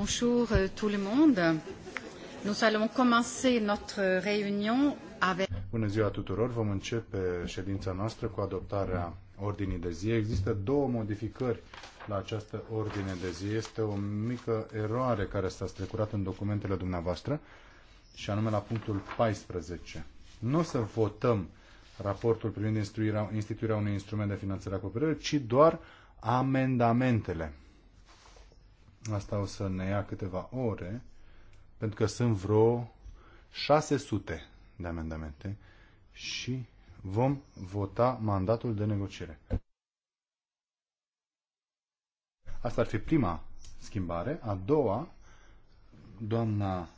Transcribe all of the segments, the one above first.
Bonjour euh, tout le monde. Nous allons commencer notre réunion avec... Bună ziua tuturor, vom începe ședința noastră cu adoptarea ordinii de zi. Există două modificări la această ordine de zi. Este o mică eroare care s-a strecurat în documentele dumneavoastră și anume la punctul 14. Nu o să votăm raportul privind instituirea, instituirea unui instrument de finanțare a cooperării, ci doar amendamentele Asta o să ne ia câteva ore, pentru că sunt vreo 600 de amendamente și vom vota mandatul de negociere. Asta ar fi prima schimbare. A doua, doamna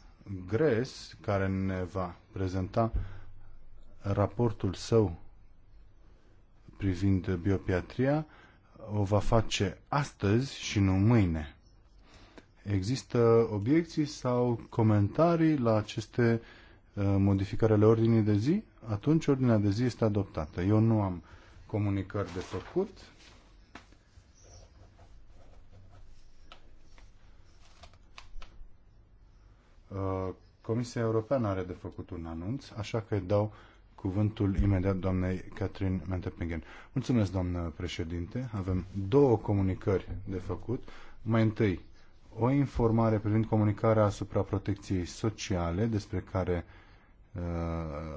Gres, care ne va prezenta raportul său privind biopiatria, o va face astăzi și nu mâine. Există obiecții sau comentarii la aceste uh, modificări ale ordinii de zi? Atunci ordinea de zi este adoptată. Eu nu am comunicări de făcut. Uh, Comisia Europeană are de făcut un anunț, așa că îi dau cuvântul imediat doamnei Catherine Mentepingen. Mulțumesc, doamnă președinte. Avem două comunicări de făcut. Mai întâi, o informare privind comunicarea asupra protecției sociale, despre care, uh,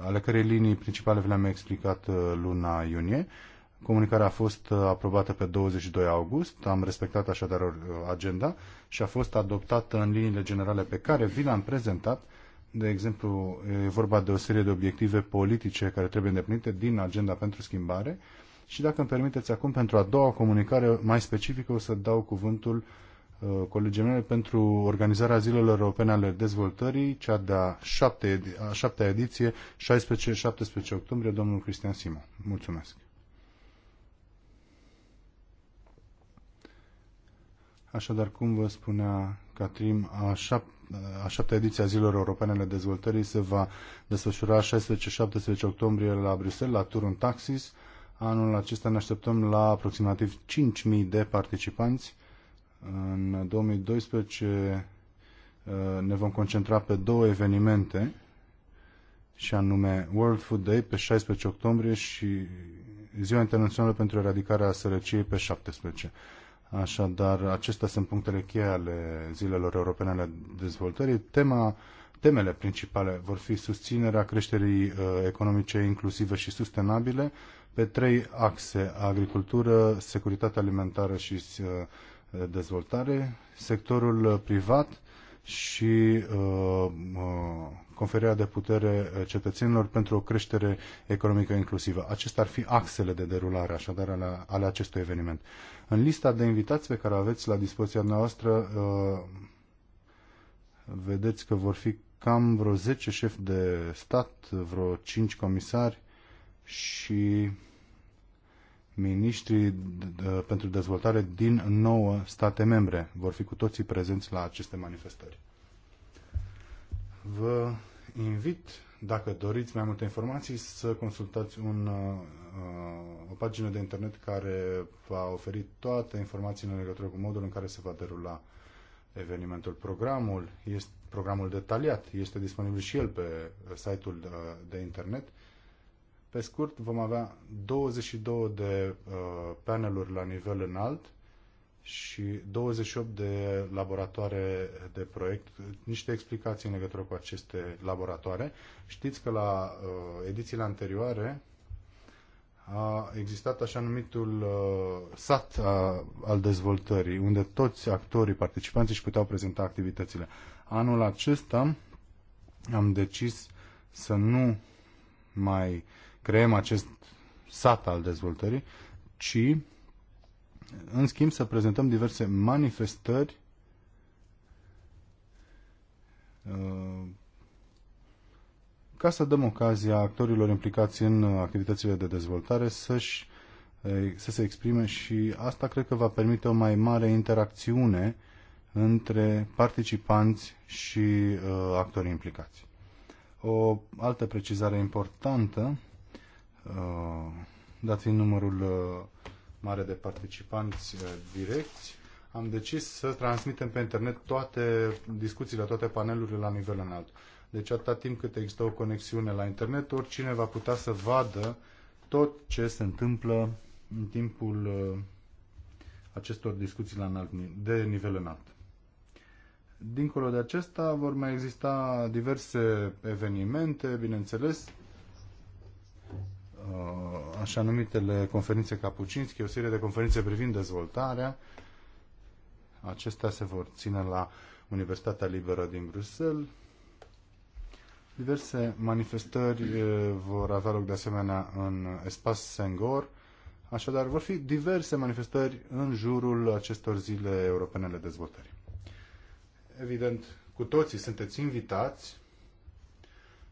ale cărei linii principale vi le-am explicat uh, luna iunie. Comunicarea a fost uh, aprobată pe 22 august, am respectat așadar agenda și a fost adoptată în liniile generale pe care vi le-am prezentat. De exemplu, e vorba de o serie de obiective politice care trebuie îndeplinite din agenda pentru schimbare. Și dacă îmi permiteți acum, pentru a doua comunicare mai specifică, o să dau cuvântul uh, Uh, colegii mei pentru organizarea zilelor europene ale dezvoltării, cea de-a șapte, a șaptea ediție, 16-17 octombrie, domnul Cristian Simo. Mulțumesc! Așadar, cum vă spunea Catrim, a, șap- a șaptea ediție a zilelor Europene ale Dezvoltării se va desfășura 16-17 octombrie la Bruxelles, la Turun Taxis. Anul acesta ne așteptăm la aproximativ 5.000 de participanți în 2012 uh, ne vom concentra pe două evenimente și anume World Food Day pe 16 octombrie și Ziua Internațională pentru Eradicarea Sărăciei pe 17. Așadar, acestea sunt punctele cheie ale zilelor europene ale dezvoltării. Tema, temele principale vor fi susținerea creșterii uh, economice inclusive și sustenabile pe trei axe, agricultură, securitate alimentară și uh, dezvoltare, sectorul uh, privat și uh, uh, conferirea de putere uh, cetățenilor pentru o creștere economică inclusivă. Acestea ar fi axele de derulare, așadar, ale, ale acestui eveniment. În lista de invitați pe care o aveți la dispoziția noastră, uh, vedeți că vor fi cam vreo 10 șefi de stat, vreo 5 comisari și Ministrii pentru dezvoltare din nouă state membre vor fi cu toții prezenți la aceste manifestări. Vă invit, dacă doriți mai multe informații, să consultați un, uh, uh, o pagină de internet care va oferi toate informațiile în legătură cu modul în care se va derula evenimentul. Programul, este, programul detaliat este disponibil și el pe site-ul uh, de internet pe scurt, vom avea 22 de uh, paneluri la nivel înalt și 28 de laboratoare de proiect, niște explicații în legătură cu aceste laboratoare. Știți că la uh, edițiile anterioare a existat așa numitul uh, sat a, uh, al dezvoltării, unde toți actorii, participanții își puteau prezenta activitățile. Anul acesta am decis să nu mai uh, creăm acest sat al dezvoltării, ci, în schimb, să prezentăm diverse manifestări uh, ca să dăm ocazia actorilor implicați în activitățile de dezvoltare să-și eh, să se exprime și asta cred că va permite o mai mare interacțiune între participanți și uh, actorii implicați. O altă precizare importantă Uh, dat fiind numărul uh, mare de participanți uh, direcți, am decis să transmitem pe internet toate discuțiile, toate panelurile la nivel înalt. Deci atâta timp cât există o conexiune la internet, oricine va putea să vadă tot ce se întâmplă în timpul acestor discuții la înalt, de nivel înalt. Dincolo de acesta vor mai exista diverse evenimente, bineînțeles, Uh, așa numitele conferințe Capucinski, o serie de conferințe privind dezvoltarea. Acestea se vor ține la Universitatea Liberă din Bruxelles. Diverse manifestări uh, vor avea loc de asemenea în Espas Senghor, așadar vor fi diverse manifestări în jurul acestor zile europene ale dezvoltării. Evident, cu toții sunteți invitați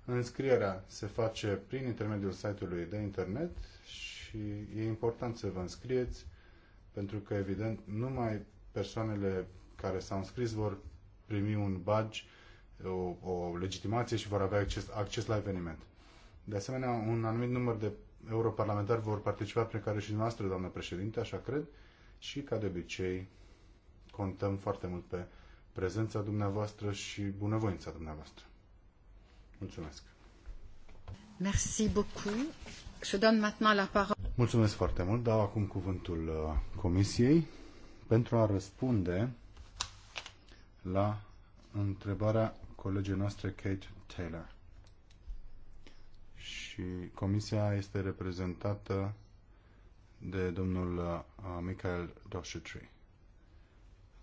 Înscrierea se face prin intermediul site-ului de internet și e important să vă înscrieți pentru că, evident, numai persoanele care s-au înscris vor primi un badge, o, o legitimație și vor avea acces, acces la eveniment. De asemenea, un anumit număr de europarlamentari vor participa, prin care și noastră, doamnă președinte, așa cred, și, ca de obicei, contăm foarte mult pe prezența dumneavoastră și bunăvoința dumneavoastră. Mulțumesc. Merci beaucoup. Je donne maintenant la parole. Mulțumesc foarte mult. Dau acum cuvântul uh, Comisiei pentru a răspunde la întrebarea colegii noastre Kate Taylor. Și comisia este reprezentată de domnul uh, Michael Doshitry.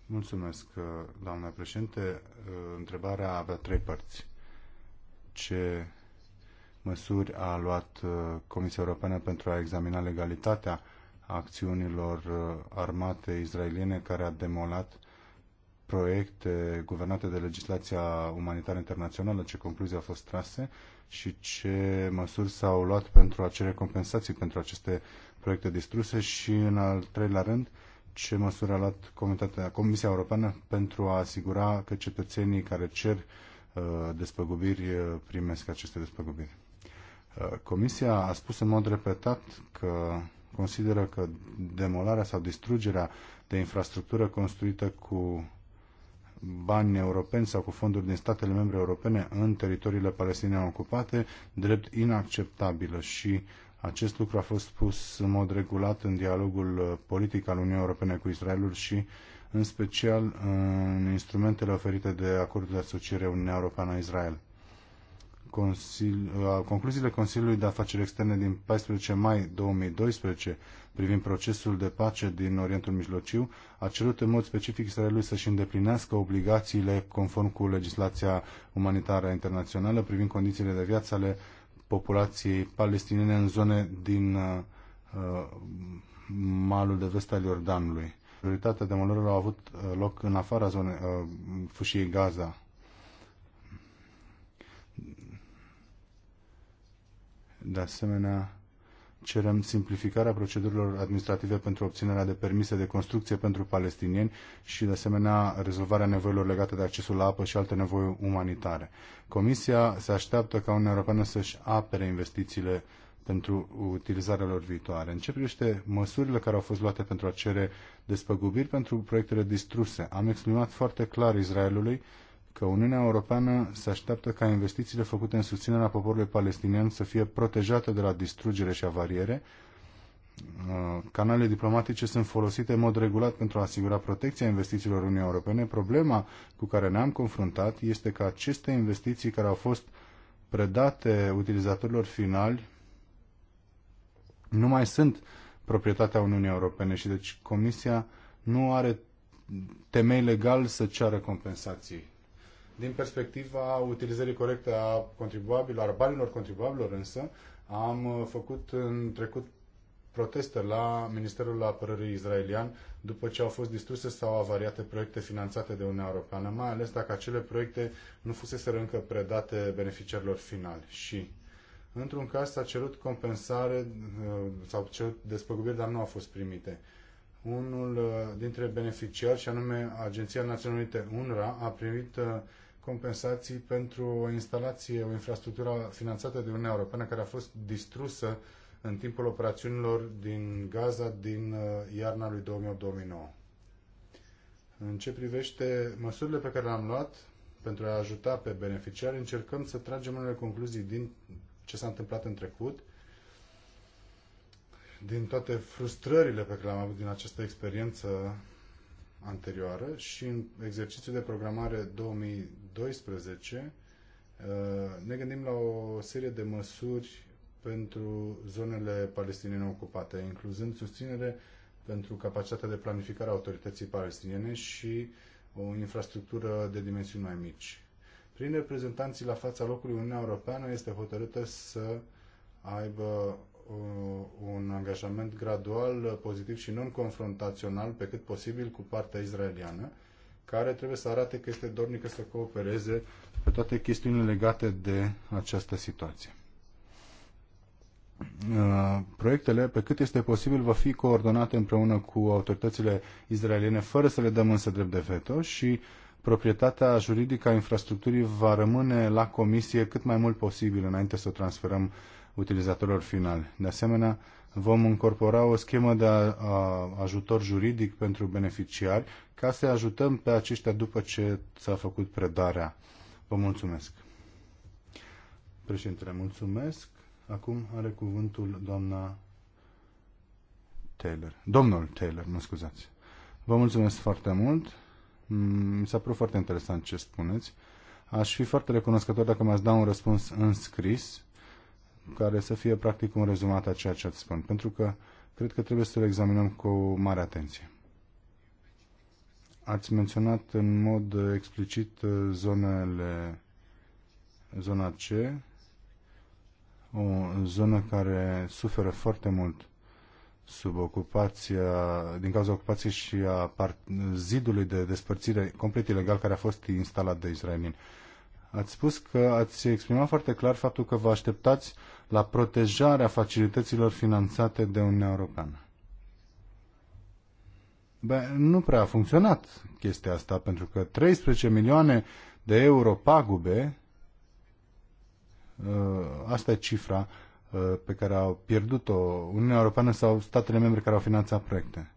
Mulțumesc, uh, doamna președinte. Întrebarea avea trei părți ce măsuri a luat uh, Comisia Europeană pentru a examina legalitatea acțiunilor uh, armate israeliene care a demolat proiecte guvernate de legislația umanitară internațională, ce concluzii au fost trase și ce măsuri s-au luat pentru a cere compensații pentru aceste proiecte distruse și, în al treilea rând, ce măsuri a luat Comisia Europeană pentru a asigura că cetățenii care cer uh, Uh, despăgubiri uh, primesc aceste despăgubiri. Uh, Comisia a spus în mod repetat că consideră că demolarea sau distrugerea de infrastructură construită cu bani europeni sau cu fonduri din statele membre europene în teritoriile palestine ocupate, drept inacceptabilă și acest lucru a fost spus în mod regulat în dialogul politic al Uniunii Europene cu Israelul și în special în instrumentele oferite de acordul de asociere Uniunea Europeană-Israel. Consil, uh, concluziile Consiliului de Afaceri Externe din 14 mai 2012 privind procesul de pace din Orientul Mijlociu a cerut în mod specific Israelului să-și îndeplinească obligațiile conform cu legislația umanitară internațională privind condițiile de viață ale populației palestinene în zone din uh, uh, malul de vest al Iordanului prioritatea demolărilor au avut uh, loc în afara zonei uh, fâșiei Gaza. De asemenea, cerem simplificarea procedurilor administrative pentru obținerea de permise de construcție pentru palestinieni și, de asemenea, rezolvarea nevoilor legate de accesul la apă și alte nevoi umanitare. Comisia se așteaptă ca Uniunea Europeană să-și apere investițiile pentru utilizarea lor viitoare. În ce privește măsurile care au fost luate pentru a cere despăgubiri pentru proiectele distruse, am exprimat foarte clar Israelului că Uniunea Europeană se așteaptă ca investițiile făcute în susținerea poporului palestinian să fie protejate de la distrugere și avariere. Uh, canalele diplomatice sunt folosite în mod regulat pentru a asigura protecția investițiilor Uniunii Europene. Problema cu care ne-am confruntat este că aceste investiții care au fost predate utilizatorilor finali nu mai sunt proprietatea Uniunii Europene și deci Comisia nu are temei legal să ceară compensații. Din perspectiva utilizării corecte a contribuabililor, a banilor contribuabililor însă, am uh, făcut în trecut proteste la Ministerul Apărării Israelian după ce au fost distruse sau avariate proiecte finanțate de Uniunea Europeană, mai ales dacă acele proiecte nu fuseseră încă predate beneficiarilor finali. Și Într-un caz s-a cerut compensare uh, sau cerut despăgubiri, dar nu au fost primite. Unul uh, dintre beneficiari, și anume Agenția Națională Unite UNRWA, a primit uh, compensații pentru o instalație, o infrastructură finanțată de Uniunea Europeană care a fost distrusă în timpul operațiunilor din Gaza din iarna lui 2008-2009. În ce privește măsurile pe care le-am luat pentru a ajuta pe beneficiari, încercăm să tragem unele concluzii din ce s-a întâmplat în trecut, din toate frustrările pe care le-am avut din această experiență anterioară și în exercițiul de programare 2012 uh, ne gândim la o serie de măsuri pentru zonele palestiniene ocupate, incluzând susținere pentru capacitatea de planificare a autorității palestiniene și o infrastructură de dimensiuni mai mici prin reprezentanții la fața locului Uniunea Europeană este hotărâtă să aibă uh, un angajament gradual, pozitiv și non-confrontațional pe cât posibil cu partea israeliană, care trebuie să arate că este dornică să coopereze pe toate chestiunile legate de această situație. Uh, proiectele, pe cât este posibil, va fi coordonate împreună cu autoritățile izraeliene, fără să le dăm însă drept de veto și uh, proprietatea juridică a infrastructurii va rămâne la comisie cât mai mult posibil înainte să o transferăm utilizatorilor finali. De asemenea, vom incorpora o schemă de ajutor juridic pentru beneficiari ca să ajutăm pe aceștia după ce s-a făcut predarea. Vă mulțumesc. Președintele, mulțumesc. Acum are cuvântul doamna Taylor. Domnul Taylor, mă scuzați. Vă mulțumesc foarte mult. Mm, mi s-a părut foarte interesant ce spuneți. Aș fi foarte recunoscător dacă mi-ați da un răspuns în scris, care să fie practic un rezumat a ceea ce ați spun, pentru că cred că trebuie să le examinăm cu mare atenție. Ați menționat în mod explicit uh, zonele, zona C, o zonă care suferă foarte mult sub ocupația, din cauza ocupației și a zidului de despărțire complet ilegal care a fost instalat de israelieni. Ați spus că ați exprimat foarte clar faptul că vă așteptați la protejarea facilităților finanțate de Uniunea Europeană. Bă, nu prea a funcționat chestia asta, pentru că 13 milioane de euro pagube, ă, asta e cifra, Uh, pe care au pierdut-o Uniunea Europeană sau statele membre care au finanțat proiecte.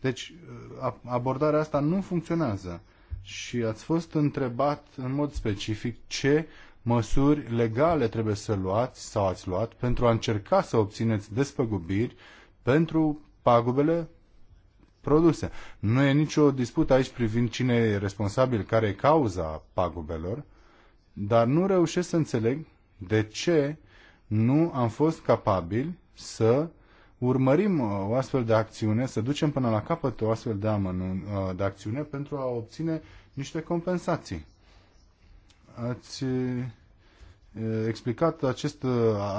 Deci, uh, abordarea asta nu funcționează. Și ați fost întrebat în mod specific ce măsuri legale trebuie să luați sau ați luat pentru a încerca să obțineți despăgubiri pentru pagubele produse. Nu e nicio dispută aici privind cine e responsabil, care e cauza pagubelor, dar nu reușesc să înțeleg de ce nu am fost capabili să urmărim uh, o astfel de acțiune, să ducem până la capăt o astfel de, amănu, uh, de acțiune pentru a obține niște compensații. Ați uh, explicat acest,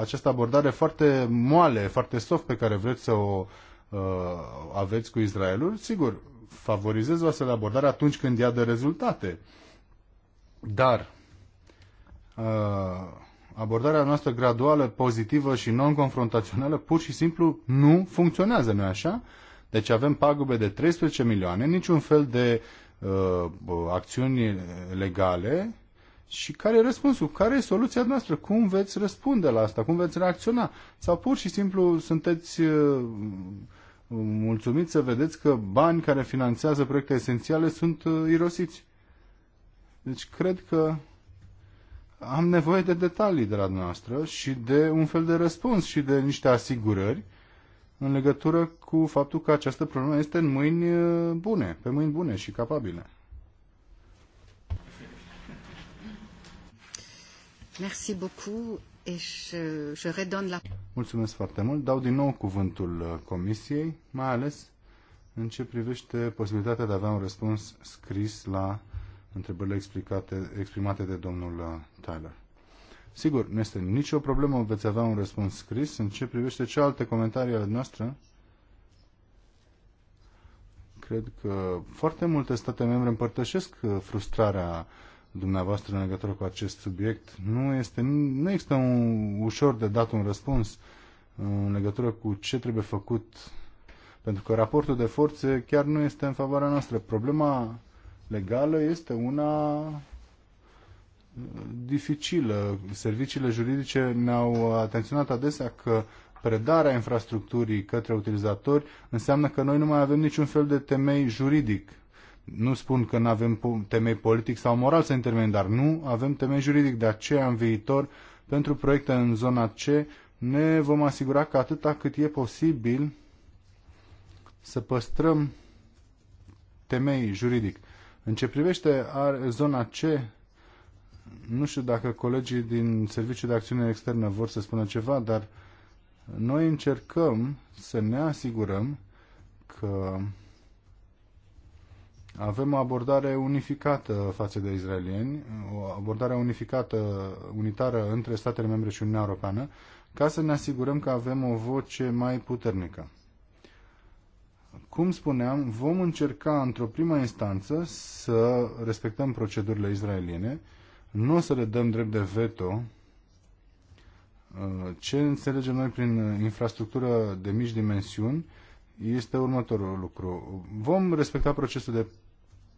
această abordare foarte moale, foarte soft pe care vreți să o uh, aveți cu Israelul. Sigur, favorizez o astfel de abordare atunci când ea de rezultate. Dar uh, abordarea noastră graduală, pozitivă și non-confrontațională pur și simplu nu funcționează, nu așa? Deci avem pagube de 13 milioane, niciun fel de uh, acțiuni legale și care e răspunsul? Care e soluția noastră? Cum veți răspunde la asta? Cum veți reacționa? Sau pur și simplu sunteți uh, mulțumiți să vedeți că bani care finanțează proiecte esențiale sunt uh, irosiți? Deci cred că am nevoie de detalii de la dumneavoastră și de un fel de răspuns și de niște asigurări în legătură cu faptul că această problemă este în mâini uh, bune, pe mâini bune și capabile. Merci beaucoup et je, je redonne la... Mulțumesc foarte mult. Dau din nou cuvântul uh, comisiei, mai ales în ce privește posibilitatea de a avea un răspuns scris la întrebările explicate, exprimate de domnul uh, Tyler. Sigur, nu este nicio problemă, veți avea un răspuns scris. În ce privește cealaltă comentarii ale noastre, cred că foarte multe state membre împărtășesc uh, frustrarea dumneavoastră în legătură cu acest subiect. Nu, este, nu există un, ușor de dat un răspuns uh, în legătură cu ce trebuie făcut, pentru că raportul de forțe chiar nu este în favoarea noastră. Problema legală este una uh, dificilă. Serviciile juridice ne-au uh, atenționat adesea că predarea infrastructurii către utilizatori înseamnă că noi nu mai avem niciun fel de temei juridic. Nu spun că nu avem temei politic sau moral să intervenim, dar nu avem temei juridic. De aceea, în viitor, pentru proiecte în zona C, ne vom asigura că atâta cât e posibil să păstrăm temei juridic. În ce privește zona C, nu știu dacă colegii din Serviciul de Acțiune Externă vor să spună ceva, dar noi încercăm să ne asigurăm că avem o abordare unificată față de israelieni, o abordare unificată, unitară între statele membre și Uniunea Europeană, ca să ne asigurăm că avem o voce mai puternică. Cum spuneam, vom încerca într-o prima instanță să respectăm procedurile israeliene, nu o să le dăm drept de veto. Uh, ce înțelegem noi prin infrastructură de mici dimensiuni este următorul lucru. Vom respecta procesul de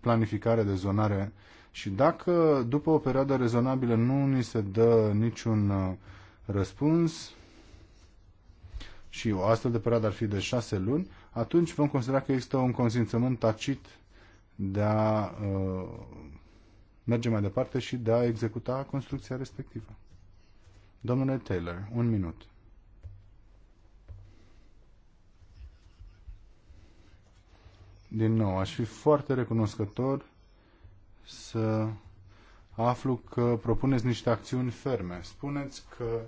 planificare, de zonare și dacă după o perioadă rezonabilă nu ni se dă niciun uh, răspuns și o astfel de perioadă ar fi de șase luni, atunci vom considera că există un consimțământ tacit de a uh, merge mai departe și de a executa construcția respectivă. Domnule Taylor, un minut. Din nou, aș fi foarte recunoscător să aflu că propuneți niște acțiuni ferme. Spuneți că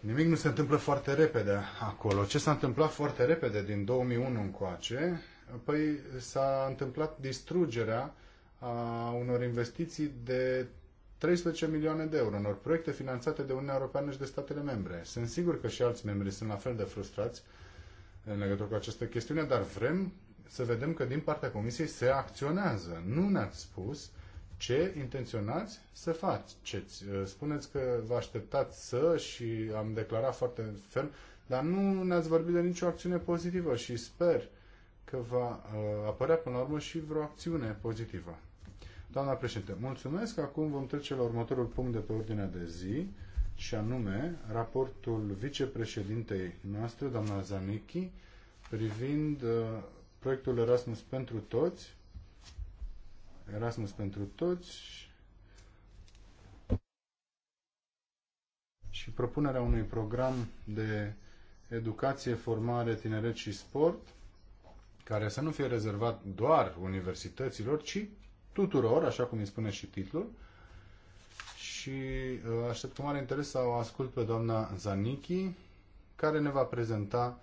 Nimic nu se întâmplă foarte repede acolo. Ce s-a întâmplat foarte repede din 2001 încoace? Păi s-a întâmplat distrugerea a unor investiții de 13 milioane de euro, unor proiecte finanțate de Uniunea Europeană și de statele membre. Sunt sigur că și alți membri sunt la fel de frustrați în legătură cu această chestiune, dar vrem să vedem că din partea Comisiei se acționează. Nu ne-ați spus ce intenționați să faceți. Uh, spuneți că vă așteptați să și am declarat foarte ferm, dar nu ne-ați vorbit de nicio acțiune pozitivă și sper că va uh, apărea până la urmă și vreo acțiune pozitivă. Doamna președinte, mulțumesc. Acum vom trece la următorul punct de pe ordinea de zi și anume raportul vicepreședintei noastre, doamna Zanichi, privind uh, proiectul Erasmus pentru toți Erasmus pentru toți și propunerea unui program de educație, formare, tineret și sport, care să nu fie rezervat doar universităților, ci tuturor, așa cum îi spune și titlul. Și uh, aștept cu mare interes să o ascult pe doamna Zanichi, care ne va prezenta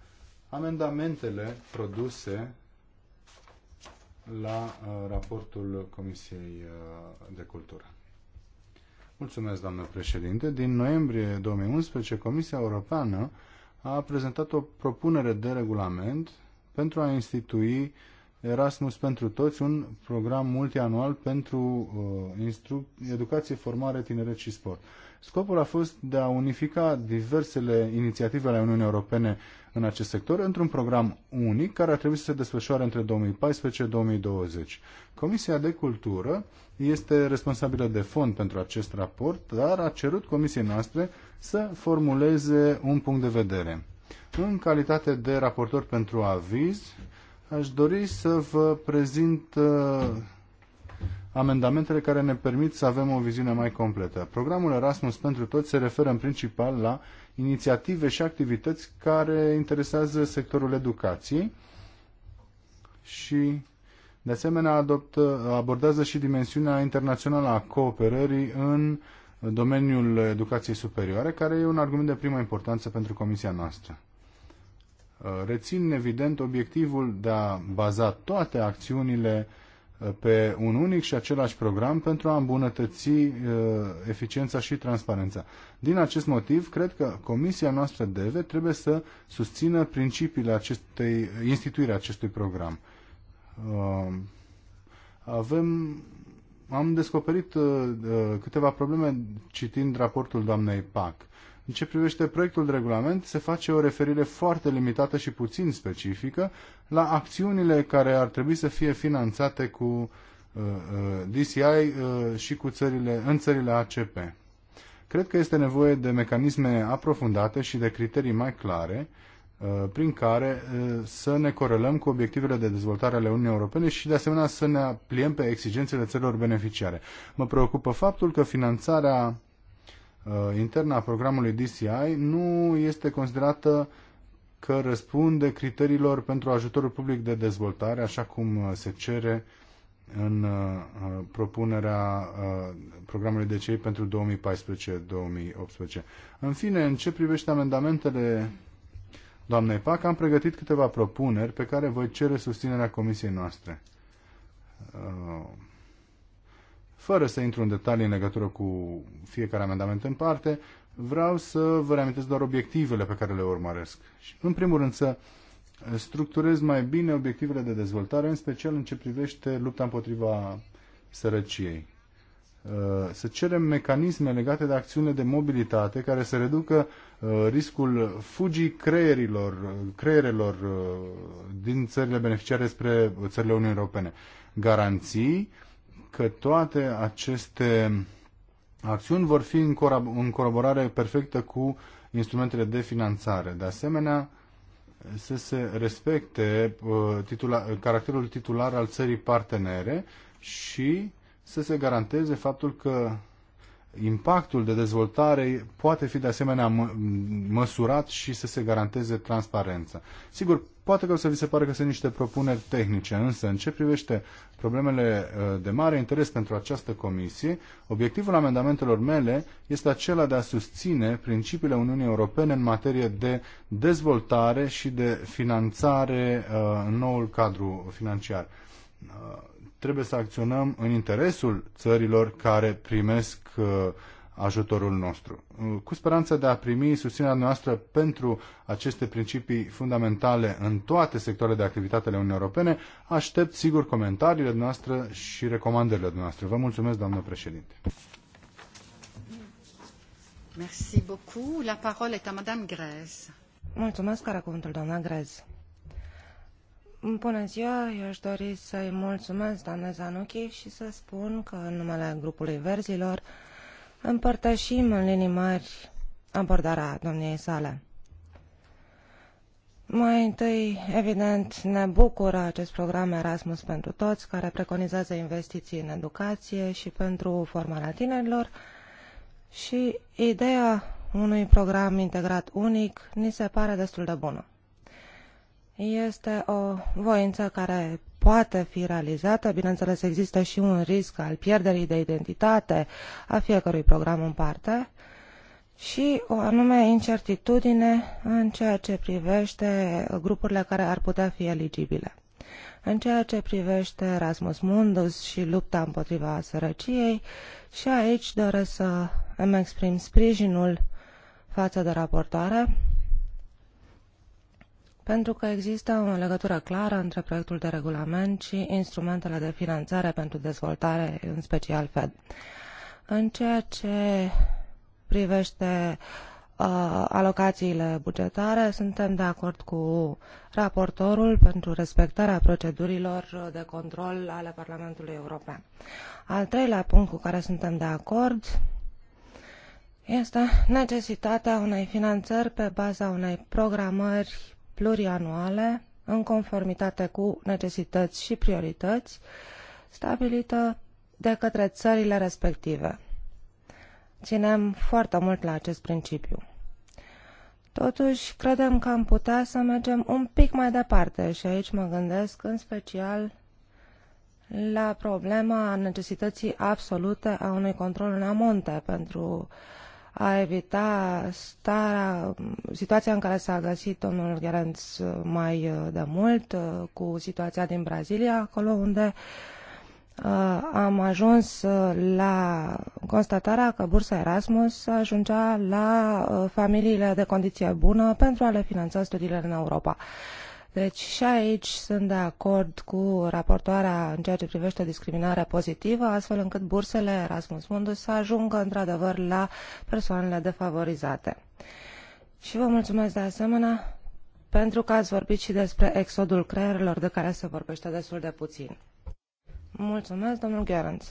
amendamentele produse la uh, raportul Comisiei uh, de Cultură. Mulțumesc, doamnă președinte. Din noiembrie 2011, Comisia Europeană a prezentat o propunere de regulament pentru a institui Erasmus pentru toți, un program multianual pentru uh, educație, formare, tineret și sport. Scopul a fost de a unifica diversele inițiative ale Uniunii Europene în acest sector într-un program unic care ar trebui să se desfășoare între 2014-2020. Comisia de Cultură este responsabilă de fond pentru acest raport, dar a cerut comisiei noastre să formuleze un punct de vedere. În calitate de raportor pentru aviz, Aș dori să vă prezint uh, amendamentele care ne permit să avem o viziune mai completă. Programul Erasmus pentru toți se referă în principal la inițiative și activități care interesează sectorul educației și de asemenea adoptă, abordează și dimensiunea internațională a cooperării în domeniul educației superioare, care e un argument de primă importanță pentru comisia noastră. Uh, rețin evident obiectivul de a baza toate acțiunile uh, pe un unic și același program pentru a îmbunătăți uh, eficiența și transparența. Din acest motiv, cred că Comisia noastră DEVE trebuie să susțină principiile acestei, instituirea acestui program. Avem, am descoperit câteva probleme citind raportul doamnei PAC în ce privește proiectul de regulament, se face o referire foarte limitată și puțin specifică la acțiunile care ar trebui să fie finanțate cu uh, uh, DCI uh, și cu țările, în țările ACP. Cred că este nevoie de mecanisme aprofundate și de criterii mai clare prin care să ne corelăm cu obiectivele de dezvoltare ale Uniunii Europene și de asemenea să ne pliem pe exigențele țărilor beneficiare. Mă preocupă faptul că finanțarea Uh, internă a programului DCI nu este considerată că răspunde criteriilor pentru ajutorul public de dezvoltare, așa cum uh, se cere în uh, propunerea programului DCI pentru 2014-2018. În fine, în ce privește amendamentele doamnei PAC, am pregătit câteva propuneri pe care voi cere susținerea comisiei noastre. Fără să intru în detalii în legătură cu fiecare amendament în parte, vreau să vă reamintesc doar obiectivele pe care le urmăresc. În primul rând să structurez mai bine obiectivele de dezvoltare, în special în ce privește lupta împotriva sărăciei. Uh, să cerem mecanisme legate de acțiune de mobilitate care să reducă uh, riscul fugii creierilor, creierelor uh, din țările beneficiare spre țările Uniunii Europene. Garanții că toate aceste acțiuni vor fi în, colaborare perfectă cu instrumentele de finanțare. De asemenea, să se respecte uh, titula, caracterul titular al țării partenere și să se garanteze faptul că impactul de dezvoltare poate fi de asemenea măsurat și să se garanteze transparența. Sigur, poate că o să vi se pare că sunt niște propuneri tehnice, însă în ce privește problemele uh, de mare interes pentru această comisie, obiectivul amendamentelor mele este acela de a susține principiile Uniunii Europene în materie de dezvoltare și de finanțare uh, în noul cadru financiar uh, trebuie să acționăm în interesul țărilor care primesc uh, ajutorul nostru. Uh, cu speranța de a primi susținerea noastră pentru aceste principii fundamentale în toate sectoarele de activitate ale Uniunii Europene, aștept sigur comentariile noastre și recomandările noastre. Vă mulțumesc, doamnă președinte. Merci beaucoup. La parole est à madame Grez. Mulțumesc, care cuvântul doamna Grez. Bună ziua, eu aș dori să-i mulțumesc, doamne Zanuchi, și să spun că în numele grupului Verzilor împărtășim în linii mari abordarea domniei sale. Mai întâi, evident, ne bucură acest program Erasmus pentru toți, care preconizează investiții în educație și pentru formarea tinerilor și ideea unui program integrat unic ni se pare destul de bună. Este o voință care poate fi realizată. Bineînțeles, există și un risc al pierderii de identitate a fiecărui program în parte și o anume incertitudine în ceea ce privește grupurile care ar putea fi eligibile. În ceea ce privește Erasmus Mundus și lupta împotriva sărăciei, și aici doresc să îmi exprim sprijinul față de raportoare pentru că există o legătură clară între proiectul de regulament și instrumentele de finanțare pentru dezvoltare, în special FED. În ceea ce privește uh, alocațiile bugetare, suntem de acord cu raportorul pentru respectarea procedurilor de control ale Parlamentului European. Al treilea punct cu care suntem de acord este necesitatea unei finanțări pe baza unei programări plurianuale în conformitate cu necesități și priorități stabilită de către țările respective. Ținem foarte mult la acest principiu. Totuși, credem că am putea să mergem un pic mai departe și aici mă gândesc în special la problema necesității absolute a unui control în amonte pentru uh, a evita starea, situația în care s-a găsit domnul Gerenț mai uh, de mult uh, cu situația din Brazilia, acolo unde uh, am ajuns la constatarea că bursa Erasmus ajungea la familiile de condiție bună pentru a le finanța studiile în Europa. Uh, deci și aici sunt de acord cu raportoarea în ceea ce privește discriminarea pozitivă, astfel încât bursele Erasmus Mundus să ajungă într-adevăr la persoanele defavorizate. Și vă mulțumesc de asemenea pentru că ați vorbit și despre exodul creierelor de care se vorbește destul de puțin. Mulțumesc, domnul Gerenț.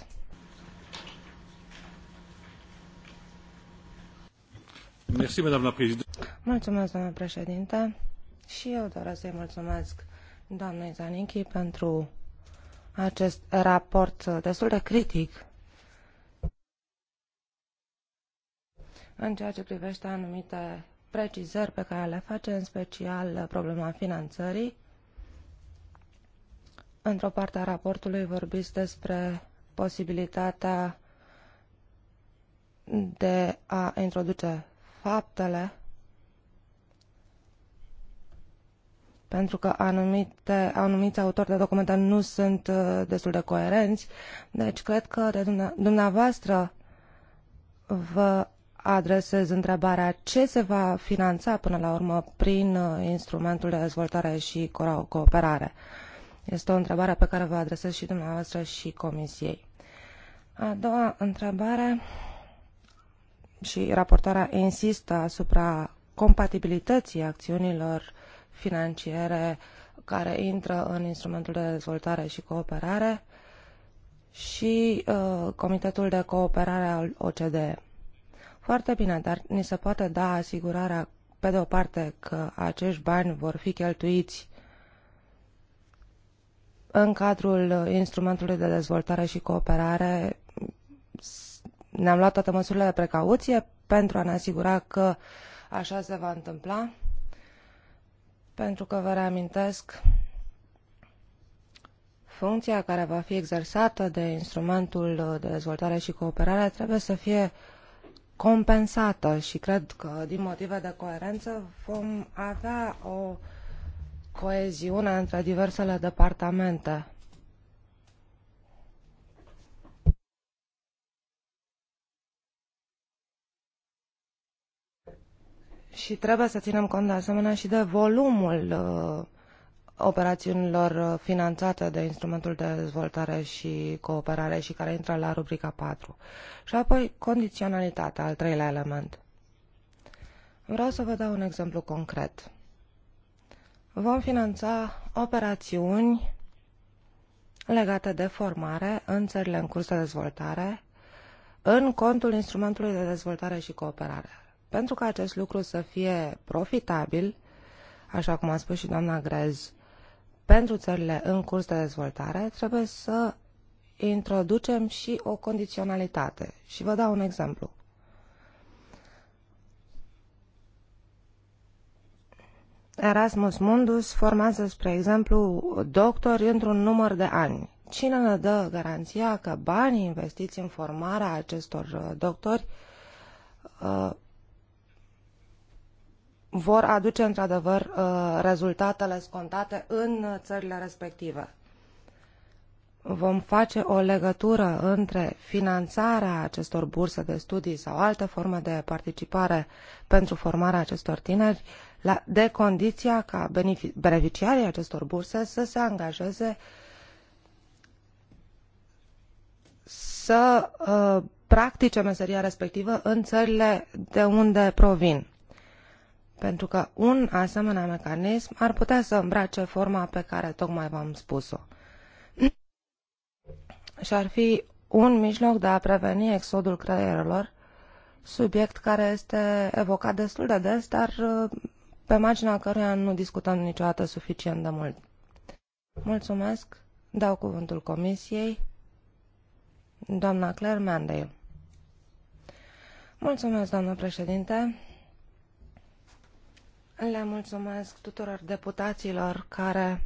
Mulțumesc, doamna președinte. Și eu doresc să-i mulțumesc doamnei Zaninchi pentru acest raport destul de critic în ceea ce privește anumite precizări pe care le face, în special problema finanțării. Într-o parte a raportului vorbiți despre posibilitatea de a introduce faptele pentru că anumite, anumiți autori de documente nu sunt uh, destul de coerenți. Deci cred că de dumneavoastră vă adresez întrebarea ce se va finanța până la urmă prin uh, instrumentul de dezvoltare și cooperare. Este o întrebare pe care vă adresez și dumneavoastră și Comisiei. A doua întrebare și raportarea insistă asupra compatibilității acțiunilor financiare care intră în instrumentul de dezvoltare și cooperare și uh, Comitetul de Cooperare al OCDE. Foarte bine, dar ni se poate da asigurarea, pe de o parte, că acești bani vor fi cheltuiți în cadrul instrumentului de dezvoltare și cooperare. Ne-am luat toate măsurile de precauție pentru a ne asigura că așa se va întâmpla pentru că vă reamintesc funcția care va fi exersată de instrumentul de dezvoltare și cooperare trebuie să fie compensată și cred că din motive de coerență vom avea o coeziune între diversele departamente Și trebuie să ținem cont de asemenea și de volumul uh, operațiunilor uh, finanțate de instrumentul de dezvoltare și cooperare și care intră la rubrica 4. Și apoi condiționalitatea, al treilea element. Vreau să vă dau un exemplu concret. Vom finanța operațiuni legate de formare în țările în curs de dezvoltare în contul instrumentului de dezvoltare și cooperare. Pentru ca acest lucru să fie profitabil, așa cum a spus și doamna Grez, pentru țările în curs de dezvoltare, trebuie să introducem și o condiționalitate. Și vă dau un exemplu. Erasmus Mundus formează, spre exemplu, doctori într-un număr de ani. Cine ne dă garanția că banii investiți în formarea acestor uh, doctori uh, vor aduce într-adevăr uh, rezultatele scontate în țările respective. Vom face o legătură între finanțarea acestor burse de studii sau alte forme de participare pentru formarea acestor tineri la, de condiția ca beneficiarii acestor burse să se angajeze să uh, practice meseria respectivă în țările de unde provin pentru că un asemenea mecanism ar putea să îmbrace forma pe care tocmai v-am spus-o. Și ar fi un mijloc de a preveni exodul creierelor, subiect care este evocat destul de des, dar uh, pe marginea căruia nu discutăm niciodată suficient de mult. Mulțumesc. Dau cuvântul comisiei. Doamna Claire Mandale. Mulțumesc, doamnă președinte. Le mulțumesc tuturor deputaților care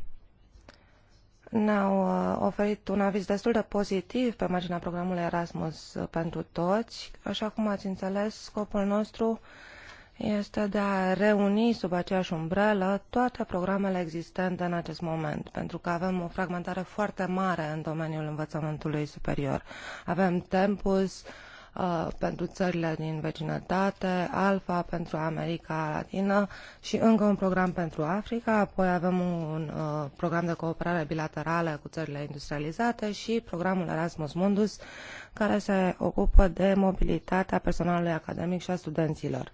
ne-au uh, oferit un aviz destul de pozitiv pe marginea programului Erasmus uh, pentru toți. Așa cum ați înțeles, scopul nostru este de a reuni sub aceeași umbrelă toate programele existente în acest moment, pentru că avem o fragmentare foarte mare în domeniul învățământului superior. Avem Tempus, uh, Uh, pentru țările din vecinătate, Alfa pentru America Latină și încă un program pentru Africa, apoi avem un uh, program de cooperare bilaterală cu țările industrializate și programul Erasmus Mundus, care se ocupă de mobilitatea personalului academic și a studenților.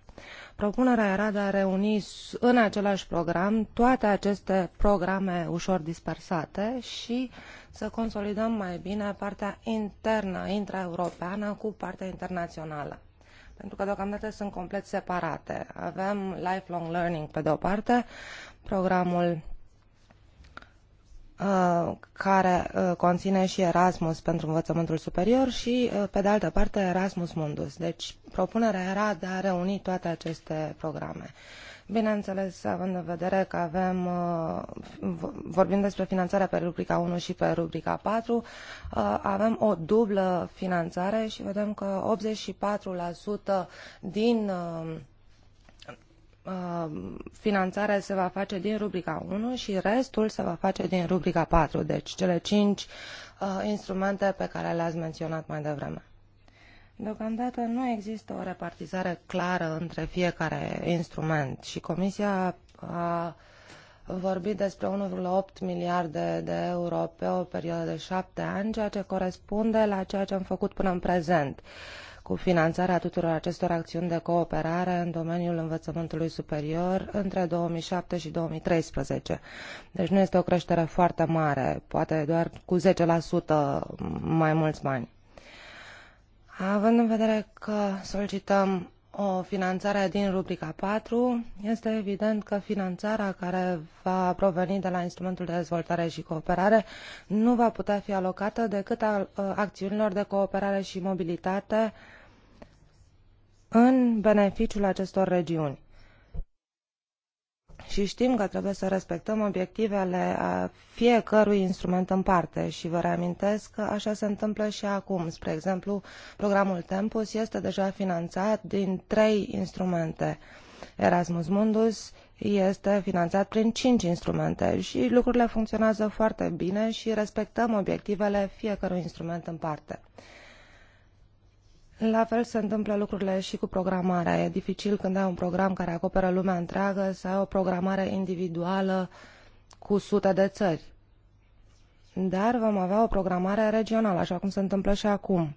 Propunerea era de a reuni în același program toate aceste programe ușor dispersate și să consolidăm mai bine partea internă, intraeuropeană, cu partea internațională. Pentru că deocamdată sunt complet separate. Avem Lifelong Learning pe de o parte, programul Uh, care uh, conține și Erasmus pentru învățământul superior și, uh, pe de altă parte, Erasmus Mundus. Deci, propunerea era de a reuni toate aceste programe. Bineînțeles, având în vedere că avem, vorbim despre finanțarea pe rubrica 1 și pe rubrica 4, avem o dublă finanțare și vedem că 84% din Uh, finanțarea se va face din rubrica 1 și restul se va face din rubrica 4, deci cele 5 uh, instrumente pe care le-ați menționat mai devreme. Deocamdată nu există o repartizare clară între fiecare instrument și Comisia a vorbit despre 1,8 miliarde de euro pe o perioadă de șapte ani, ceea ce corespunde la ceea ce am făcut până în prezent. Uh, cu finanțarea tuturor acestor acțiuni de cooperare în domeniul învățământului superior între 2007 și 2013. Deci nu este o creștere foarte mare, poate doar cu 10% mai mulți bani. Având în vedere că solicităm o finanțare din rubrica 4, este evident că finanțarea care va proveni de la instrumentul de dezvoltare și cooperare nu va putea fi alocată decât acțiunilor de cooperare și mobilitate uh, în beneficiul acestor regiuni. Și știm că trebuie să respectăm obiectivele a fiecărui instrument în parte și vă reamintesc că așa se întâmplă și acum. Spre exemplu, programul Tempus este deja finanțat din trei instrumente. Erasmus Mundus este finanțat prin cinci instrumente și lucrurile funcționează foarte bine și respectăm obiectivele fiecărui instrument în parte. La fel se întâmplă lucrurile și cu programarea. E dificil când ai un program care acoperă lumea întreagă să ai o programare individuală cu sute de țări. Dar vom avea o programare regională, așa cum se întâmplă și acum.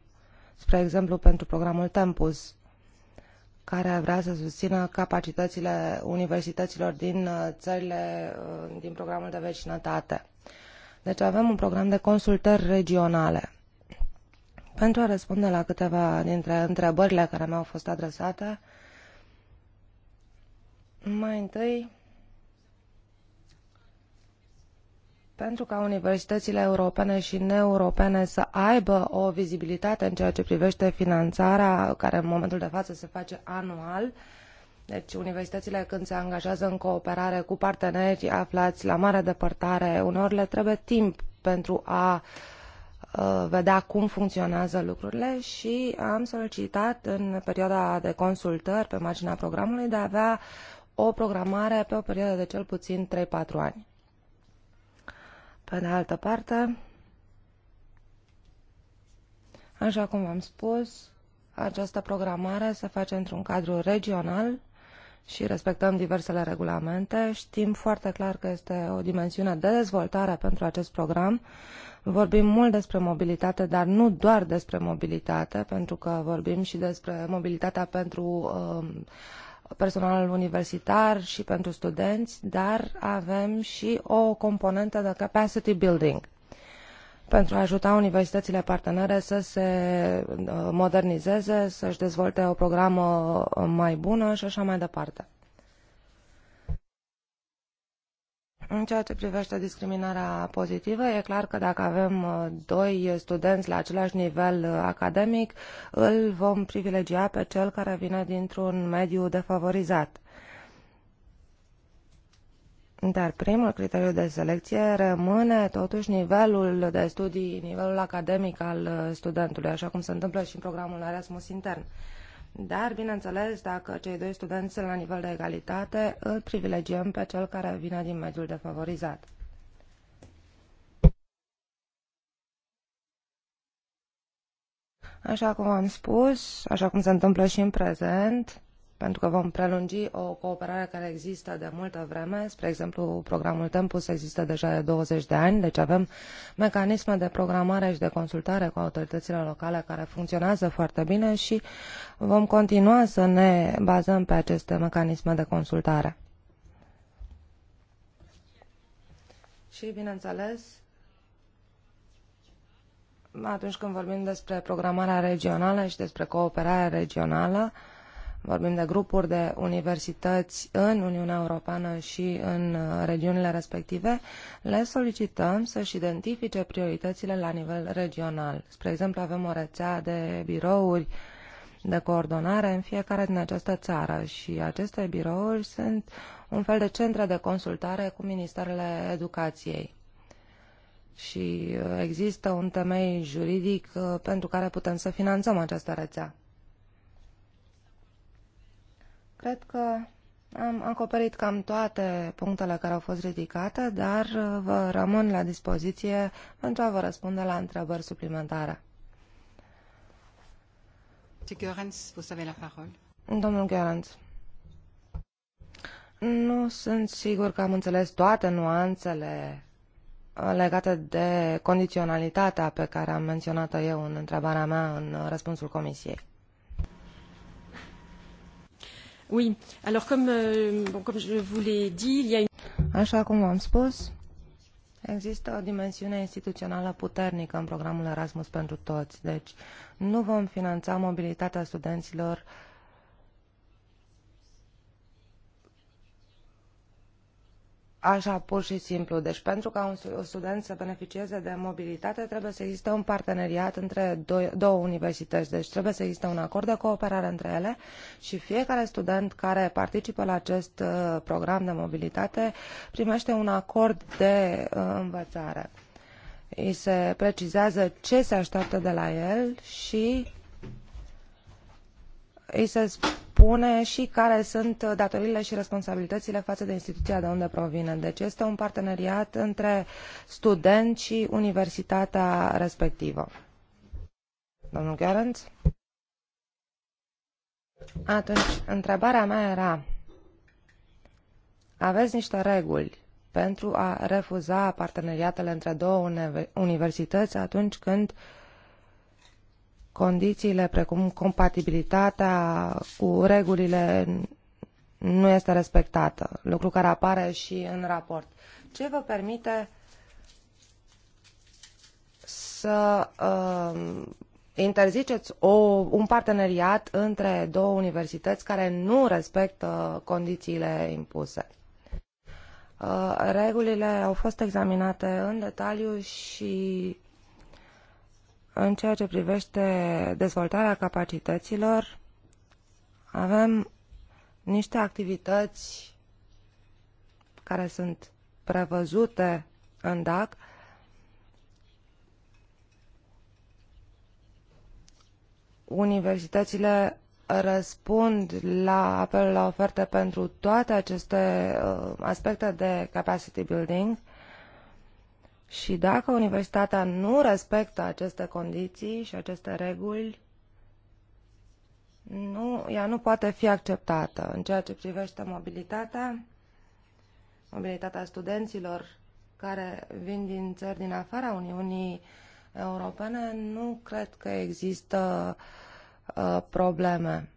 Spre exemplu, pentru programul Tempus, care vrea să susțină capacitățile universităților din uh, țările uh, din programul de vecinătate. Deci avem un program de consultări regionale pentru a răspunde la câteva dintre întrebările care mi-au fost adresate, mai întâi, pentru ca universitățile europene și neeuropene să aibă o vizibilitate în ceea ce privește finanțarea, care în momentul de față se face anual, deci universitățile când se angajează în cooperare cu parteneri aflați la mare depărtare, uneori le trebuie timp pentru a uh, Uh, vedea cum funcționează lucrurile și am solicitat în perioada de consultări pe marginea programului de a avea o programare pe o perioadă de cel puțin 3-4 ani. Pe de altă parte, așa cum am spus, această programare se face într-un cadru regional și respectăm diversele regulamente. Știm foarte clar că este o dimensiune de dezvoltare pentru acest program. Vorbim mult despre mobilitate, dar nu doar despre mobilitate, pentru că vorbim și despre mobilitatea pentru um, personalul universitar și pentru studenți, dar avem și o componentă de capacity building pentru a ajuta universitățile partenere să se uh, modernizeze, să-și dezvolte o programă uh, mai bună și așa mai departe. În ceea ce privește discriminarea pozitivă, e clar că dacă avem uh, doi studenți la același nivel academic, îl vom privilegia pe cel care vine dintr-un mediu defavorizat. Dar primul criteriu de selecție rămâne totuși nivelul de studii, nivelul academic al uh, studentului, așa cum se întâmplă și în programul Erasmus intern. Dar, bineînțeles, dacă cei doi studenți sunt la nivel de egalitate, îl privilegiem pe cel care vine din mediul defavorizat. Așa cum am spus, așa cum se întâmplă și în prezent, pentru că vom prelungi o cooperare care există de multă vreme. Spre exemplu, programul Tempus există deja de 20 de ani, deci avem mecanisme de programare și de consultare cu autoritățile locale care funcționează foarte bine și vom continua să ne bazăm pe aceste mecanisme de consultare. Și, bineînțeles, atunci când vorbim despre programarea regională și despre cooperarea regională, uh, vorbim de grupuri de universități în Uniunea Europeană și în uh, regiunile respective, le solicităm să-și identifice prioritățile la nivel regional. Spre exemplu, avem o rețea de birouri de coordonare în fiecare din această țară și aceste birouri sunt un fel de centre de consultare cu Ministerele Educației și uh, există un temei juridic uh, pentru care putem să finanțăm această rețea. Cred că am acoperit cam toate punctele care au fost ridicate, dar uh, vă rămân la dispoziție pentru a vă răspunde la întrebări suplimentare. Domnul Gerenț, nu sunt sigur că am înțeles toate nuanțele uh, legate de condiționalitatea pe care am menționat-o eu în întrebarea mea în uh, răspunsul Comisiei. Oui, alors comme, euh, bon, comme je vous l'ai dit, il y a une... Așa cum am spus, există o dimensiune instituțională puternică în programul Erasmus pentru toți, deci nu vom finanța mobilitatea studenților uh, așa pur și simplu. Deci pentru ca un student să beneficieze de mobilitate trebuie să existe un parteneriat între doi, două universități. Deci trebuie să existe un acord de cooperare între ele și fiecare student care participă la acest uh, program de mobilitate primește un acord de uh, învățare. Îi se precizează ce se așteaptă de la el și îi se presupune și care sunt datoriile și responsabilitățile față de instituția de unde provine. Deci este un parteneriat între student i universitatea respectivă. Domnul Gerenț? Atunci, întrebarea mea era, aveți niște reguli pentru a refuza parteneriatele între două universități atunci când uh, condițiile precum compatibilitatea cu regulile nu este respectată, lucru care apare și în raport. Ce vă permite să uh, interziceți o, un parteneriat între două universități care nu respectă condițiile impuse? Uh, regulile au fost examinate în detaliu și în ceea ce privește dezvoltarea capacităților, avem niște activități care sunt prevăzute în DAC, universitățile răspund la apelul la oferte pentru toate aceste uh, aspecte de capacity building și dacă universitatea nu respectă aceste condiții și aceste reguli, nu, ea nu poate fi acceptată. În ceea ce privește mobilitatea, mobilitatea studenților care vin din țări din afara Uniunii Europene, nu cred că există uh, probleme.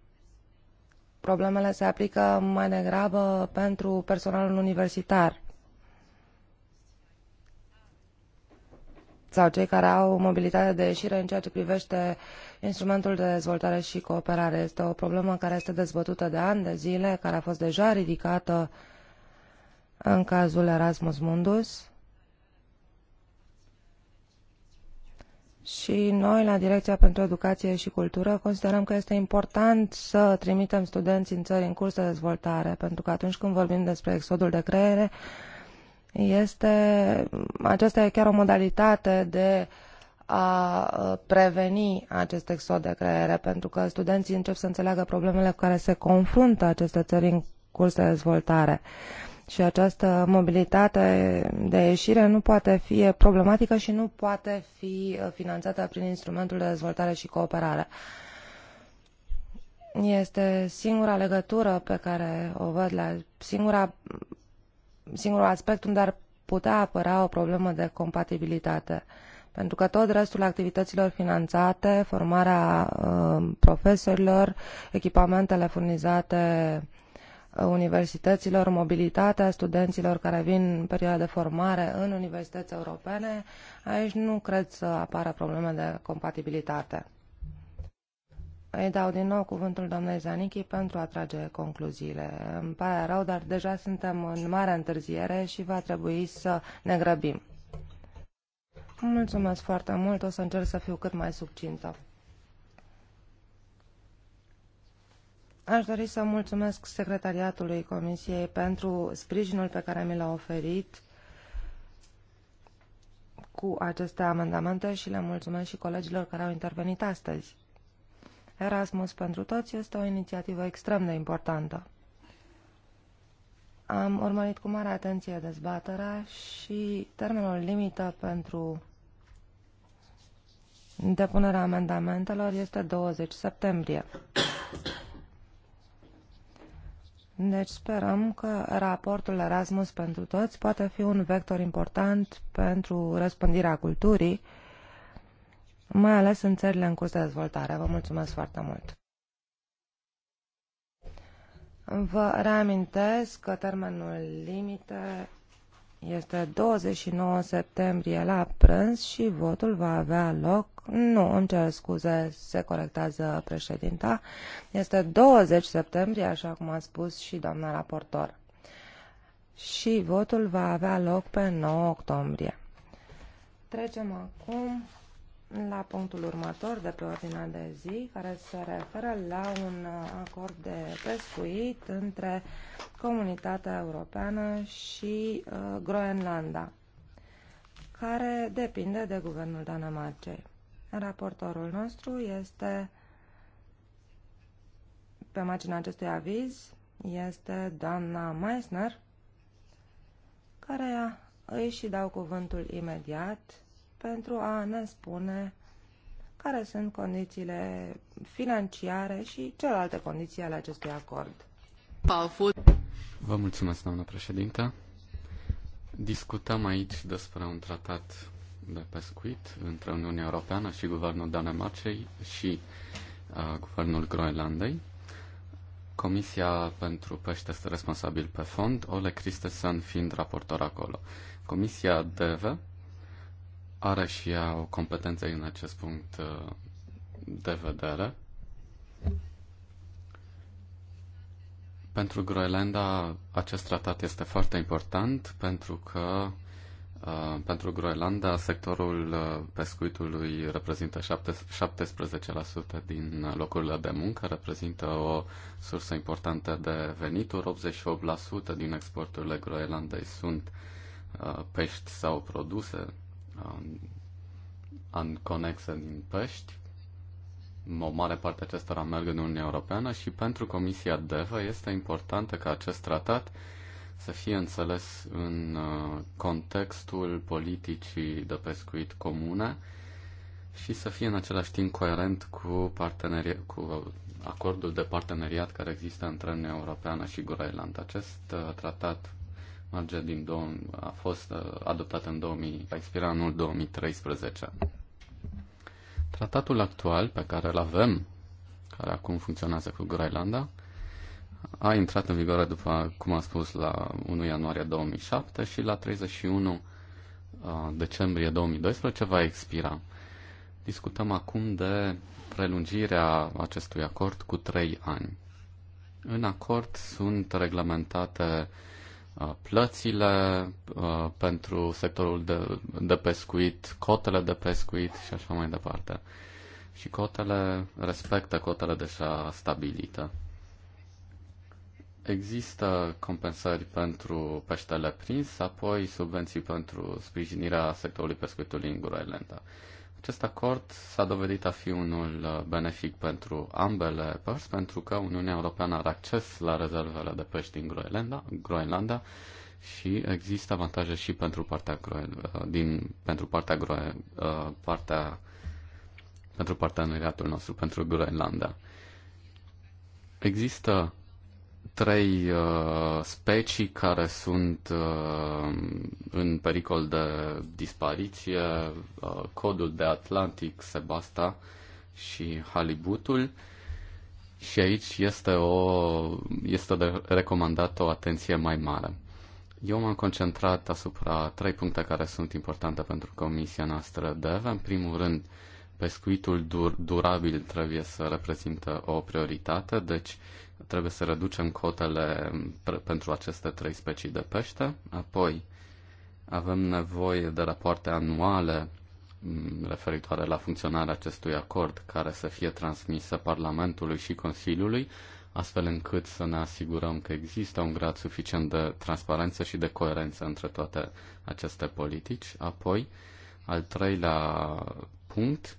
Problemele se aplică mai degrabă pentru personalul universitar sau cei care au mobilitate de ieșire în ceea ce privește instrumentul de dezvoltare și cooperare. Este o problemă care este dezbătută de ani de zile, care a fost deja ridicată în cazul Erasmus Mundus. Și noi, la Direcția pentru Educație și Cultură, considerăm că este important să trimitem studenți în țări în curs de dezvoltare, pentru că atunci când vorbim despre exodul de creiere, este, aceasta e chiar o modalitate de a uh, preveni acest exod de creiere, pentru că studenții încep să înțeleagă problemele cu care se confruntă aceste țări în curs de dezvoltare. Și această mobilitate de ieșire nu poate fi problematică și nu poate fi uh, finanțată prin instrumentul de dezvoltare și cooperare. Este singura legătură pe care o văd la singura singurul aspect unde ar putea apărea o problemă de compatibilitate. Pentru că tot restul activităților finanțate, formarea uh, profesorilor, echipamentele furnizate uh, universităților, mobilitatea studenților care vin în perioada de formare în universități europene, aici nu cred să apară probleme de compatibilitate. Îi dau din nou cuvântul doamnei Zanichi pentru a trage concluziile. Îmi pare rău, dar deja suntem în mare întârziere și va trebui să ne grăbim. Mulțumesc foarte mult, o să încerc să fiu cât mai subcintă. Aș dori să mulțumesc secretariatului Comisiei pentru sprijinul pe care mi l-a oferit cu aceste amendamente și le mulțumesc și colegilor care au intervenit astăzi. Erasmus pentru toți este o inițiativă extrem de importantă. Am urmărit cu mare atenție dezbaterea și termenul limită pentru depunerea amendamentelor este 20 septembrie. Deci sperăm că raportul Erasmus pentru toți poate fi un vector important pentru răspândirea culturii mai ales în țările în curs de dezvoltare. Vă mulțumesc foarte mult! Vă reamintesc că termenul limite este 29 septembrie la prânz și votul va avea loc, nu, îmi cer scuze, se corectează președinta, este 20 septembrie, așa cum a spus și doamna raportor. Și votul va avea loc pe 9 octombrie. Trecem acum la punctul următor de pe ordinea de zi, care se referă la un acord de pescuit între Comunitatea Europeană și uh, Groenlanda, care depinde de guvernul Danemarcei. Raportorul nostru este, pe marginea acestui aviz, este doamna Meissner, care îi și dau cuvântul imediat pentru a ne spune care sunt condițiile financiare și celelalte condiții ale acestui acord. Vă mulțumesc, doamnă președinte. Discutăm aici despre un tratat de pescuit între Uniunea Europeană și Guvernul Danemarcei și uh, Guvernul Groenlandei. Comisia pentru Pește este responsabil pe fond, Ole Christensen fiind raportor acolo. Comisia DEVE are și ea o competență în acest punct uh, de vedere. Pentru Groenlanda acest tratat este foarte important pentru că uh, pentru Groenlanda sectorul uh, pescuitului reprezintă 17% din locurile de muncă, reprezintă o sursă importantă de venituri, 88% din exporturile Groenlandei sunt pești sau produse anconexe din pești. O mare parte acestora merg în Uniunea Europeană și pentru Comisia DEVA este importantă ca acest tratat să fie înțeles în uh, contextul politicii de pescuit comune și să fie în același timp coerent cu, parteneri- cu acordul de parteneriat care există între Uniunea Europeană și Groenland. Acest uh, tratat Legea din dou- a fost uh, adoptată în 2000, a expirat anul 2013. Tratatul actual pe care îl avem, care acum funcționează cu Groenlanda, a intrat în vigoare, după cum am spus, la 1 ianuarie 2007 și la 31 uh, decembrie 2012 va expira. Discutăm acum de prelungirea acestui acord cu 3 ani. În acord sunt reglementate Uh, plățile uh, pentru sectorul de, de pescuit, cotele de pescuit și așa mai departe. Și cotele respectă cotele deja stabilite. Există compensări pentru peștele prins, apoi subvenții pentru sprijinirea sectorului pescuitului în Groenlanda. Acest acord s-a dovedit a fi unul uh, benefic pentru ambele părți, pentru că Uniunea Europeană are acces la rezervele de pești din Groenlanda, Groenlanda și există avantaje și pentru partea, Groen, uh, din, pentru partea, Groen, uh, partea pentru parteneriatul nostru, pentru Groenlanda. Există trei uh, specii care sunt uh, în pericol de dispariție, uh, codul de Atlantic, sebasta și halibutul. Și aici este, o, este de recomandată o atenție mai mare. Eu m-am concentrat asupra trei puncte care sunt importante pentru comisia noastră de În primul rând, pescuitul dur- durabil trebuie să reprezintă o prioritate, deci Trebuie să reducem cotele pentru aceste trei specii de pește. Apoi avem nevoie de rapoarte anuale mm, referitoare la funcționarea acestui acord care să fie transmisă Parlamentului și Consiliului, astfel încât să ne asigurăm că există un grad suficient de transparență și de coerență între toate aceste politici. Apoi, al treilea punct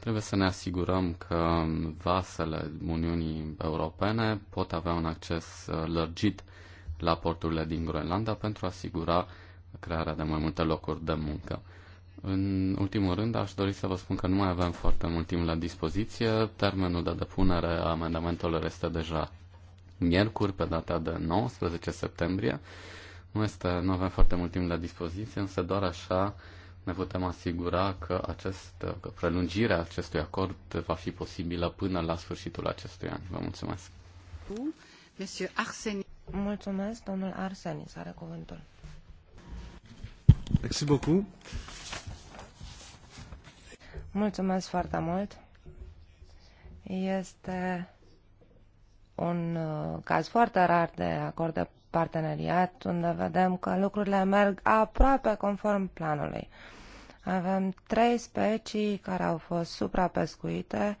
Trebuie să ne asigurăm că vasele Uniunii Europene pot avea un acces uh, lărgit la porturile din Groenlanda pentru a asigura crearea de mai multe locuri de muncă. În ultimul rând, aș dori să vă spun că nu mai avem foarte mult timp la dispoziție. Termenul de depunere a amendamentelor este deja miercuri, pe data de 19 septembrie. Nu, este, nu avem foarte mult timp la dispoziție, însă doar așa ne putem asigura că, acest, că prelungirea acestui acord va fi posibilă până la sfârșitul acestui an. Vă mulțumesc. Mulțumesc, domnul Arsenis are cuvântul. Merci beaucoup. Mulțumesc foarte mult. Este un uh, caz foarte rar de acord de parteneriat, unde vedem că lucrurile merg aproape conform planului. Avem trei specii care au fost suprapescuite,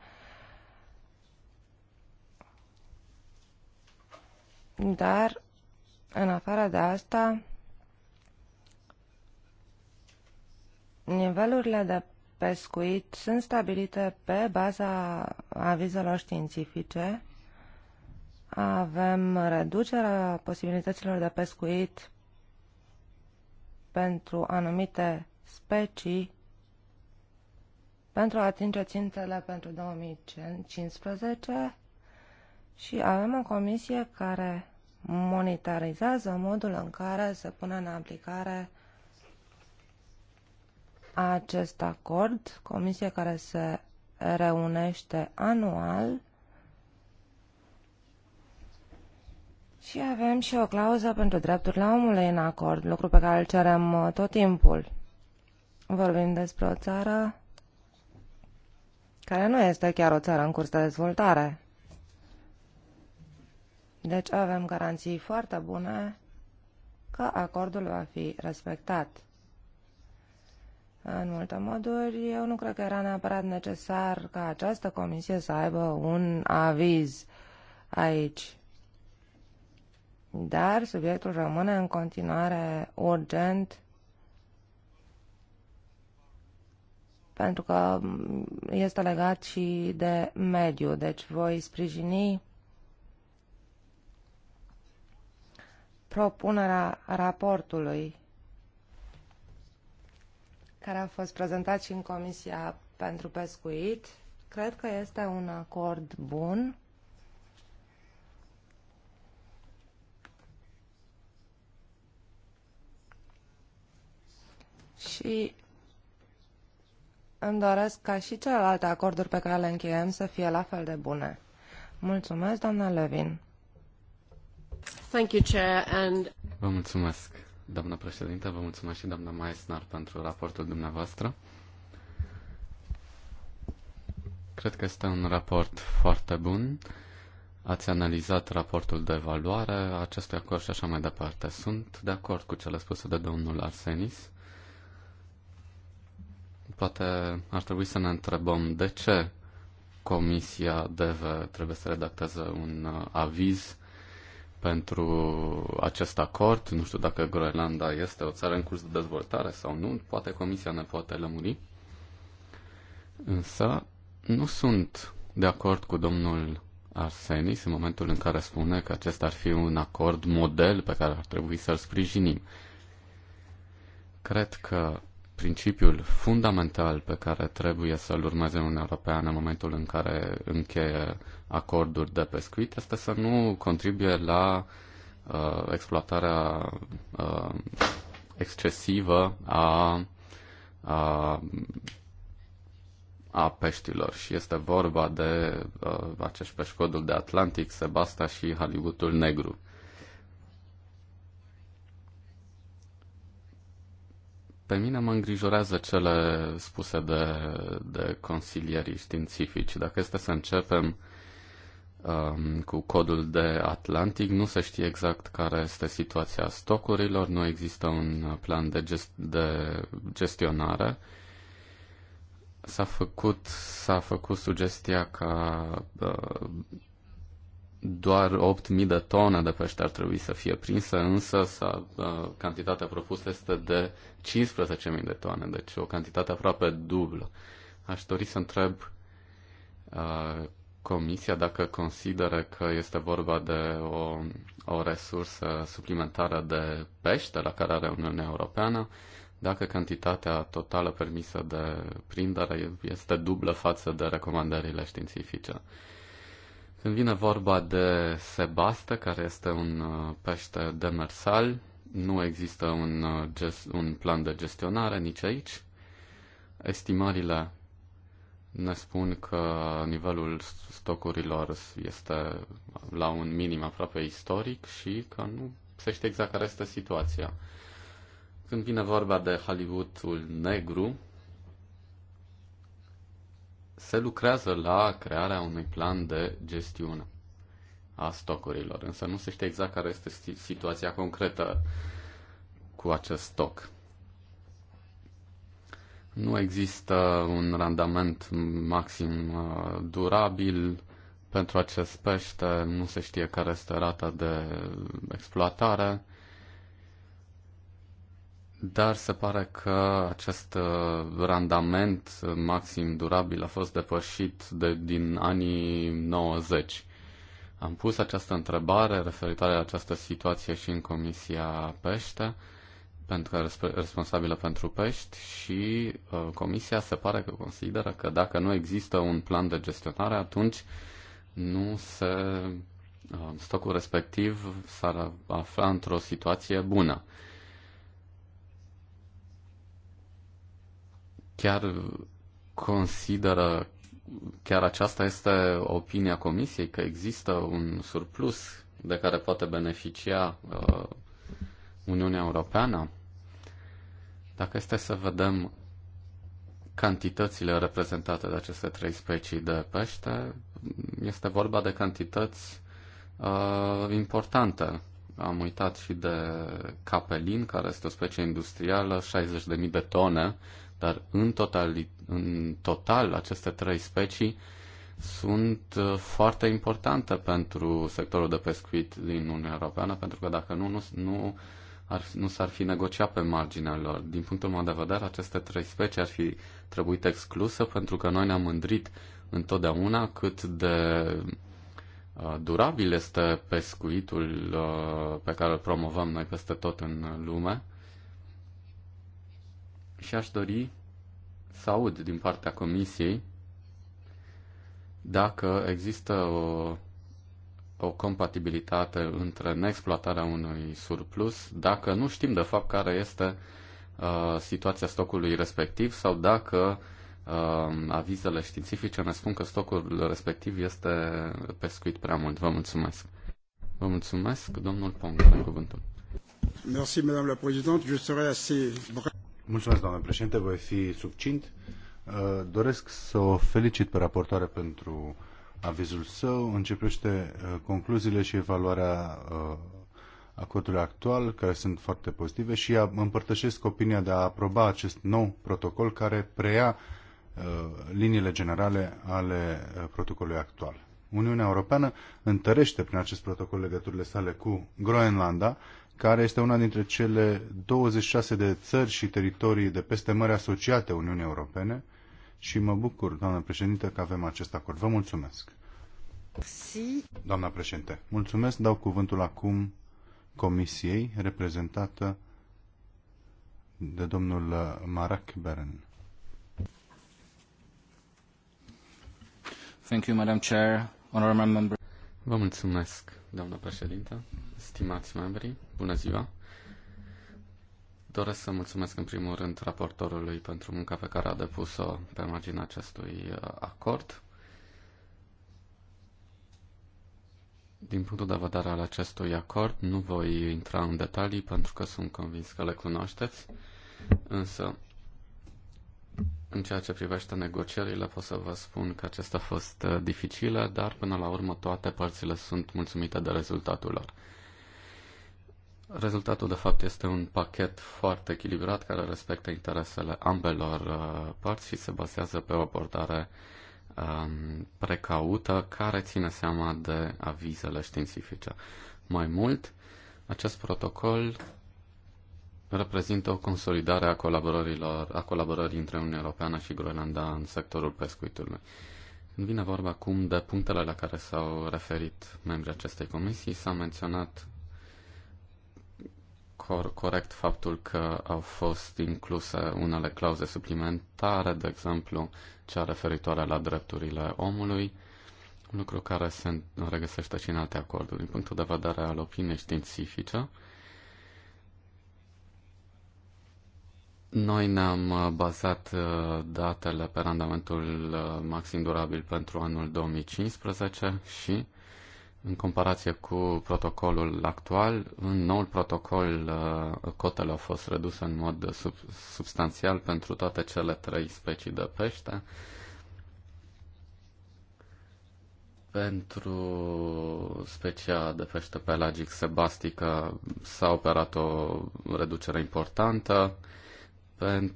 dar în afară de asta, nivelurile de pescuit sunt stabilite pe baza avizelor științifice. Avem reducerea posibilităților de pescuit pentru anumite specii pentru a atinge țintele pentru 2015 și avem o comisie care monitorizează modul în care se pune în aplicare acest acord, comisie care se reunește anual și avem și o clauză pentru drepturile omului în acord, lucru pe care îl cerem uh, tot timpul. Vorbim despre o țară care nu este chiar o țară în curs de dezvoltare. Deci avem garanții foarte bune că acordul va fi respectat. În multe moduri, eu nu cred că era neapărat necesar ca această comisie să aibă un aviz aici. Dar subiectul rămâne în continuare urgent pentru că este legat și de mediu. Deci voi sprijini propunerea raportului care a fost prezentat și în Comisia pentru Pescuit. Cred că este un acord bun. Și îmi doresc ca și celelalte acorduri pe care le încheiem să fie la fel de bune. Mulțumesc, doamna Levin. Thank you, Chair, and... Vă mulțumesc, doamna președintă. vă mulțumesc și doamna Maesnar pentru raportul dumneavoastră. Cred că este un raport foarte bun. Ați analizat raportul de evaluare a acestui acord și așa mai departe. Sunt de acord cu cele spuse de domnul Arsenis. Poate ar trebui să ne întrebăm de ce Comisia DEVE trebuie să redacteze un uh, aviz pentru acest acord. Nu știu dacă Groenlanda este o țară în curs de dezvoltare sau nu. Poate Comisia ne poate lămuri. Însă nu sunt de acord cu domnul Arsenis în momentul în care spune că acesta ar fi un acord model pe care ar trebui să-l sprijinim. Cred că principiul fundamental pe care trebuie să-l urmeze Uniunea Europeană în momentul în care încheie acorduri de pescuit este să nu contribuie la uh, exploatarea uh, excesivă a, a, a peștilor. Și este vorba de uh, acești pești codul de Atlantic, Sebasta și Hollywoodul negru. Pe mine mă îngrijorează cele spuse de, de consilierii științifici. Dacă este să începem um, cu codul de Atlantic, nu se știe exact care este situația stocurilor, nu există un plan de, gest- de gestionare. S-a făcut, s-a făcut sugestia ca uh, doar 8.000 de tone de pește ar trebui să fie prinsă, însă sa, uh, cantitatea propusă este de 15.000 de tone, deci o cantitate aproape dublă. Aș dori să întreb uh, Comisia dacă consideră că este vorba de o, o resursă suplimentară de pește la care are Uniunea Europeană, dacă cantitatea totală permisă de prindere este dublă față de recomandările științifice. Uh, când vine vorba de sebastă, care este un uh, pește demersal, nu există un, uh, gest, un plan de gestionare nici aici. Estimările ne spun că nivelul stocurilor este la un minim aproape istoric și că nu se știe exact care este situația. Când vine vorba de Hollywoodul negru, se lucrează la crearea unui plan de gestiune a stocurilor, însă nu se știe exact care este situația concretă cu acest stoc. Nu există un randament maxim uh, durabil pentru acest pește, nu se știe care este rata de exploatare dar se pare că acest uh, randament maxim durabil a fost depășit de, din anii 90. Am pus această întrebare referitoare la această situație și în Comisia Pește, pentru că responsabilă pentru pești și uh, Comisia se pare că consideră că dacă nu există un plan de gestionare, atunci nu se uh, stocul respectiv s-ar afla într-o situație bună. chiar consideră, chiar aceasta este opinia Comisiei, că există un surplus de care poate beneficia uh, Uniunea Europeană? Dacă este să vedem cantitățile reprezentate de aceste trei specii de pește, este vorba de cantități uh, importante. Am uitat și de capelin, care este o specie industrială, 60.000 de tone dar în, total, în total aceste trei specii sunt uh, foarte importante pentru sectorul de pescuit din Uniunea Europeană, pentru că dacă nu, nu, nu, ar, nu s-ar fi negociat pe marginea lor. Din punctul meu de vedere, aceste trei specii ar fi trebuit excluse pentru că noi ne-am mândrit întotdeauna cât de uh, durabil este pescuitul uh, pe care îl promovăm noi peste tot în lume și aș dori să aud din partea Comisiei dacă există o, o compatibilitate între neexploatarea unui surplus, dacă nu știm de fapt care este uh, situația stocului respectiv sau dacă uh, avizele științifice ne spun că stocul respectiv este pescuit prea mult. Vă mulțumesc. Vă mulțumesc, domnul Pong, are cuvântul. Merci, madame la présidente. Je serai assez bref. Mulțumesc, doamnă președinte, voi fi subcint. Uh, doresc să o felicit pe raportoare pentru avizul său. Începește uh, concluziile și evaluarea uh, acordului actual, care sunt foarte pozitive și împărtășesc opinia de a aproba acest nou protocol care preia liniile generale ale protocolului actual. Uniunea Europeană întărește prin acest protocol legăturile sale cu Groenlanda care este una dintre cele 26 de țări și teritorii de peste mări asociate Uniunii Europene și mă bucur, doamnă președinte, că avem acest acord. Vă mulțumesc. Si. Doamna președinte, mulțumesc. Dau cuvântul acum comisiei reprezentată de domnul Marac Beren. Thank you, Madam Chair, honorable member. Vă mulțumesc, doamnă președintă, stimați membri, bună ziua! Doresc să mulțumesc în primul rând raportorului pentru munca pe care a depus-o pe marginea acestui uh, acord. Din punctul de vedere al acestui acord, nu voi intra în detalii pentru că sunt convins că le cunoașteți, însă în ceea ce privește negocierile, pot să vă spun că acestea au fost uh, dificile, dar până la urmă toate părțile sunt mulțumite de rezultatul lor. Rezultatul, de fapt, este un pachet foarte echilibrat care respectă interesele ambelor uh, părți și se bazează pe o abordare um, precaută care ține seama de avizele științifice. Mai mult, acest protocol reprezintă o consolidare a colaborărilor, a colaborării între Uniunea Europeană și Groenlanda în sectorul pescuitului. Când vine vorba acum de punctele la care s-au referit membrii acestei comisii, s-a menționat cor- corect faptul că au fost incluse unele clauze suplimentare, de exemplu cea referitoare la drepturile omului, lucru care se regăsește și în alte acorduri. Din punctul de vedere al opiniei științifice, Noi ne-am uh, bazat uh, datele pe randamentul uh, maxim durabil pentru anul 2015 și, în comparație cu protocolul actual, în noul protocol cotele au fost reduse în mod sub, substanțial pentru toate cele trei specii de pește. Pentru specia de pește pelagic sebastică s-a operat o reducere importantă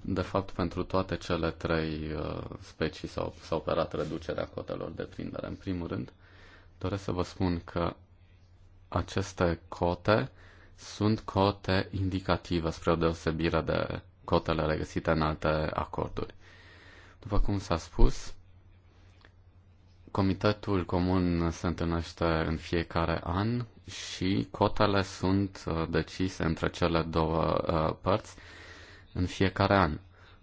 de fapt, pentru toate cele trei uh, specii s-a operat reducerea cotelor de prindere. În primul rând, doresc să vă spun că aceste cote sunt cote indicative, spre o deosebire de cotele regăsite în alte acorduri. După cum s-a spus, Comitetul Comun se întâlnește în fiecare an și cotele sunt uh, decise între cele două uh, părți în fiecare an.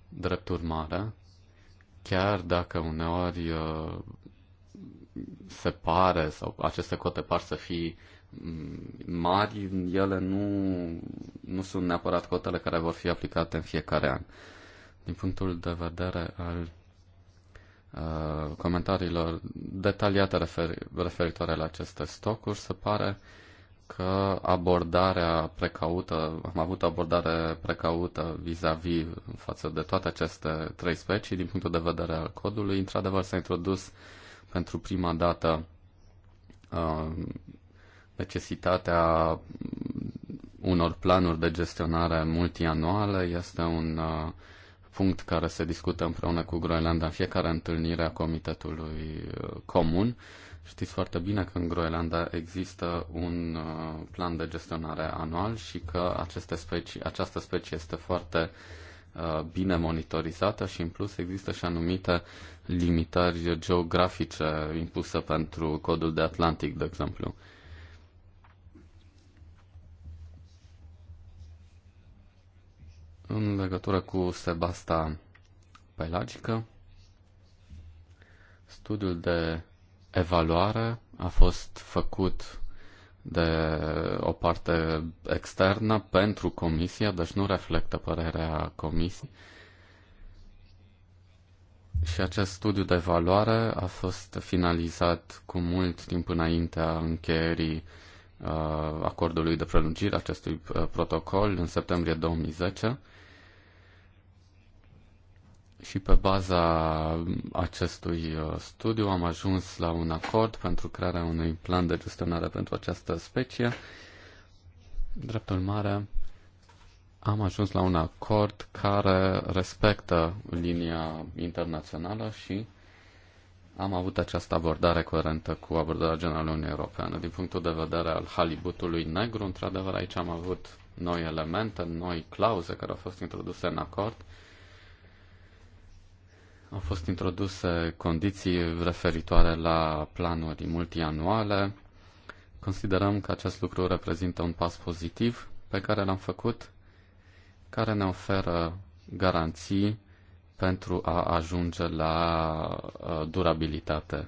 Drept urmare, chiar dacă uneori uh, se pare sau aceste cote par să fie mm, mari, ele nu, nu sunt neapărat cotele care vor fi aplicate în fiecare an. Din punctul de vedere al uh, comentariilor detaliate refer, referitoare la aceste stocuri, se pare uh, că abordarea precaută, am avut abordare precaută vis-a-vis -vis față de toate aceste trei specii din punctul de vedere al codului. Într-adevăr s-a introdus pentru prima dată uh, necesitatea unor planuri de gestionare multianuale. Este un uh, punct care se discută împreună cu Groenlanda în fiecare întâlnire a Comitetului uh, Comun. Uh, Știți foarte bine că în Groenlanda există un uh, plan de gestionare anual și că aceste specii, această specie este foarte uh, bine monitorizată și în plus există și anumite limitări geografice impuse pentru codul de Atlantic, de exemplu. În legătură cu sebasta pelagică, studiul de evaluare a fost făcut de o parte externă pentru comisie, deci nu reflectă părerea comisiei. Și acest studiu de evaluare a fost finalizat cu mult timp înaintea încheierii uh, acordului de prelungire acestui uh, protocol în septembrie 2010 și pe baza acestui uh, studiu am ajuns la un acord pentru crearea unui plan de gestionare pentru această specie. Drept urmare, am ajuns la un acord care respectă linia internațională și am avut această abordare coerentă cu abordarea generală Uniunii Europeană. Din punctul de vedere al halibutului negru, într-adevăr, aici am avut noi elemente, noi clauze care au fost introduse în acord au fost introduse condiții referitoare la planuri multianuale. Considerăm că acest lucru reprezintă un pas pozitiv pe care l-am făcut, care ne oferă garanții pentru a ajunge la uh, durabilitate,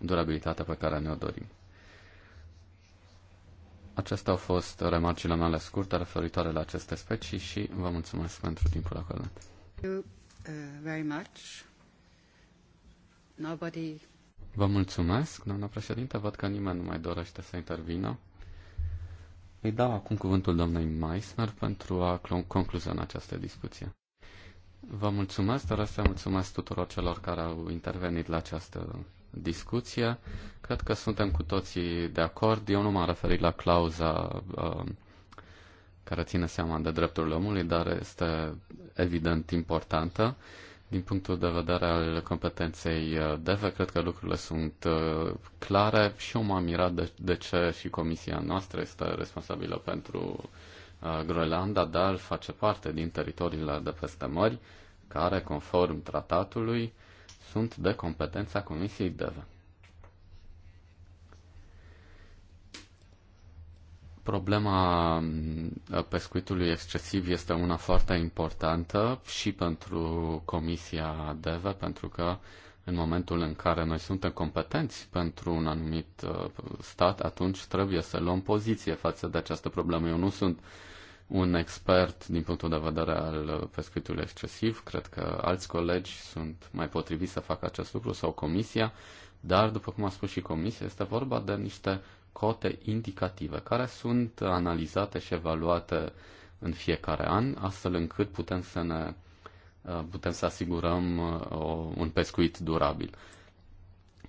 durabilitatea pe care ne-o dorim. Acestea au fost remarcile mele scurte referitoare la aceste specii și vă mulțumesc pentru timpul acordat. Uh, very much. Nobody... Vă mulțumesc, doamna președinte. Văd că nimeni nu mai dorește să intervină. Îi dau acum cuvântul doamnei Meissner pentru a în această discuție. Vă mulțumesc, doresc să mulțumesc tuturor celor care au intervenit la această discuție. Cred că suntem cu toții de acord. Eu nu m-am referit la clauza uh, care ține seama de drepturile omului, dar este evident importantă. Din punctul de vedere al competenței uh, DEVE, cred că lucrurile sunt uh, clare și eu m-am mirat de, de ce și comisia noastră este responsabilă pentru uh, Groenlanda, dar face parte din teritoriile de peste mări, care, conform tratatului, sunt de competența Comisiei DEVE. Problema uh, pescuitului excesiv este una foarte importantă și pentru Comisia DEVE, pentru că în momentul în care noi suntem competenți pentru un anumit uh, stat, atunci trebuie să luăm poziție față de această problemă. Eu nu sunt un expert din punctul de vedere al uh, pescuitului excesiv, cred că alți colegi sunt mai potriviți să facă acest lucru sau comisia, dar, după cum a spus și comisia, este vorba de niște cote indicative care sunt analizate și evaluate în fiecare an, astfel încât putem să ne uh, putem să asigurăm uh, o, un pescuit durabil.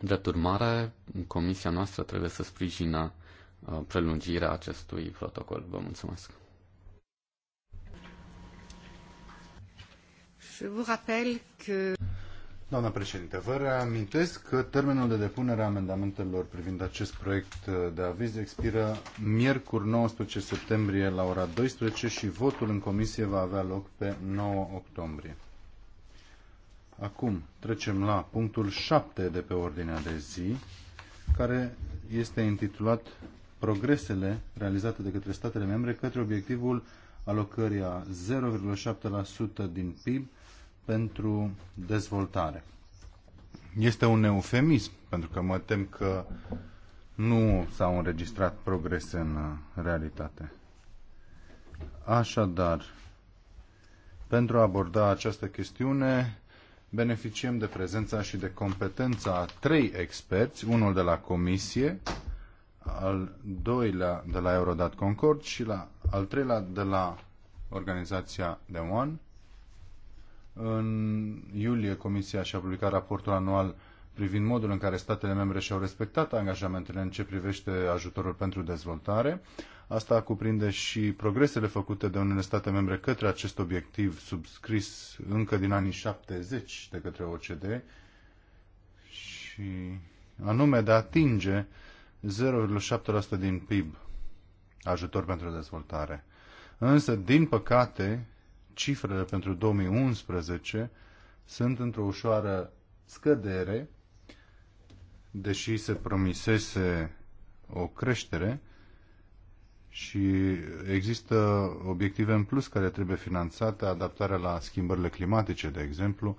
Drept urmare, comisia noastră trebuie să sprijină uh, prelungirea acestui protocol. Vă mulțumesc. Je vous rappelle que... Doamna președinte, vă reamintesc că termenul de depunere a amendamentelor privind acest proiect de aviz expiră miercuri 19 septembrie la ora 12 și votul în comisie va avea loc pe 9 octombrie. Acum trecem la punctul 7 de pe ordinea de zi, care este intitulat Progresele realizate de către statele membre către obiectivul alocării a 0,7% din PIB pentru dezvoltare. Este un eufemism, pentru că mă tem că nu s-au înregistrat progrese în uh, realitate. Așadar, pentru a aborda această chestiune, beneficiem de prezența și de competența a trei experți, unul de la Comisie, al doilea de la Eurodat Concord și la, al treilea de la organizația de One, în iulie Comisia și-a publicat raportul anual privind modul în care statele membre și-au respectat angajamentele în ce privește ajutorul pentru dezvoltare. Asta cuprinde și progresele făcute de unele state membre către acest obiectiv subscris încă din anii 70 de către OCDE și anume de a atinge 0,7% din PIB ajutor pentru dezvoltare. Însă, din păcate, cifrele pentru 2011 sunt într-o ușoară scădere, deși se promisese o creștere și există obiective în plus care trebuie finanțate, adaptarea la schimbările climatice, de exemplu.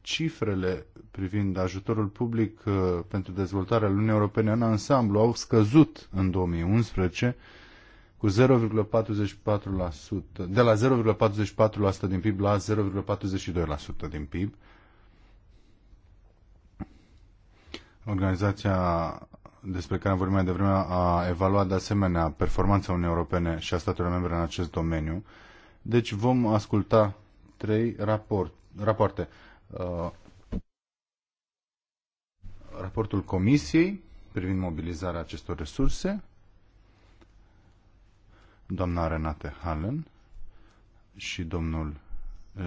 Cifrele privind ajutorul public uh, pentru dezvoltarea Uniunii Europene în ansamblu au scăzut în 2011 cu 0,44%, de la 0,44% din PIB la 0,42% din PIB. Organizația despre care am vorbit mai devreme a evaluat de asemenea performanța Uniunii Europene și a statelor membre în acest domeniu. Deci vom asculta trei raport, rapoarte. Uh, raportul Comisiei privind mobilizarea acestor resurse, doamna Renate Hallen și domnul uh,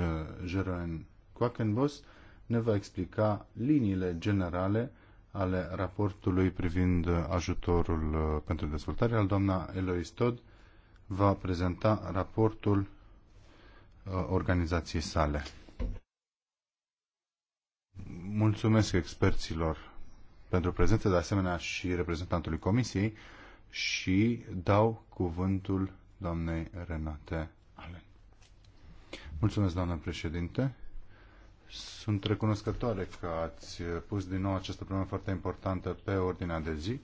Jeroen Quackenbos ne va explica liniile generale ale raportului privind ajutorul uh, pentru dezvoltare, al doamna Eloise Todd va prezenta raportul uh, organizației sale. Mulțumesc experților pentru prezență, de asemenea și reprezentantului Comisiei și dau cuvântul doamnei Renate Allen. Mulțumesc, doamnă președinte. Sunt recunoscătoare că ați pus din nou această problemă foarte importantă pe ordinea de zi.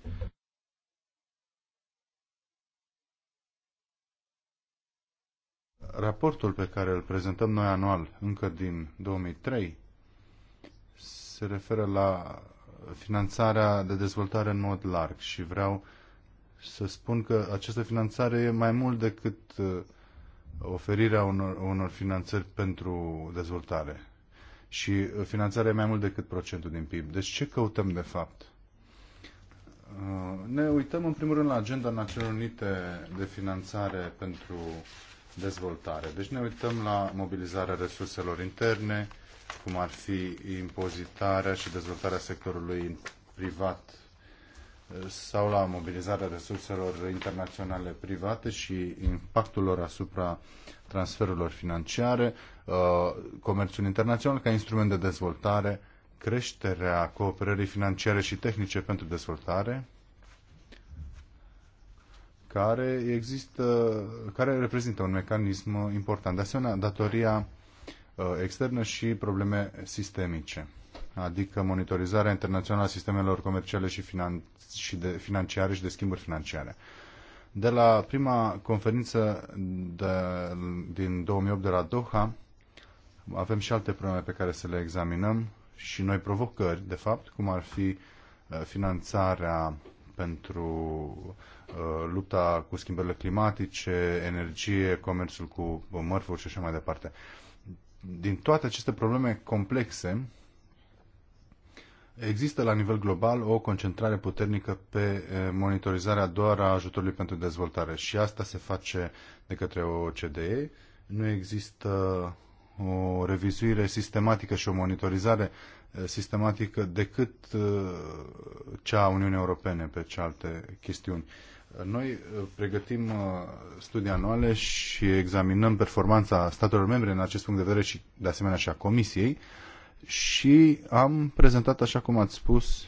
Raportul pe care îl prezentăm noi anual, încă din 2003, se referă la finanțarea de dezvoltare în mod larg și vreau să spun că această finanțare e mai mult decât uh, oferirea unor, unor finanțări pentru dezvoltare. Și uh, finanțarea e mai mult decât procentul din PIB. Deci ce căutăm de fapt? Uh, ne uităm în primul rând la agenda Națiunilor Unite de finanțare pentru dezvoltare. Deci ne uităm la mobilizarea resurselor interne, cum ar fi impozitarea și dezvoltarea sectorului privat sau la mobilizarea resurselor internaționale private și impactul lor asupra transferurilor financiare, uh, comerțul internațional ca instrument de dezvoltare, creșterea cooperării financiare și tehnice pentru dezvoltare, care există, care reprezintă un mecanism important. De asemenea, datoria uh, externă și probleme sistemice adică monitorizarea internațională a sistemelor comerciale și, finan- și de, financiare și de schimburi financiare. De la prima conferință de, din 2008 de la Doha, avem și alte probleme pe care să le examinăm și noi provocări, de fapt, cum ar fi uh, finanțarea pentru uh, lupta cu schimbările climatice, energie, comerțul cu mărfuri și așa mai departe. Din toate aceste probleme complexe, Există la nivel global o concentrare puternică pe eh, monitorizarea doar a ajutorului pentru dezvoltare și asta se face de către OCDE. Nu există o revizuire sistematică și o monitorizare eh, sistematică decât eh, cea a Uniunii Europene pe cealaltă chestiuni. Noi pregătim studii anuale și examinăm performanța statelor membre în acest punct de vedere și de asemenea și a Comisiei și am prezentat, așa cum ați spus,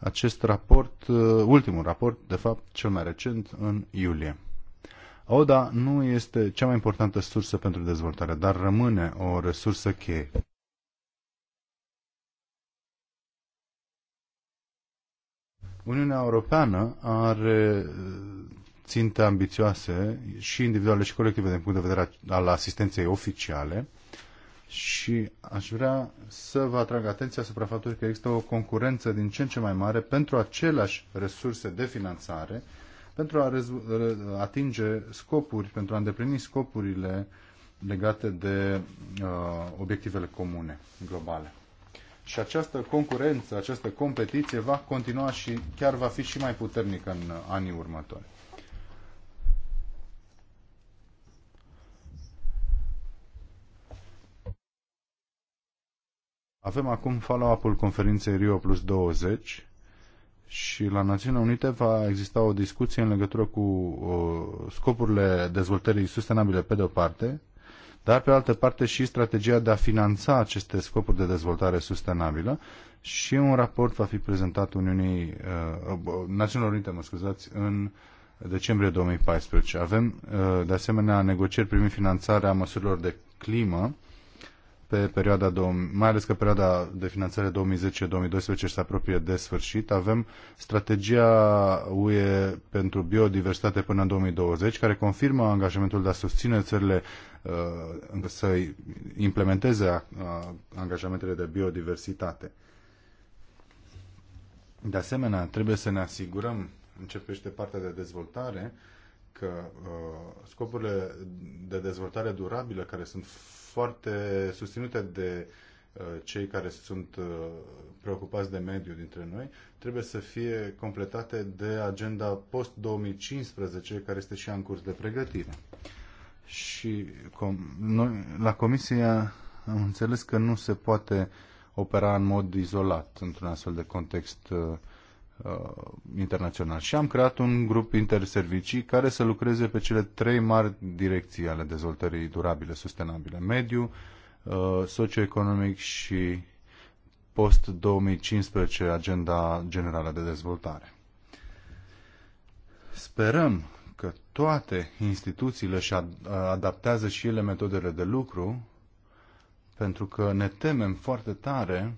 acest raport, uh, ultimul raport, de fapt, cel mai recent, în iulie. ODA nu este cea mai importantă sursă pentru dezvoltare, dar rămâne o resursă cheie. Uniunea Europeană are uh, ținte ambițioase și individuale și colective din punct de vedere al asistenței oficiale, și aș vrea să vă atrag atenția asupra faptului că există o concurență din ce în ce mai mare pentru aceleași resurse de finanțare, pentru a atinge scopuri, pentru a îndeplini scopurile legate de uh, obiectivele comune, globale. Și această concurență, această competiție va continua și chiar va fi și mai puternică în anii următori. Avem acum follow-up-ul conferinței Rio Plus 20 și la Națiunile Unite va exista o discuție în legătură cu uh, scopurile dezvoltării sustenabile pe de o parte, dar pe altă parte și strategia de a finanța aceste scopuri de dezvoltare sustenabilă și un raport va fi prezentat Uniunii, uh, uh Națiunilor Unite, mă scuzați, în decembrie 2014. Avem uh, de asemenea negocieri privind finanțarea măsurilor de climă pe perioada, mai ales că perioada de finanțare 2010-2012 se apropie de sfârșit, avem strategia UE pentru biodiversitate până în 2020, care confirmă angajamentul de a susține țările uh, să implementeze uh, angajamentele de biodiversitate. De asemenea, trebuie să ne asigurăm, începește partea de dezvoltare, că uh, scopurile de dezvoltare durabilă, care sunt foarte susținute de uh, cei care sunt uh, preocupați de mediu dintre noi, trebuie să fie completate de agenda post-2015, care este și în curs de pregătire. Și com, noi, la Comisia am înțeles că nu se poate opera în mod izolat într-un astfel de context uh, Uh, internațional. Și am creat un grup interservicii care să lucreze pe cele trei mari direcții ale dezvoltării durabile, sustenabile. Mediu, uh, socioeconomic și post-2015 agenda generală de dezvoltare. Sperăm că toate instituțiile și adaptează și ele metodele de lucru, pentru că ne temem foarte tare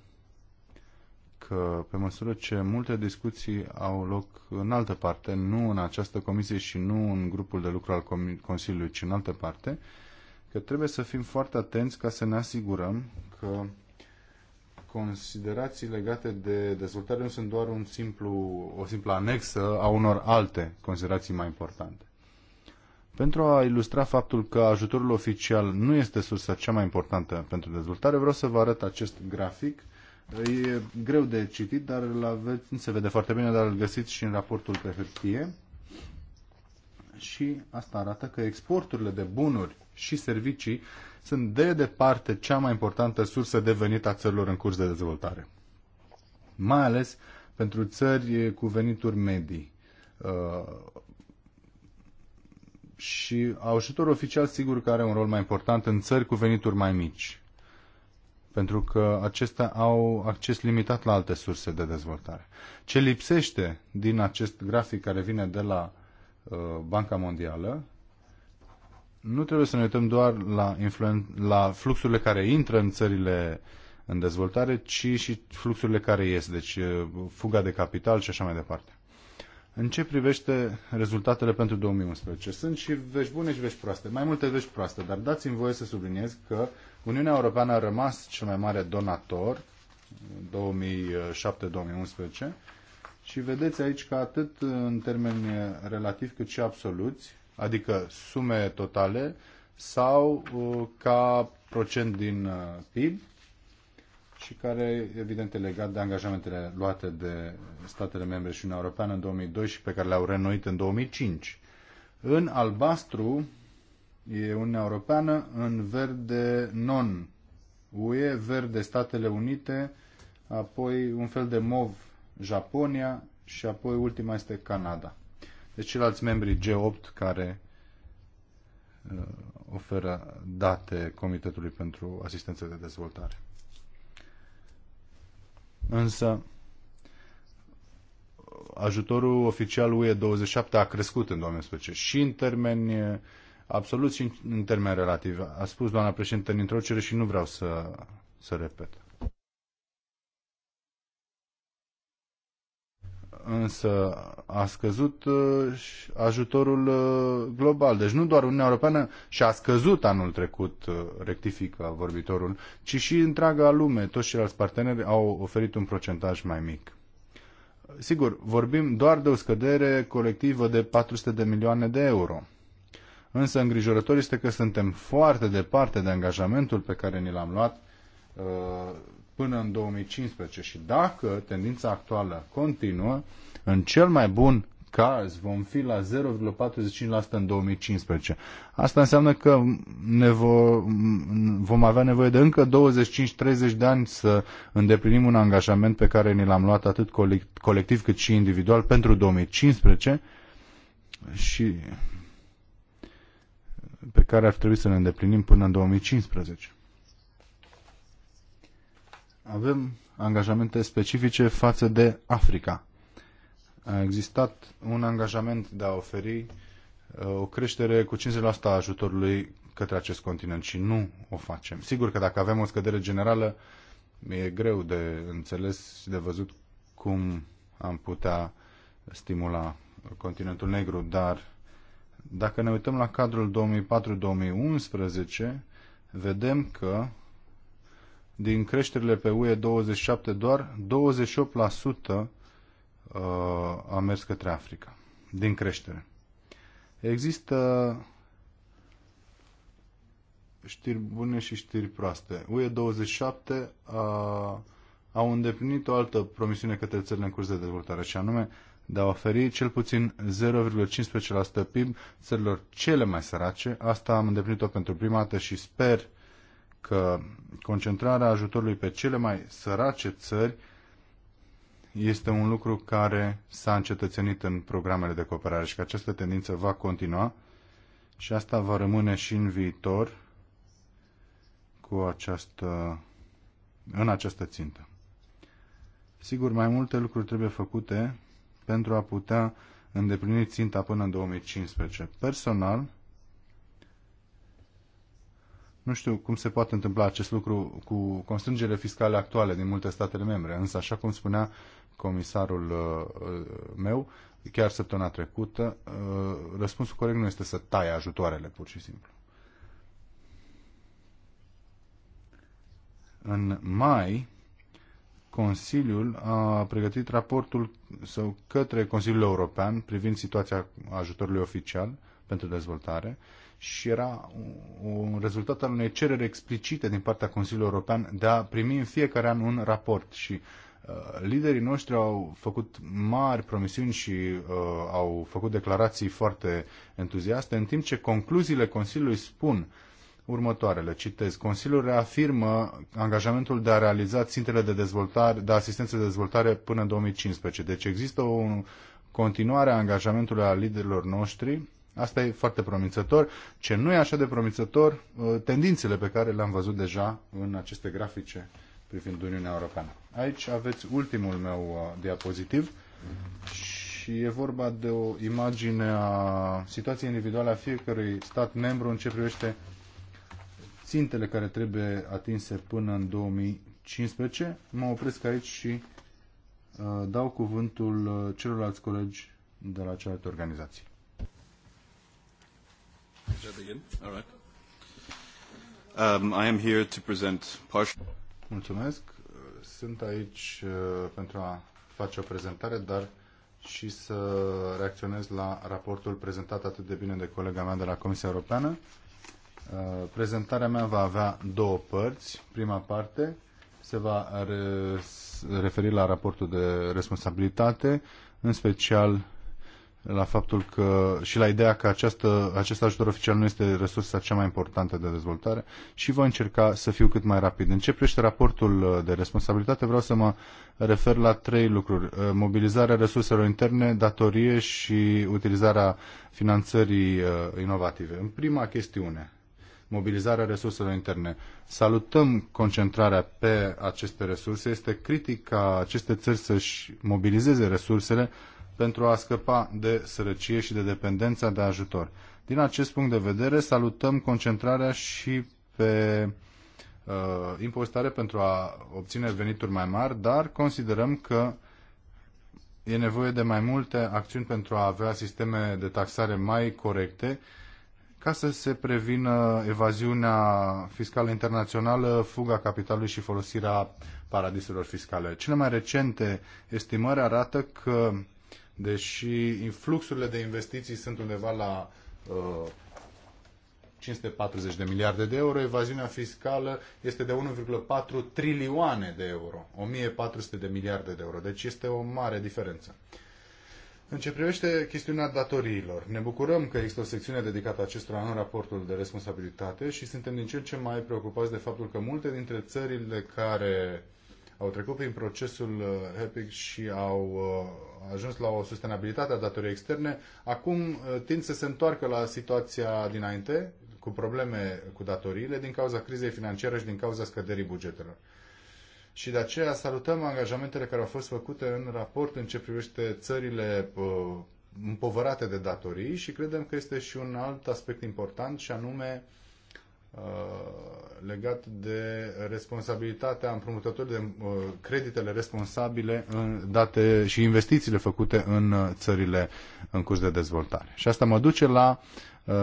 că pe măsură ce multe discuții au loc în altă parte, nu în această comisie și nu în grupul de lucru al Consiliului, ci în altă parte, că trebuie să fim foarte atenți ca să ne asigurăm că considerații legate de dezvoltare nu sunt doar un simplu, o simplă anexă a unor alte considerații mai importante. Pentru a ilustra faptul că ajutorul oficial nu este sursa cea mai importantă pentru dezvoltare, vreau să vă arăt acest grafic E greu de citit, dar îl aveți, nu se vede foarte bine, dar îl găsiți și în raportul pe hârtie. Și asta arată că exporturile de bunuri și servicii sunt de departe cea mai importantă sursă de venit a țărilor în curs de dezvoltare. Mai ales pentru țări cu venituri medii. Uh, și ajutorul oficial sigur că are un rol mai important în țări cu venituri mai mici pentru că acestea au acces limitat la alte surse de dezvoltare. Ce lipsește din acest grafic care vine de la uh, Banca Mondială, nu trebuie să ne uităm doar la, la fluxurile care intră în țările în dezvoltare, ci și fluxurile care ies, deci uh, fuga de capital și așa mai departe. În ce privește rezultatele pentru 2011? Sunt și vești bune și vești proaste, mai multe vești proaste, dar dați-mi voie să subliniez că Uniunea Europeană a rămas cel mai mare donator 2007-2011 și vedeți aici că atât în termeni relativ cât și absoluți, adică sume totale sau uh, ca procent din uh, PIB și care evident e legat de angajamentele luate de statele membre și Uniunea Europeană în 2002 și pe care le-au renoit în 2005. În albastru e Uniunea Europeană, în verde non-UE, verde Statele Unite, apoi un fel de mov Japonia și apoi ultima este Canada. Deci ceilalți membri G8 care uh, oferă date Comitetului pentru Asistență de Dezvoltare. Însă, ajutorul oficial UE 27 a crescut în 2011 și în termeni absolut și în termen relativ. A spus doamna președintă în introducere și nu vreau să, să repet. Însă a scăzut uh, ajutorul uh, global. Deci nu doar Uniunea Europeană și a scăzut anul trecut, uh, rectifică vorbitorul, ci și întreaga lume, toți ceilalți parteneri au oferit un procentaj mai mic sigur, vorbim doar de o scădere colectivă de 400 de milioane de euro însă îngrijorător este că suntem foarte departe de angajamentul pe care ni l-am luat uh, până în 2015 și dacă tendința actuală continuă, în cel mai bun caz vom fi la 0,45% în 2015. Asta înseamnă că ne vo, vom avea nevoie de încă 25-30 de ani să îndeplinim un angajament pe care ni l-am luat atât colectiv cât și individual pentru 2015 și pe care ar trebui să le îndeplinim până în 2015. Avem angajamente specifice față de Africa. A existat un angajament de a oferi uh, o creștere cu 50% a ajutorului către acest continent și nu o facem. Sigur că dacă avem o scădere generală, e greu de înțeles și de văzut cum am putea stimula continentul negru, dar dacă ne uităm la cadrul 2004-2011, vedem că din creșterile pe UE 27, doar 28% uh, a mers către Africa, din creștere. Există știri bune și știri proaste. UE 27 a, au îndeplinit o altă promisiune către țările în curs de dezvoltare, și anume de a oferi cel puțin 0,15% PIB țărilor cele mai sărace. Asta am îndeplinit-o pentru prima dată și sper că concentrarea ajutorului pe cele mai sărace țări este un lucru care s-a încetățenit în programele de cooperare și că această tendință va continua și asta va rămâne și în viitor cu această, în această țintă. Sigur, mai multe lucruri trebuie făcute pentru a putea îndeplini ținta până în 2015. Personal, nu știu cum se poate întâmpla acest lucru cu constrângerile fiscale actuale din multe statele membre, însă, așa cum spunea comisarul uh, uh, meu, chiar săptămâna trecută, uh, răspunsul corect nu este să tai ajutoarele, pur și simplu. În mai, Consiliul a pregătit raportul său către Consiliul European privind situația ajutorului oficial pentru dezvoltare și era un rezultat al unei cereri explicite din partea Consiliului European de a primi în fiecare an un raport și uh, liderii noștri au făcut mari promisiuni și uh, au făcut declarații foarte entuziaste, în timp ce concluziile Consiliului spun următoarele. Citez. Consiliul reafirmă angajamentul de a realiza țintele de dezvoltare, de asistență de dezvoltare până în 2015. Deci există o continuare a angajamentului a liderilor noștri. Asta e foarte promițător. Ce nu e așa de promițător, ă, tendințele pe care le-am văzut deja în aceste grafice privind Uniunea Europeană. Aici aveți ultimul meu ă, diapozitiv și e vorba de o imagine a situației individuale a fiecărui stat membru în ce privește țintele care trebuie atinse până în 2015. Mă opresc aici și uh, dau cuvântul uh, celorlalți colegi de la celelalte organizații. Um, Mulțumesc. Sunt aici uh, pentru a face o prezentare, dar și să reacționez la raportul prezentat atât de bine de colega mea de la Comisia Europeană. Uh, prezentarea mea va avea două părți. Prima parte se va referi la raportul de responsabilitate, în special la faptul că și la ideea că această, acest ajutor oficial nu este resursa cea mai importantă de dezvoltare și voi încerca să fiu cât mai rapid. În ce privește raportul de responsabilitate, vreau să mă refer la trei lucruri. Uh, mobilizarea resurselor interne, datorie și utilizarea finanțării uh, inovative. În prima chestiune, mobilizarea resurselor interne. Salutăm concentrarea pe aceste resurse. Este critic ca aceste țări să-și mobilizeze resursele pentru a scăpa de sărăcie și de dependența de ajutor. Din acest punct de vedere, salutăm concentrarea și pe uh, impozitare pentru a obține venituri mai mari, dar considerăm că e nevoie de mai multe acțiuni pentru a avea sisteme de taxare mai corecte ca să se prevină evaziunea fiscală internațională, fuga capitalului și folosirea paradisurilor fiscale. Cele mai recente estimări arată că, deși fluxurile de investiții sunt undeva la uh, 540 de miliarde de euro, evaziunea fiscală este de 1,4 trilioane de euro, 1400 de miliarde de euro. Deci este o mare diferență. Uh, în ce privește chestiunea datoriilor, ne bucurăm că există o secțiune dedicată acestora în raportul de responsabilitate și suntem din ce în ce mai preocupați de faptul că multe dintre țările care au trecut prin procesul HEPIC uh, și au uh, ajuns la o sustenabilitate a datoriei externe, acum uh, tind să se întoarcă la situația dinainte, cu probleme cu datoriile, din cauza crizei financiare și din cauza scăderii bugetelor și de aceea salutăm angajamentele care au fost făcute în raport în ce privește țările uh, împovărate de datorii și credem că este și un alt aspect important și anume uh, legat de responsabilitatea împrumutătorilor de uh, creditele responsabile în date și investițiile făcute în țările în curs de dezvoltare. Și asta mă duce la Uh,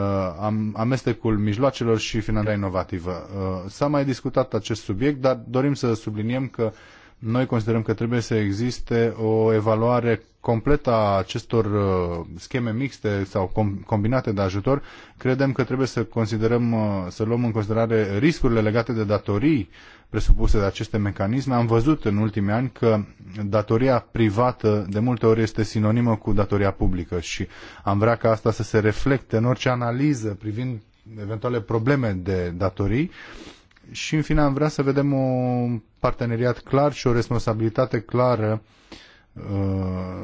amestecul mijloacelor și finanța inovativă. Uh, s-a mai discutat acest subiect, dar dorim să subliniem că noi considerăm că trebuie să existe o evaluare completă a acestor uh, scheme mixte sau com- combinate de ajutor. Credem că trebuie să considerăm, să luăm în considerare riscurile legate de datorii presupuse de aceste mecanisme. Am văzut în ultimii ani că datoria privată de multe ori este sinonimă cu datoria publică și am vrea ca asta să se reflecte în orice analiză privind eventuale probleme de datorii și în fine am vrea să vedem un parteneriat clar și o responsabilitate clară uh, Uh,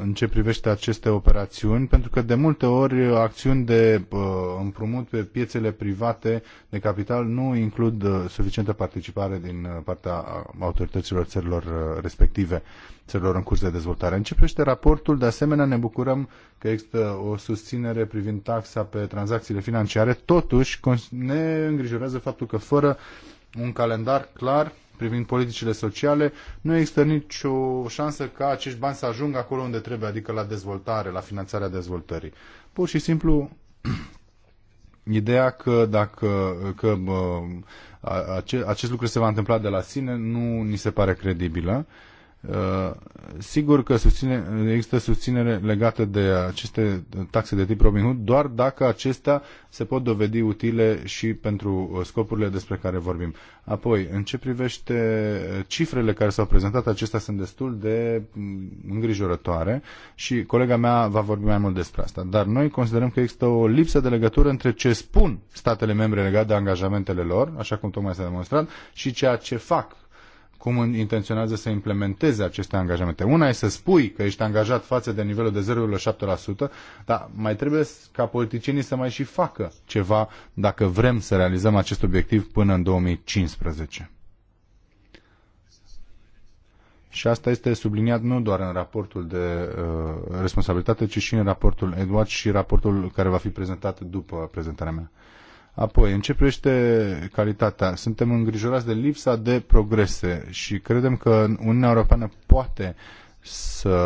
în ce privește aceste operațiuni, pentru că de multe ori acțiuni de uh, împrumut pe piețele private de capital nu includ uh, suficientă participare din partea autorităților țărilor respective, țărilor în curs de dezvoltare. În ce privește raportul, de asemenea ne bucurăm că există o susținere privind taxa pe tranzacțiile financiare, totuși ne îngrijorează faptul că fără un calendar clar privind politicile sociale, nu există nicio șansă ca acești bani să ajungă acolo unde trebuie, adică la dezvoltare, la finanțarea dezvoltării. Pur și simplu, ideea că dacă că, bă, acest lucru se va întâmpla de la sine nu ni se pare credibilă. Uh, Uh, sigur că susține, există susținere legată de aceste taxe de tip Robin Hood doar dacă acestea se pot dovedi utile și pentru uh, scopurile despre care vorbim. Apoi, în ce privește uh, cifrele care s-au prezentat, acestea sunt destul de mm, îngrijorătoare și colega mea va vorbi mai mult despre asta. Dar noi considerăm că există o lipsă de legătură între ce spun statele membre legate de angajamentele lor, așa cum tocmai s-a demonstrat, și ceea ce fac cum intenționează să implementeze aceste angajamente. Una e să spui că ești angajat față de nivelul de 0,7%, dar mai trebuie ca politicienii să mai și facă ceva dacă vrem să realizăm acest obiectiv până în 2015. Și asta este subliniat nu doar în raportul de uh, responsabilitate, ci și în raportul Edward și raportul care va fi prezentat după prezentarea mea. Apoi, în ce privește calitatea, suntem îngrijorați de lipsa de progrese și credem că Uniunea Europeană poate să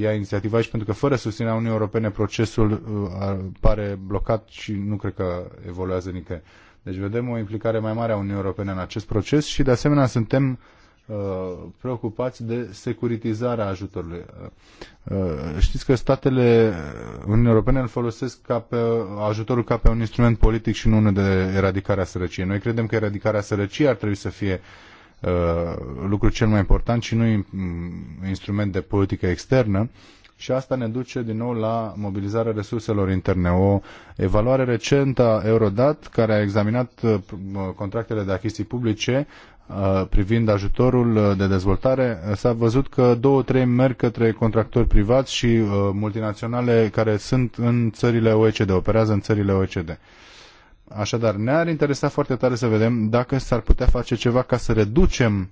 ia inițiativa aici, pentru că fără susținerea Uniunii Europene procesul uh, pare blocat și nu cred că evoluează nicăieri. Deci vedem o implicare mai mare a Uniunii Europene în acest proces și, de asemenea, suntem Uh, preocupați de securitizarea ajutorului. Uh, știți că statele Uniunii Europene îl folosesc ca pe, ajutorul ca pe un instrument politic și nu unul de eradicarea sărăciei. Noi credem că eradicarea sărăciei ar trebui să fie lucrul uh, lucru cel mai important și nu instrument de politică externă și asta ne duce din nou la mobilizarea resurselor interne. O evaluare recentă a Eurodat, care a examinat contractele de achiziții publice, Uh, privind ajutorul uh, de dezvoltare, uh, s-a văzut că două, trei merg către contractori privați și multinaționale care sunt în țările OECD, operează în țările OECD. Așadar, ne-ar interesa foarte tare să vedem dacă s-ar putea face ceva ca să reducem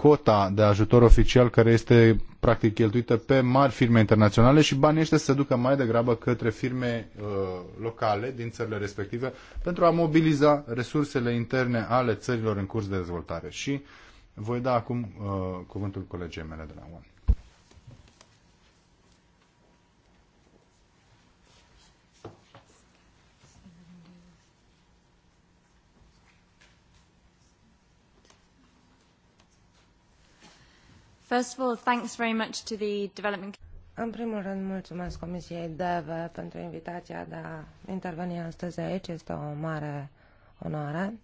cota de ajutor oficial care este practic cheltuită pe mari firme internaționale și banii ăștia să se ducă mai degrabă către firme uh, locale din țările respective pentru a mobiliza resursele interne ale țărilor în curs de dezvoltare. Și voi da acum uh, cuvântul colegei mele de la ONU. În primul rând, mulțumesc Comisiei DEVE pentru invitația de a interveni astăzi aici. Este o mare onoare.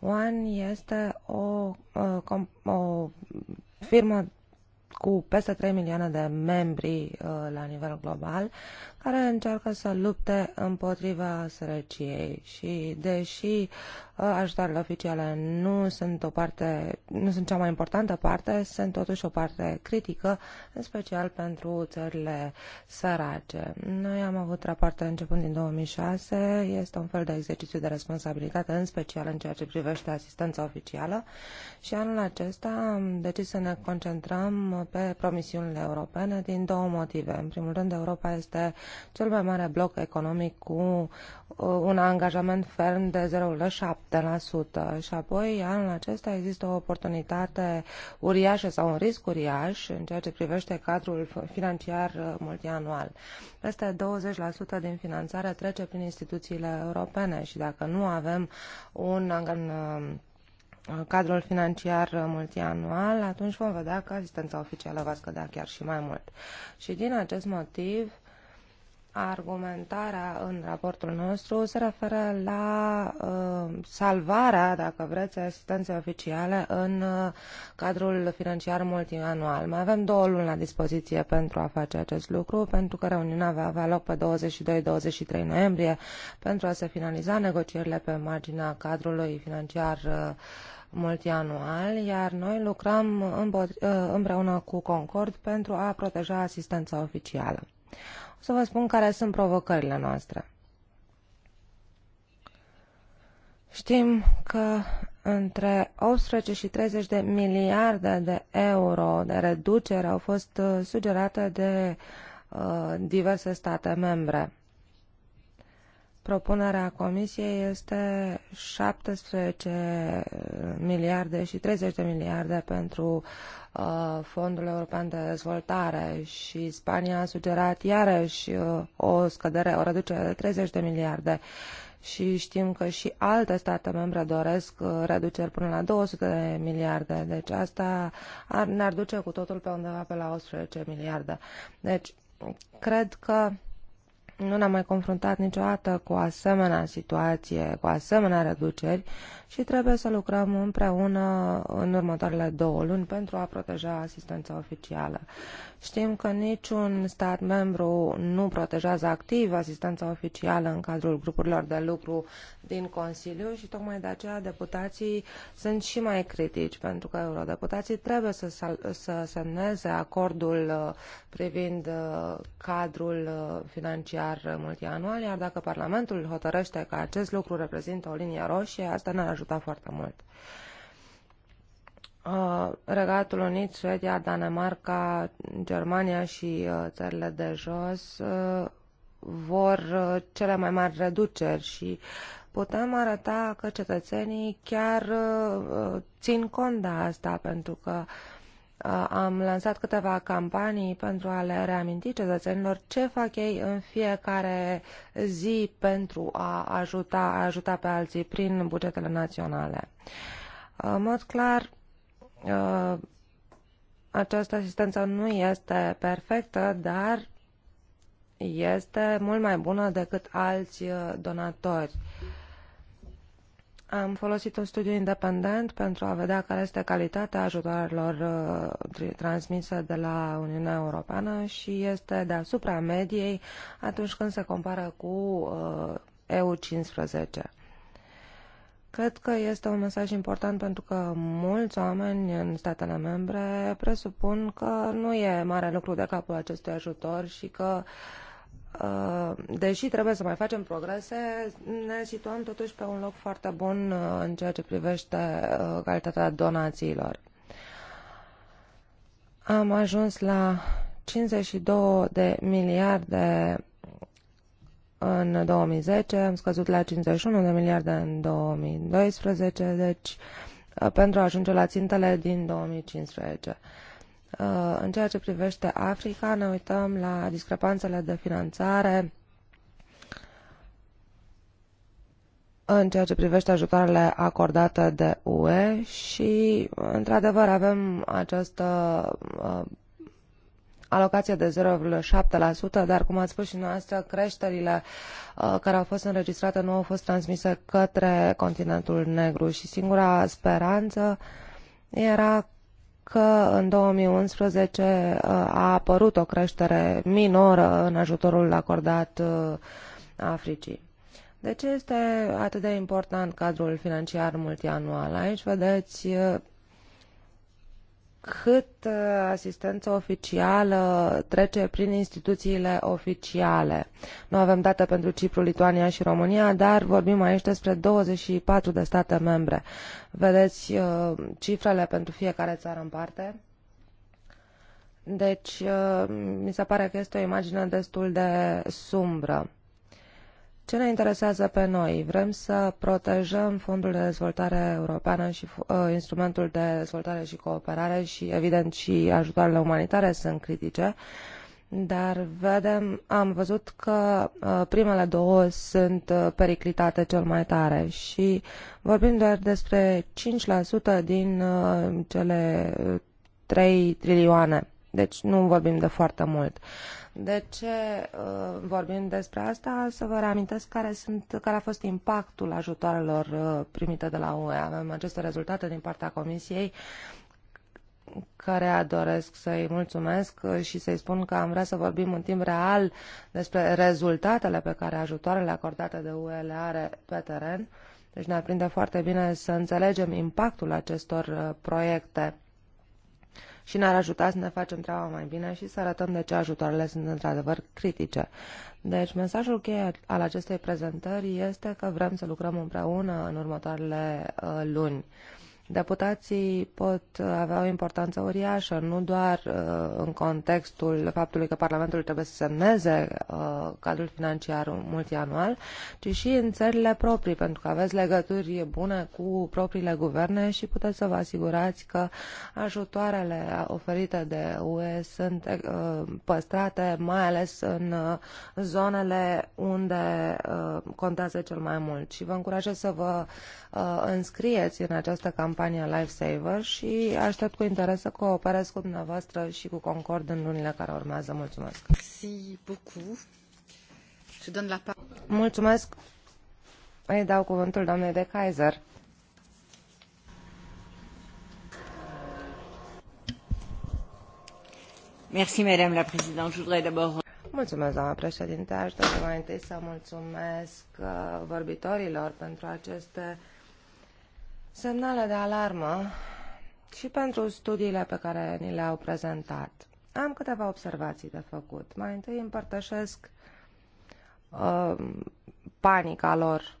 One este o, o, o firmă cu peste 3 milioane de membri uh, la nivel global, care încearcă să lupte împotriva sărăciei și deși uh, ajutoarele oficiale nu sunt o parte, nu sunt cea mai importantă parte, sunt totuși o parte critică, în special pentru țările sărace. Noi am avut rapoarte începând din 2006, este un fel de exercițiu de responsabilitate, în special în ceea ce privește asistența oficială și anul acesta am decis să ne concentrăm pe promisiunile europene din două motive. În primul rând, Europa este cel mai mare bloc economic cu uh, un angajament ferm de 0,7% și apoi anul acesta există o oportunitate uriașă sau un risc uriaș în ceea ce privește cadrul financiar uh, multianual. Peste 20% din finanțare trece prin instituțiile europene și dacă nu avem un uh, cadrul financiar multianual, atunci vom vedea că asistența oficială va scădea chiar și mai mult. Și din acest motiv, argumentarea în raportul nostru se referă la uh, salvarea, dacă vreți, asistenței oficiale în uh, cadrul financiar multianual. Mai avem două luni la dispoziție pentru a face acest lucru, pentru că reuniunea va avea loc pe 22-23 noiembrie pentru a se finaliza negocierile pe marginea cadrului financiar uh, multianual, iar noi lucrăm uh, împreună cu Concord pentru a proteja asistența oficială. O să vă spun care sunt provocările noastre. Știm că între 18 și 30 de miliarde de euro de reducere au fost uh, sugerate de uh, diverse state membre. Propunerea Comisiei este 17 miliarde și 30 de miliarde pentru uh, Fondul European de Dezvoltare și Spania a sugerat iarăși uh, o scădere, o reducere de 30 de miliarde și știm că și alte state membre doresc uh, reduceri până la 200 de miliarde. Deci asta ar, ne-ar duce cu totul pe undeva pe la 11 miliarde. Deci cred că nu ne-am mai confruntat niciodată cu o asemenea situație, cu asemenea reduceri și trebuie să lucrăm împreună în următoarele două luni pentru a proteja asistența oficială. Știm că niciun stat membru nu protejează activ asistența oficială în cadrul grupurilor de lucru din Consiliu și tocmai de aceea deputații sunt și mai critici, pentru că eurodeputații trebuie să, să semneze acordul uh, privind uh, cadrul uh, financiar multianual, iar dacă Parlamentul hotărăște că acest lucru reprezintă o linie roșie, asta n-ar ajutat foarte mult. Uh, Regatul Unit, Suedia, Danemarca, Germania și uh, țările de jos uh, vor cele mai mari reduceri și putem arăta că cetățenii chiar țin cont de asta pentru că uh, am lansat câteva campanii pentru a le reaminti cetățenilor ce fac ei în fiecare zi pentru a ajuta, a ajuta pe alții prin bugetele naționale. În mod clar, uh, această asistență nu este perfectă, dar este mult mai bună decât alți uh, donatori am folosit un studiu independent pentru a vedea care este calitatea ajutoarelor uh, transmise de la Uniunea Europeană și este deasupra mediei atunci când se compară cu uh, EU15. Cred că este un mesaj important pentru că mulți oameni în statele membre presupun că nu e mare lucru de capul acestui ajutor și că Uh, deși trebuie să mai facem progrese, ne situăm totuși pe un loc foarte bun uh, în ceea ce privește uh, calitatea donațiilor. Am ajuns la 52 de miliarde în 2010, am scăzut la 51 de miliarde în 2012, deci pentru a ajunge la țintele din 2015. Uh, în ceea ce privește Africa, ne uităm la discrepanțele de finanțare în ceea ce privește ajutoarele acordate de UE și, într-adevăr, avem această uh, alocație de 0,7%, dar, cum ați spus și noastră, creșterile uh, care au fost înregistrate nu au fost transmise către continentul negru și singura speranță era că în 2011 uh, a apărut o creștere minoră în ajutorul acordat uh, Africii. De ce este atât de important cadrul financiar multianual? Aici vedeți uh, cât uh, asistența oficială trece prin instituțiile oficiale. Nu avem date pentru Cipru, Lituania și România, dar vorbim aici despre 24 de state membre. Vedeți uh, cifrele pentru fiecare țară în parte? Deci, uh, mi se pare că este o imagine destul de sumbră. Ce ne interesează pe noi? Vrem să protejăm Fondul de Dezvoltare Europeană și uh, Instrumentul de Dezvoltare și Cooperare și, evident, și ajutoarele umanitare sunt critice, dar vedem, am văzut că uh, primele două sunt uh, periclitate cel mai tare și vorbim doar despre 5% din uh, cele 3 trilioane. Deci nu vorbim de foarte mult. Uh, de ce uh, vorbim despre asta? Să vă reamintesc care, sunt, care a fost impactul ajutoarelor uh, primite de la UE. Avem aceste rezultate din partea Comisiei care doresc să-i mulțumesc uh, și să-i spun că am vrea să vorbim în timp real despre rezultatele pe care ajutoarele acordate de UE le are pe teren. Deci ne-ar prinde foarte bine să înțelegem impactul acestor uh, proiecte și ne-ar ajuta să ne facem treaba mai bine și să arătăm de ce ajutoarele sunt într-adevăr critice. Deci mesajul cheie al acestei prezentări este că vrem să lucrăm împreună în următoarele uh, luni Deputații pot uh, avea o importanță uriașă, nu doar uh, în contextul faptului că Parlamentul trebuie să semneze uh, cadrul financiar multianual, ci și în țările proprii, pentru că aveți legături bune cu propriile guverne și puteți să vă asigurați că ajutoarele oferite de UE sunt păstrate, mai ales în zonele unde contează cel mai mult. Și vă încurajez să vă înscrieți în această campanie campania Lifesaver și aștept cu interes să cooperez cu dumneavoastră și cu Concord în lunile care urmează. Mulțumesc! Mulțumesc! Îi dau cuvântul doamnei de Kaiser. Merci, Madame la Présidente. Je voudrais d'abord Mulțumesc, doamna președinte. Aș dori mai întâi să mulțumesc uh, vorbitorilor pentru aceste semnale de alarmă și pentru studiile pe care ni le-au prezentat. Am câteva observații de făcut. Mai întâi împărtășesc uh, panica lor.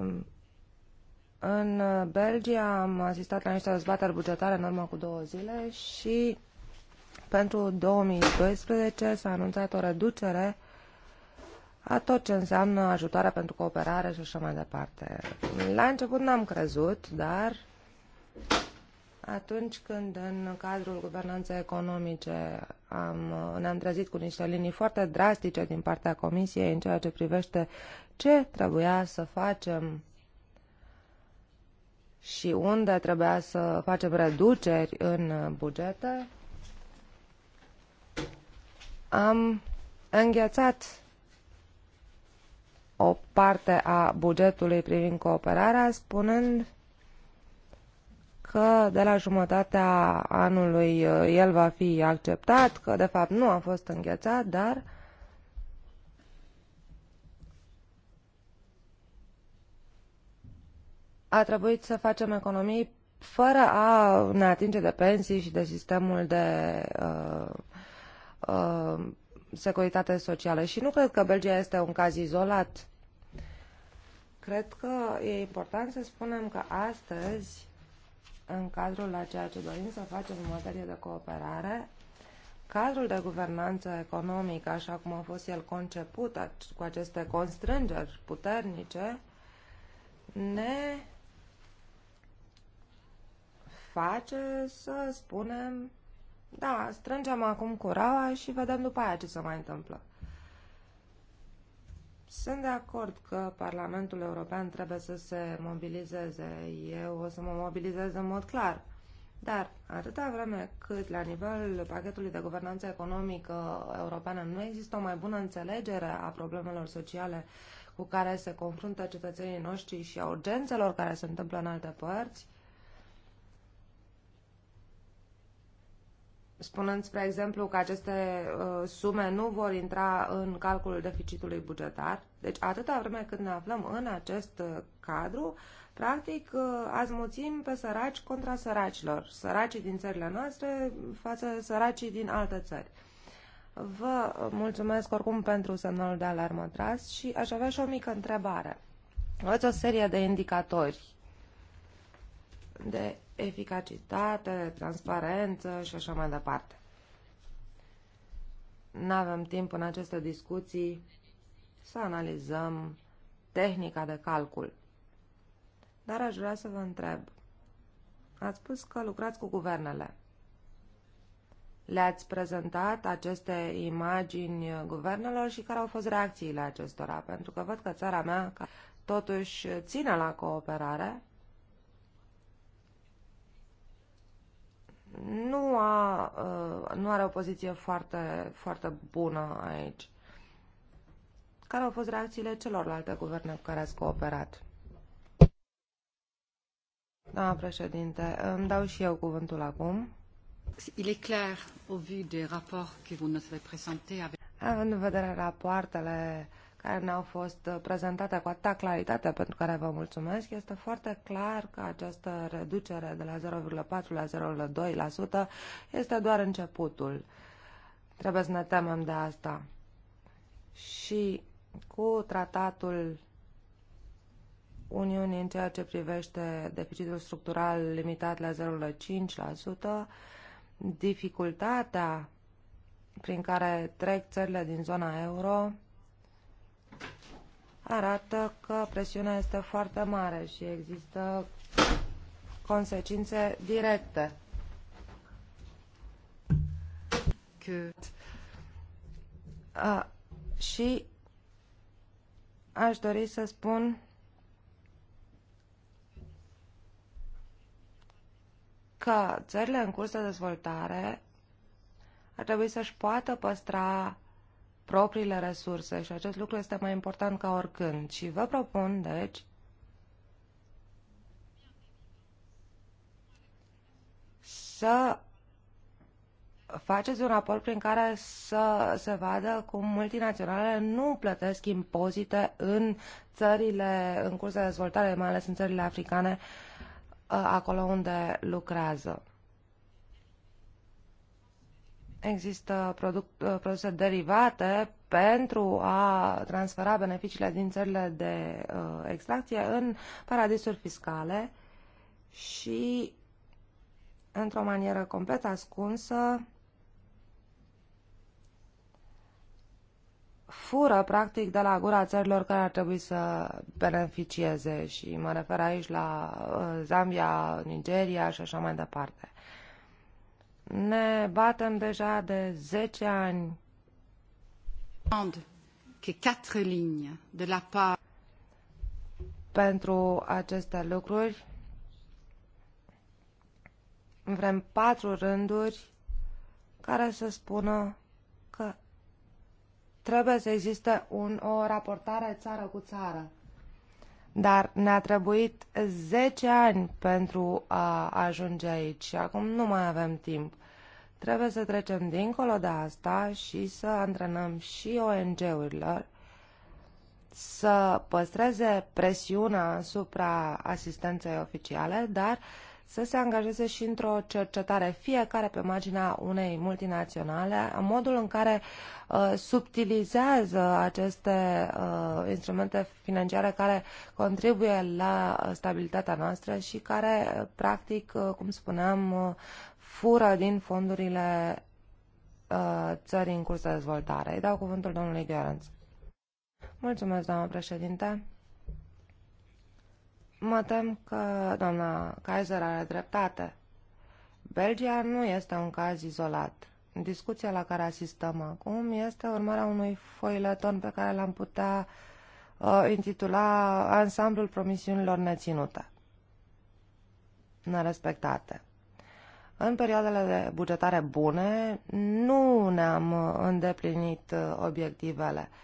Um, în Belgia am asistat la niște dezbateri bugetare în urmă cu două zile și pentru 2012 s-a anunțat o reducere a tot ce înseamnă ajutoare pentru cooperare și așa mai departe. La început n-am crezut, dar atunci când în cadrul guvernanței economice am, ne-am trezit cu niște linii foarte drastice din partea Comisiei în ceea ce privește ce trebuia să facem și unde trebuia să facem reduceri în bugete, am înghețat o parte a bugetului privind cooperarea, spunând că de la jumătatea anului uh, el va fi acceptat, că de fapt nu a fost înghețat, dar a trebuit să facem economii fără a ne atinge de pensii și de sistemul de uh, uh, securitate socială. Și nu cred că Belgia este un caz izolat. Cred că e important să spunem că astăzi, în cadrul la ceea ce dorim să facem în materie de cooperare, cadrul de guvernanță economică, așa cum a fost el conceput, cu aceste constrângeri puternice, ne face să spunem da, strângem acum cureaua și vedem după aia ce se mai întâmplă. Sunt de acord că Parlamentul European trebuie să se mobilizeze. Eu o să mă mobilizez în mod clar. Dar atâta vreme cât la nivelul pachetului de guvernanță economică europeană nu există o mai bună înțelegere a problemelor sociale cu care se confruntă cetățenii noștri și a urgențelor care se întâmplă în alte părți, spunând, spre exemplu, că aceste uh, sume nu vor intra în calculul deficitului bugetar. Deci, atâta vreme cât ne aflăm în acest uh, cadru, practic, uh, mulțim pe săraci contra săracilor, săracii din țările noastre față săracii din alte țări. Vă uh, mulțumesc oricum pentru semnalul de alarmă tras și aș avea și o mică întrebare. Aveți o serie de indicatori de eficacitate, transparență și așa mai departe. Nu avem timp în aceste discuții să analizăm tehnica de calcul. Dar aș vrea să vă întreb. Ați spus că lucrați cu guvernele. Le-ați prezentat aceste imagini guvernelor și care au fost reacțiile acestora? Pentru că văd că țara mea totuși ține la cooperare nu, a, uh, nu are o poziție foarte, foarte bună aici. Care au fost reacțiile celorlalte guverne cu care ați cooperat? Da, președinte, îmi dau și eu cuvântul acum. Il est clar, au vu des rapports que vous nous avez présentés avec... în vedere rapoartele uh, care ne-au fost uh, prezentate cu atâta claritate, pentru care vă mulțumesc, este foarte clar că această reducere de la 0,4 la 0,2% este doar începutul. Trebuie să ne temem de asta. Și cu tratatul Uniunii în ceea ce privește deficitul structural limitat la 0,5%, dificultatea prin care trec țările din zona euro arată că presiunea este foarte mare și există consecințe directe. A, și aș dori să spun că țările în curs de dezvoltare ar trebui să-și poată păstra propriile resurse și acest lucru este mai important ca oricând. Și vă propun, deci, să faceți un raport prin care să se vadă cum multinaționale nu plătesc impozite în țările în curs de dezvoltare, mai ales în țările africane, ă, acolo unde lucrează. Există product, uh, produse derivate pentru a transfera beneficiile din țările de uh, extracție în paradisuri fiscale și într-o manieră complet ascunsă fură practic de la gura țărilor care ar trebui să beneficieze și mă refer aici la uh, Zambia, Nigeria și așa mai departe. Ne batem deja de 10 ani. Pentru aceste lucruri vrem patru rânduri care să spună că trebuie să existe un, o raportare țară cu țară. Dar ne-a trebuit 10 ani pentru a ajunge aici și acum nu mai avem timp. Trebuie să trecem dincolo de asta și să antrenăm și ONG-urilor să păstreze presiunea asupra asistenței oficiale, dar uh, să se angajeze și într-o cercetare fiecare pe marginea unei multinaționale, modul în care uh, subtilizează aceste uh, instrumente financiare care contribuie la stabilitatea noastră și care, practic, uh, cum spuneam, uh, fură din fondurile uh, țării în curs de dezvoltare. Îi dau cuvântul domnului Gheorenț. Mulțumesc, doamnă președinte. Mă tem că doamna Kaiser are dreptate. Belgia nu este un caz izolat. Discuția la care asistăm acum este urmarea unui foileton pe care l-am putea uh, intitula Ansamblul promisiunilor neținute, nerespectate. În perioadele de bugetare bune nu ne-am uh, îndeplinit uh, obiectivele. Uh,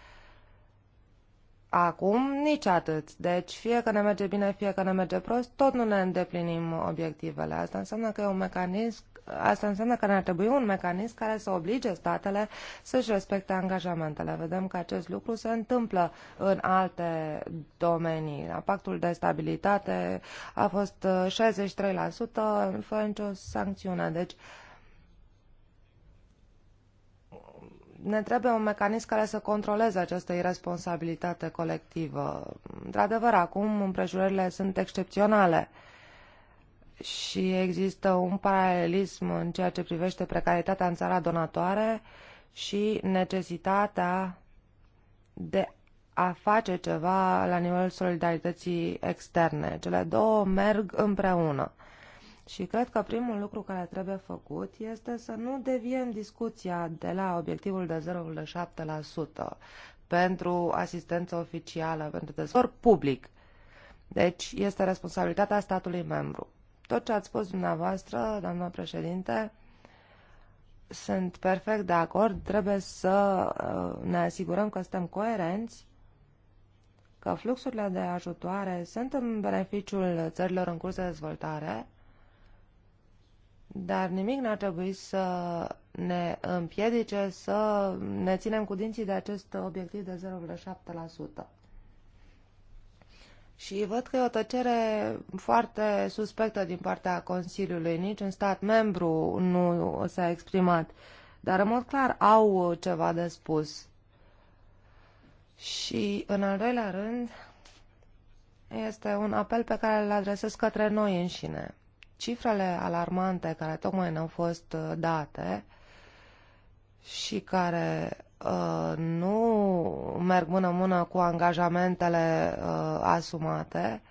acum, nici atât. Deci fie că ne merge bine, fie că ne merge prost, tot nu ne îndeplinim obiectivele. Asta înseamnă că e un mecanism Asta înseamnă că ne-ar trebui un mecanism care să oblige statele să-și respecte angajamentele. Vedem că acest lucru se întâmplă în alte domenii. La pactul de stabilitate a fost 63% uh, fără nicio sancțiune. Deci ne trebuie un mecanism care să controleze această irresponsabilitate colectivă. Într-adevăr, acum împrejurările sunt excepționale și există un paralelism în ceea ce privește precaritatea în țara donatoare și necesitatea de a face ceva la nivelul solidarității externe. Cele două merg împreună. Și cred că primul lucru care trebuie făcut este să nu deviem discuția de la obiectivul de 0,7% pentru asistență oficială, pentru dezvor public. Deci este responsabilitatea statului membru. Tot ce ați spus dumneavoastră, doamnă președinte, sunt perfect de acord. Trebuie să uh, ne asigurăm că suntem coerenți că fluxurile de ajutoare sunt în beneficiul țărilor în curs de dezvoltare dar nimic n-ar trebui să ne împiedice să ne ținem cu dinții de acest obiectiv de 0,7%. Și văd că e o tăcere foarte suspectă din partea Consiliului. Nici un stat membru nu s-a exprimat. Dar, în mod clar, au ceva de spus. Și, în al doilea rând, este un apel pe care îl adresez către noi înșine. Cifrele alarmante care tocmai ne-au fost uh, date și care uh, nu merg mână-mână cu angajamentele uh, asumate,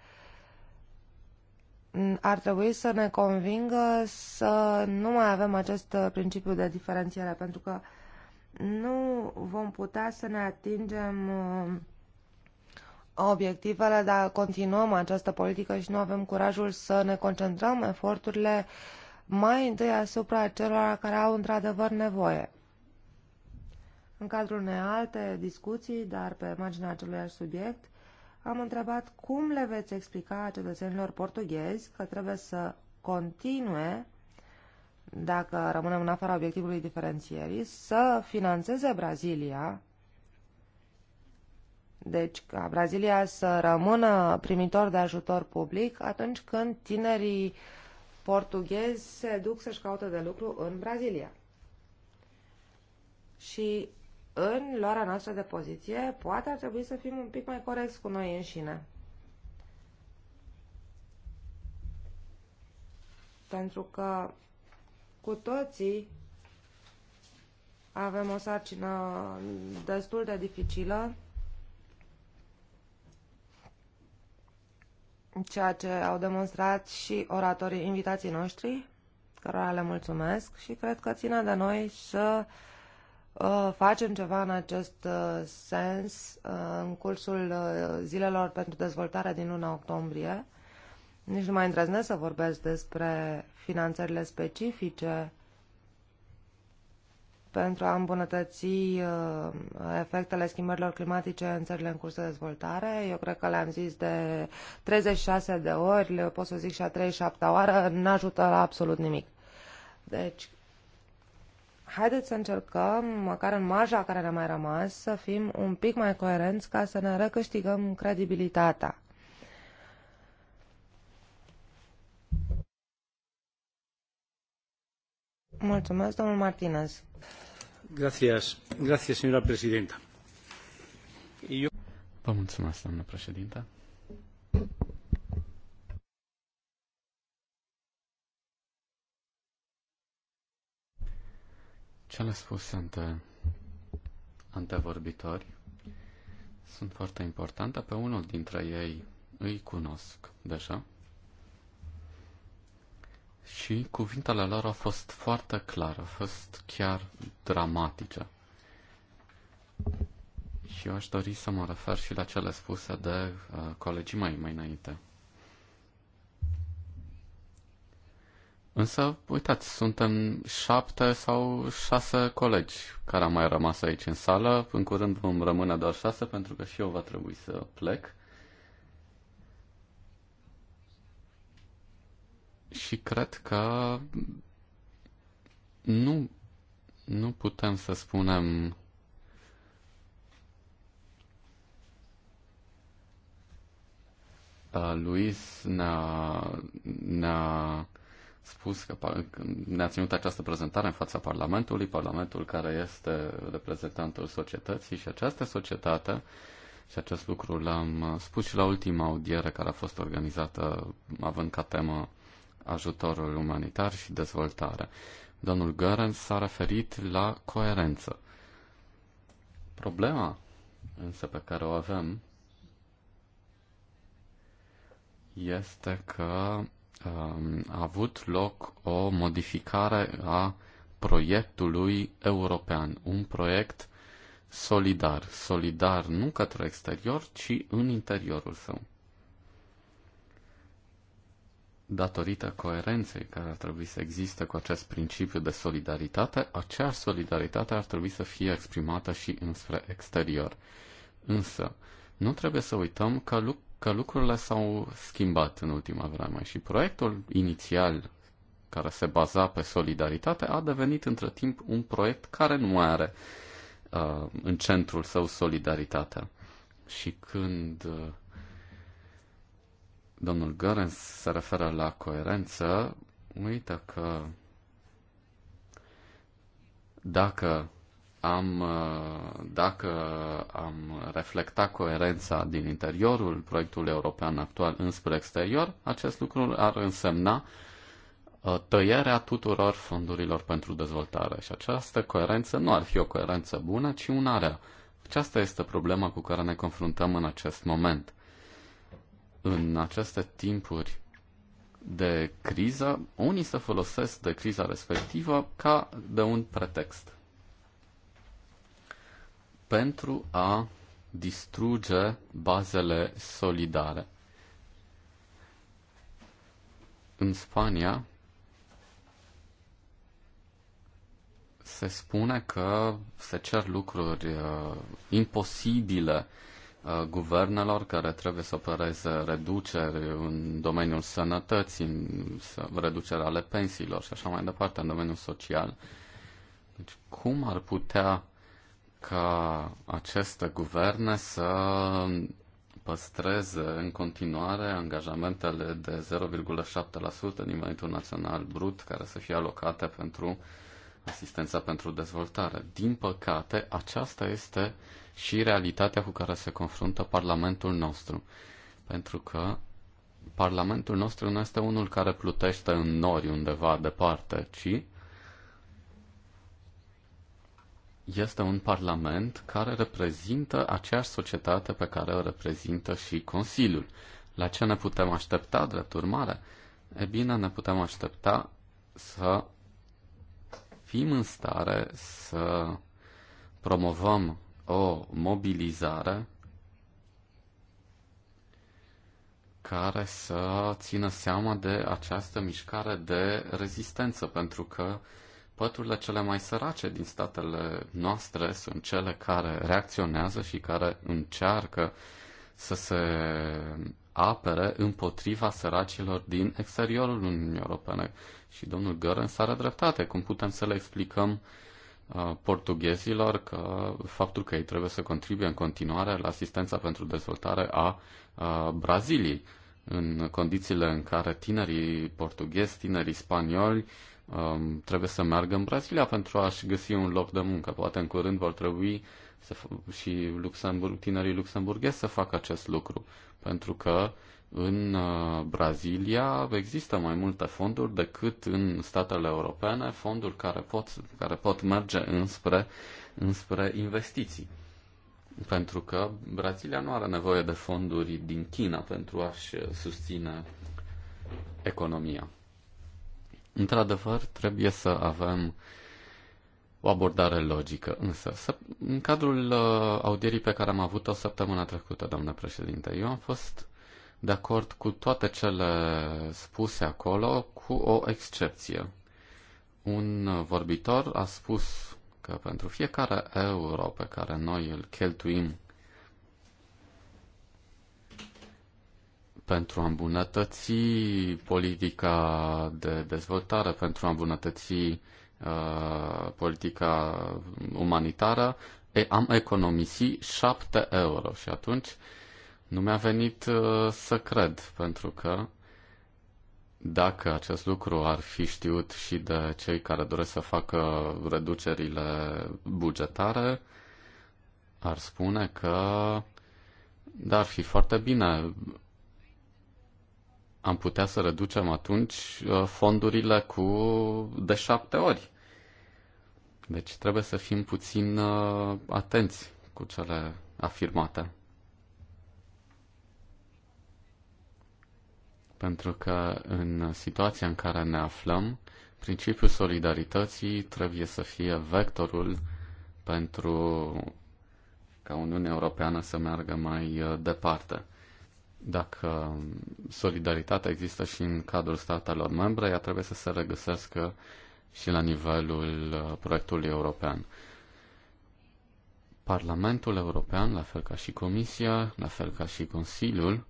ar trebui să ne convingă să nu mai avem acest principiu de diferențiere, pentru că nu vom putea să ne atingem uh, obiectivele, dar continuăm această politică și nu avem curajul să ne concentrăm eforturile mai întâi asupra celor care au într-adevăr nevoie. În cadrul unei alte discuții, dar pe marginea acelui subiect, am întrebat cum le veți explica cetățenilor portughezi că trebuie să continue, dacă rămânem în afara obiectivului diferențierii, să financeze Brazilia deci ca Brazilia să rămână primitor de ajutor public atunci când tinerii portughezi se duc să-și caute de lucru în Brazilia. Și în luarea noastră de poziție, poate ar trebui să fim un pic mai corecți cu noi înșine. Pentru că cu toții avem o sarcină destul de dificilă ceea ce au demonstrat și oratorii invitații noștri, cărora le mulțumesc și cred că ține de noi să uh, facem ceva în acest uh, sens uh, în cursul uh, zilelor pentru dezvoltare din luna octombrie. Nici nu mai îndrăznesc să vorbesc despre finanțările specifice pentru a îmbunătăți uh, efectele schimbărilor climatice în țările în curs de dezvoltare. Eu cred că le-am zis de 36 de ori, le pot să zic și a 37-a oară, n ajută la absolut nimic. Deci, haideți să încercăm, măcar în marja care ne-a mai rămas, să fim un pic mai coerenți ca să ne recâștigăm credibilitatea. Mulțumesc, domnul Martinez. Gracias, gracias, señora presidenta. Eu... Vă mulțumesc, doamnă președinte. ante antevorbitori sunt foarte importante. Pe unul dintre ei îi cunosc deja și cuvintele lor au fost foarte clare, au fost chiar dramatice. Și eu aș dori să mă refer și la cele spuse de uh, colegii mei mai înainte. Însă, uitați, suntem șapte sau șase colegi care au mai rămas aici în sală. În curând vom rămâne doar șase pentru că și eu va trebui să plec. și cred că nu, nu putem să spunem uh, Luis ne-a, ne-a spus că ne-a ținut această prezentare în fața Parlamentului, Parlamentul care este reprezentantul societății și această societate și acest lucru l-am spus și la ultima audiere care a fost organizată având ca temă ajutorul umanitar și dezvoltare. Domnul Görens s-a referit la coerență. Problema însă pe care o avem este că um, a avut loc o modificare a proiectului european, un proiect solidar, solidar nu către exterior, ci în interiorul său datorită coerenței care ar trebui să existe cu acest principiu de solidaritate, aceeași solidaritate ar trebui să fie exprimată și înspre exterior. Însă, nu trebuie să uităm că, lu- că lucrurile s-au schimbat în ultima vreme și proiectul inițial care se baza pe solidaritate a devenit între timp un proiect care nu mai are uh, în centrul său solidaritatea. Și când uh, domnul Görens se referă la coerență, uită că dacă am, dacă am reflectat coerența din interiorul proiectului european actual înspre exterior, acest lucru ar însemna uh, tăierea tuturor fondurilor pentru dezvoltare. Și această coerență nu ar fi o coerență bună, ci una rea. Aceasta este problema cu care ne confruntăm în acest moment în aceste timpuri de criză, unii se folosesc de criza respectivă ca de un pretext pentru a distruge bazele solidare. În Spania se spune că se cer lucruri uh, imposibile uh, Uh, guvernelor care trebuie să opereze reduceri în domeniul sănătății, reducerea ale pensiilor și așa mai departe, în domeniul social. Deci cum ar putea ca aceste guverne să păstreze în continuare angajamentele de 0,7% din venitul național brut care să fie alocate pentru asistența pentru dezvoltare. Din păcate, aceasta este uh, și realitatea cu care se confruntă Parlamentul nostru. Pentru că Parlamentul nostru nu este unul care plutește în nori undeva departe, ci este un parlament care reprezintă aceeași societate pe care o reprezintă și Consiliul. La ce ne putem aștepta, drept urmare? E bine, ne putem aștepta să fim în stare să promovăm o mobilizare care să țină seama de această mișcare de rezistență, pentru că păturile cele mai sărace din statele noastre sunt cele care reacționează și care încearcă să se apere împotriva săracilor din exteriorul Uniunii Europene. Și domnul Gărens are dreptate. Cum putem să le explicăm uh, portughezilor că faptul că ei trebuie să contribuie în continuare la asistența pentru dezvoltare a, Braziliei în condițiile în care tinerii portughezi, tinerii spanioli trebuie să meargă în Brazilia pentru a-și găsi un loc de muncă. Poate în curând vor trebui să și Luxemburg, tinerii luxemburghezi să facă acest lucru, pentru că uh, în uh, Brazilia există mai multe fonduri decât în statele europene, fonduri care pot, care pot merge înspre, înspre investiții. Pentru că Brazilia nu are nevoie de fonduri din China pentru a-și susține economia. Într-adevăr, trebuie să avem o abordare logică. Însă, în cadrul uh, audierii pe care am avut-o săptămâna trecută, doamnă președinte, eu am fost de acord cu toate cele spuse acolo, cu o excepție. Un vorbitor a spus că pentru fiecare euro pe care noi îl cheltuim pentru a îmbunătăți politica de dezvoltare, pentru a îmbunătăți uh, politica umanitară, e, am economisit 7 euro și atunci uh, nu mi-a venit uh, să cred, pentru că dacă acest lucru ar fi știut și de cei care doresc să facă reducerile bugetare, ar spune că dar ar fi foarte bine. Am putea să reducem atunci uh, fondurile cu de șapte ori. Deci trebuie să fim puțin uh, atenți cu cele afirmate. pentru că în situația în care ne aflăm, principiul solidarității trebuie să fie vectorul pentru ca Uniunea Europeană să meargă mai uh, departe. Dacă solidaritatea există și în cadrul statelor membre, ea trebuie să se regăsească și la nivelul uh, proiectului european. Parlamentul European, la fel ca și Comisia, la fel ca și Consiliul,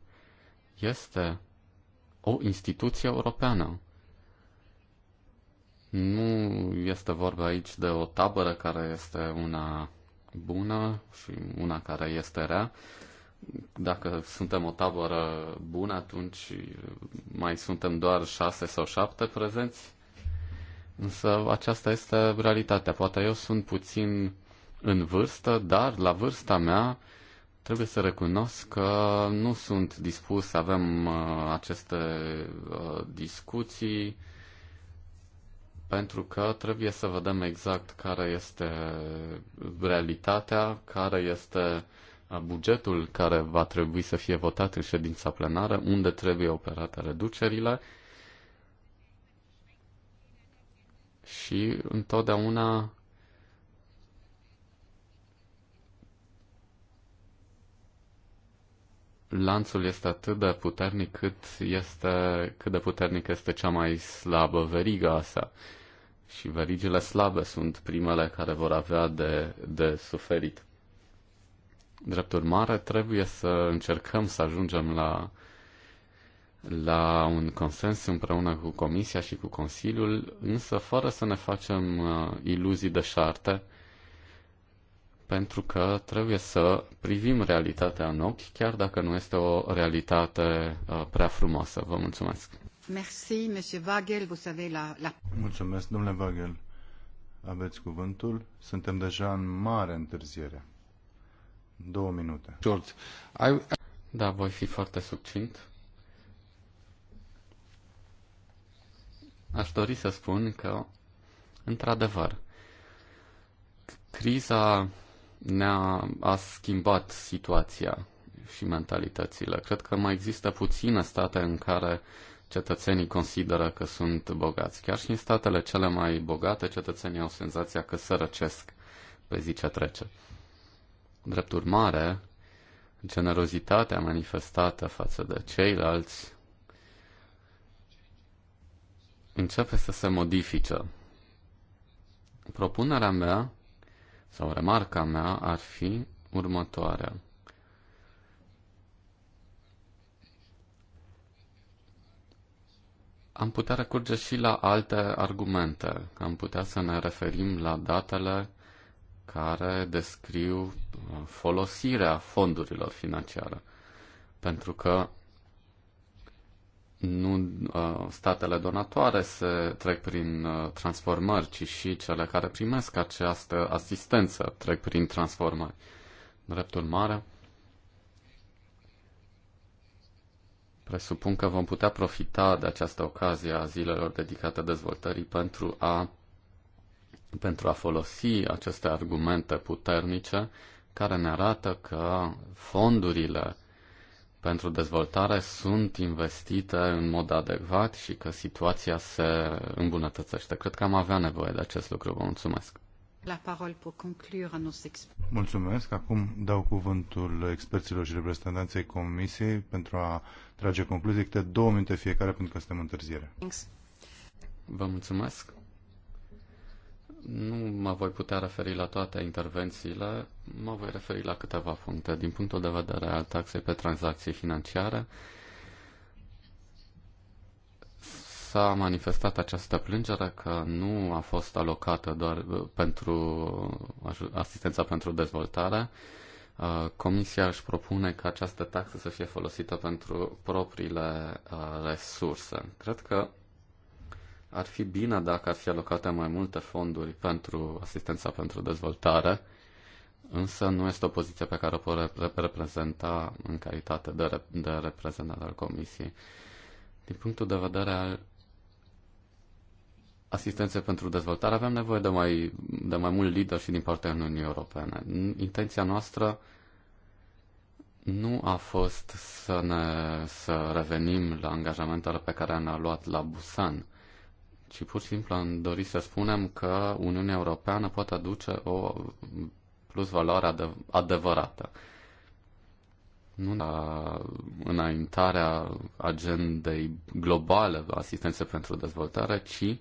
este o instituție europeană. Nu este vorba aici de o tabără care este una bună și una care este rea. Dacă suntem o tabără bună, atunci mai suntem doar șase sau șapte prezenți. Însă aceasta este realitatea. Poate eu sunt puțin în vârstă, dar la vârsta mea Trebuie să recunosc că nu sunt dispus să avem uh, aceste uh, discuții pentru că trebuie să vedem exact care este realitatea, care este uh, bugetul care va trebui să fie votat în ședința plenară, unde trebuie operate reducerile și întotdeauna lanțul este atât de puternic cât, este, cât de puternic este cea mai slabă veriga sa. Și verigile slabe sunt primele care vor avea de, de suferit. Drept urmare, trebuie să încercăm să ajungem la, la un consens împreună cu Comisia și cu Consiliul, însă fără să ne facem uh, iluzii de șarte pentru că trebuie să privim realitatea în ochi, chiar dacă nu este o realitate uh, prea frumoasă. Vă mulțumesc. Merci, monsieur Vagel, vous savez la, la... Mulțumesc, domnule Vagel. Aveți cuvântul. Suntem deja în mare întârziere. Două minute. George, I... Da, voi fi foarte succint. Aș dori să spun că, într-adevăr, criza ne-a a schimbat situația și mentalitățile. Cred că mai există puține state în care cetățenii consideră că sunt bogați. Chiar și în statele cele mai bogate, cetățenii au senzația că sărăcesc pe zi ce trece. Drept urmare, generozitatea manifestată față de ceilalți începe să se modifice. Propunerea mea sau remarca mea ar fi următoarea. Am putea recurge și la alte argumente. Am putea să ne referim la datele care descriu uh, folosirea fondurilor financiare. Pentru că nu uh, statele donatoare se trec prin uh, transformări, ci și cele care primesc această asistență trec prin transformări. Drept urmare, presupun că vom putea profita de această ocazie a zilelor dedicate dezvoltării pentru a, pentru a folosi aceste argumente puternice care ne arată că fondurile pentru dezvoltare sunt investite în mod adecvat și că situația se îmbunătățește. Cred că am avea nevoie de acest lucru. Vă mulțumesc. La parole pour conclure à nos Mulțumesc. Acum dau cuvântul experților și reprezentanței Comisiei pentru a trage concluzii. Câte două minute fiecare pentru că suntem întârziere. Thanks. Vă mulțumesc. Nu mă voi putea referi la toate intervențiile, mă voi referi la câteva puncte. Din punctul de vedere al taxei pe tranzacții financiare, s-a manifestat această plângere că nu a fost alocată doar pentru asistența pentru dezvoltare. Uh, Comisia își propune ca această taxă să fie folosită pentru propriile uh, resurse. Cred că ar fi bine dacă ar fi alocate mai multe fonduri pentru asistența pentru dezvoltare, însă nu este o poziție pe care o pot reprezenta în calitate de, rep- de reprezentant al Comisiei. Din punctul de vedere al asistențe pentru dezvoltare, avem nevoie de mai, de mai mult lider și din partea Uniunii Europene. Intenția noastră nu a fost să ne să revenim la angajamentele pe care ne-a luat la Busan ci pur și simplu am dorit să spunem că Uniunea Europeană poate aduce o plus valoare adev- adevărată. Nu la înaintarea agendei globale asistență pentru dezvoltare, ci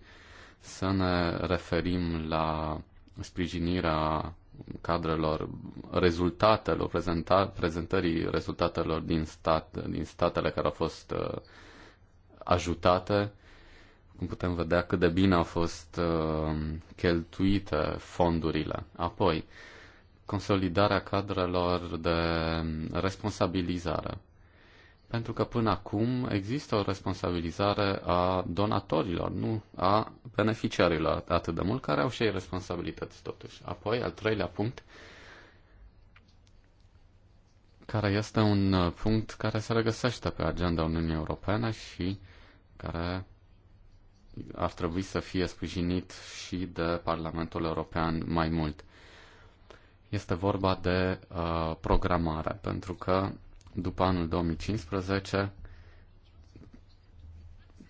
să ne referim la sprijinirea cadrelor, rezultatelor, prezenta, prezentării rezultatelor din, stat, din statele care au fost uh, ajutate putem vedea cât de bine au fost uh, cheltuite fondurile. Apoi, consolidarea cadrelor de responsabilizare. Pentru că până acum există o responsabilizare a donatorilor, nu a beneficiarilor atât de mult, care au și ei responsabilități totuși. Apoi, al treilea punct, care este un uh, punct care se regăsește pe agenda Uniunii Europene și care ar trebui să fie sprijinit și de Parlamentul European mai mult. Este vorba de uh, programare, pentru că după anul 2015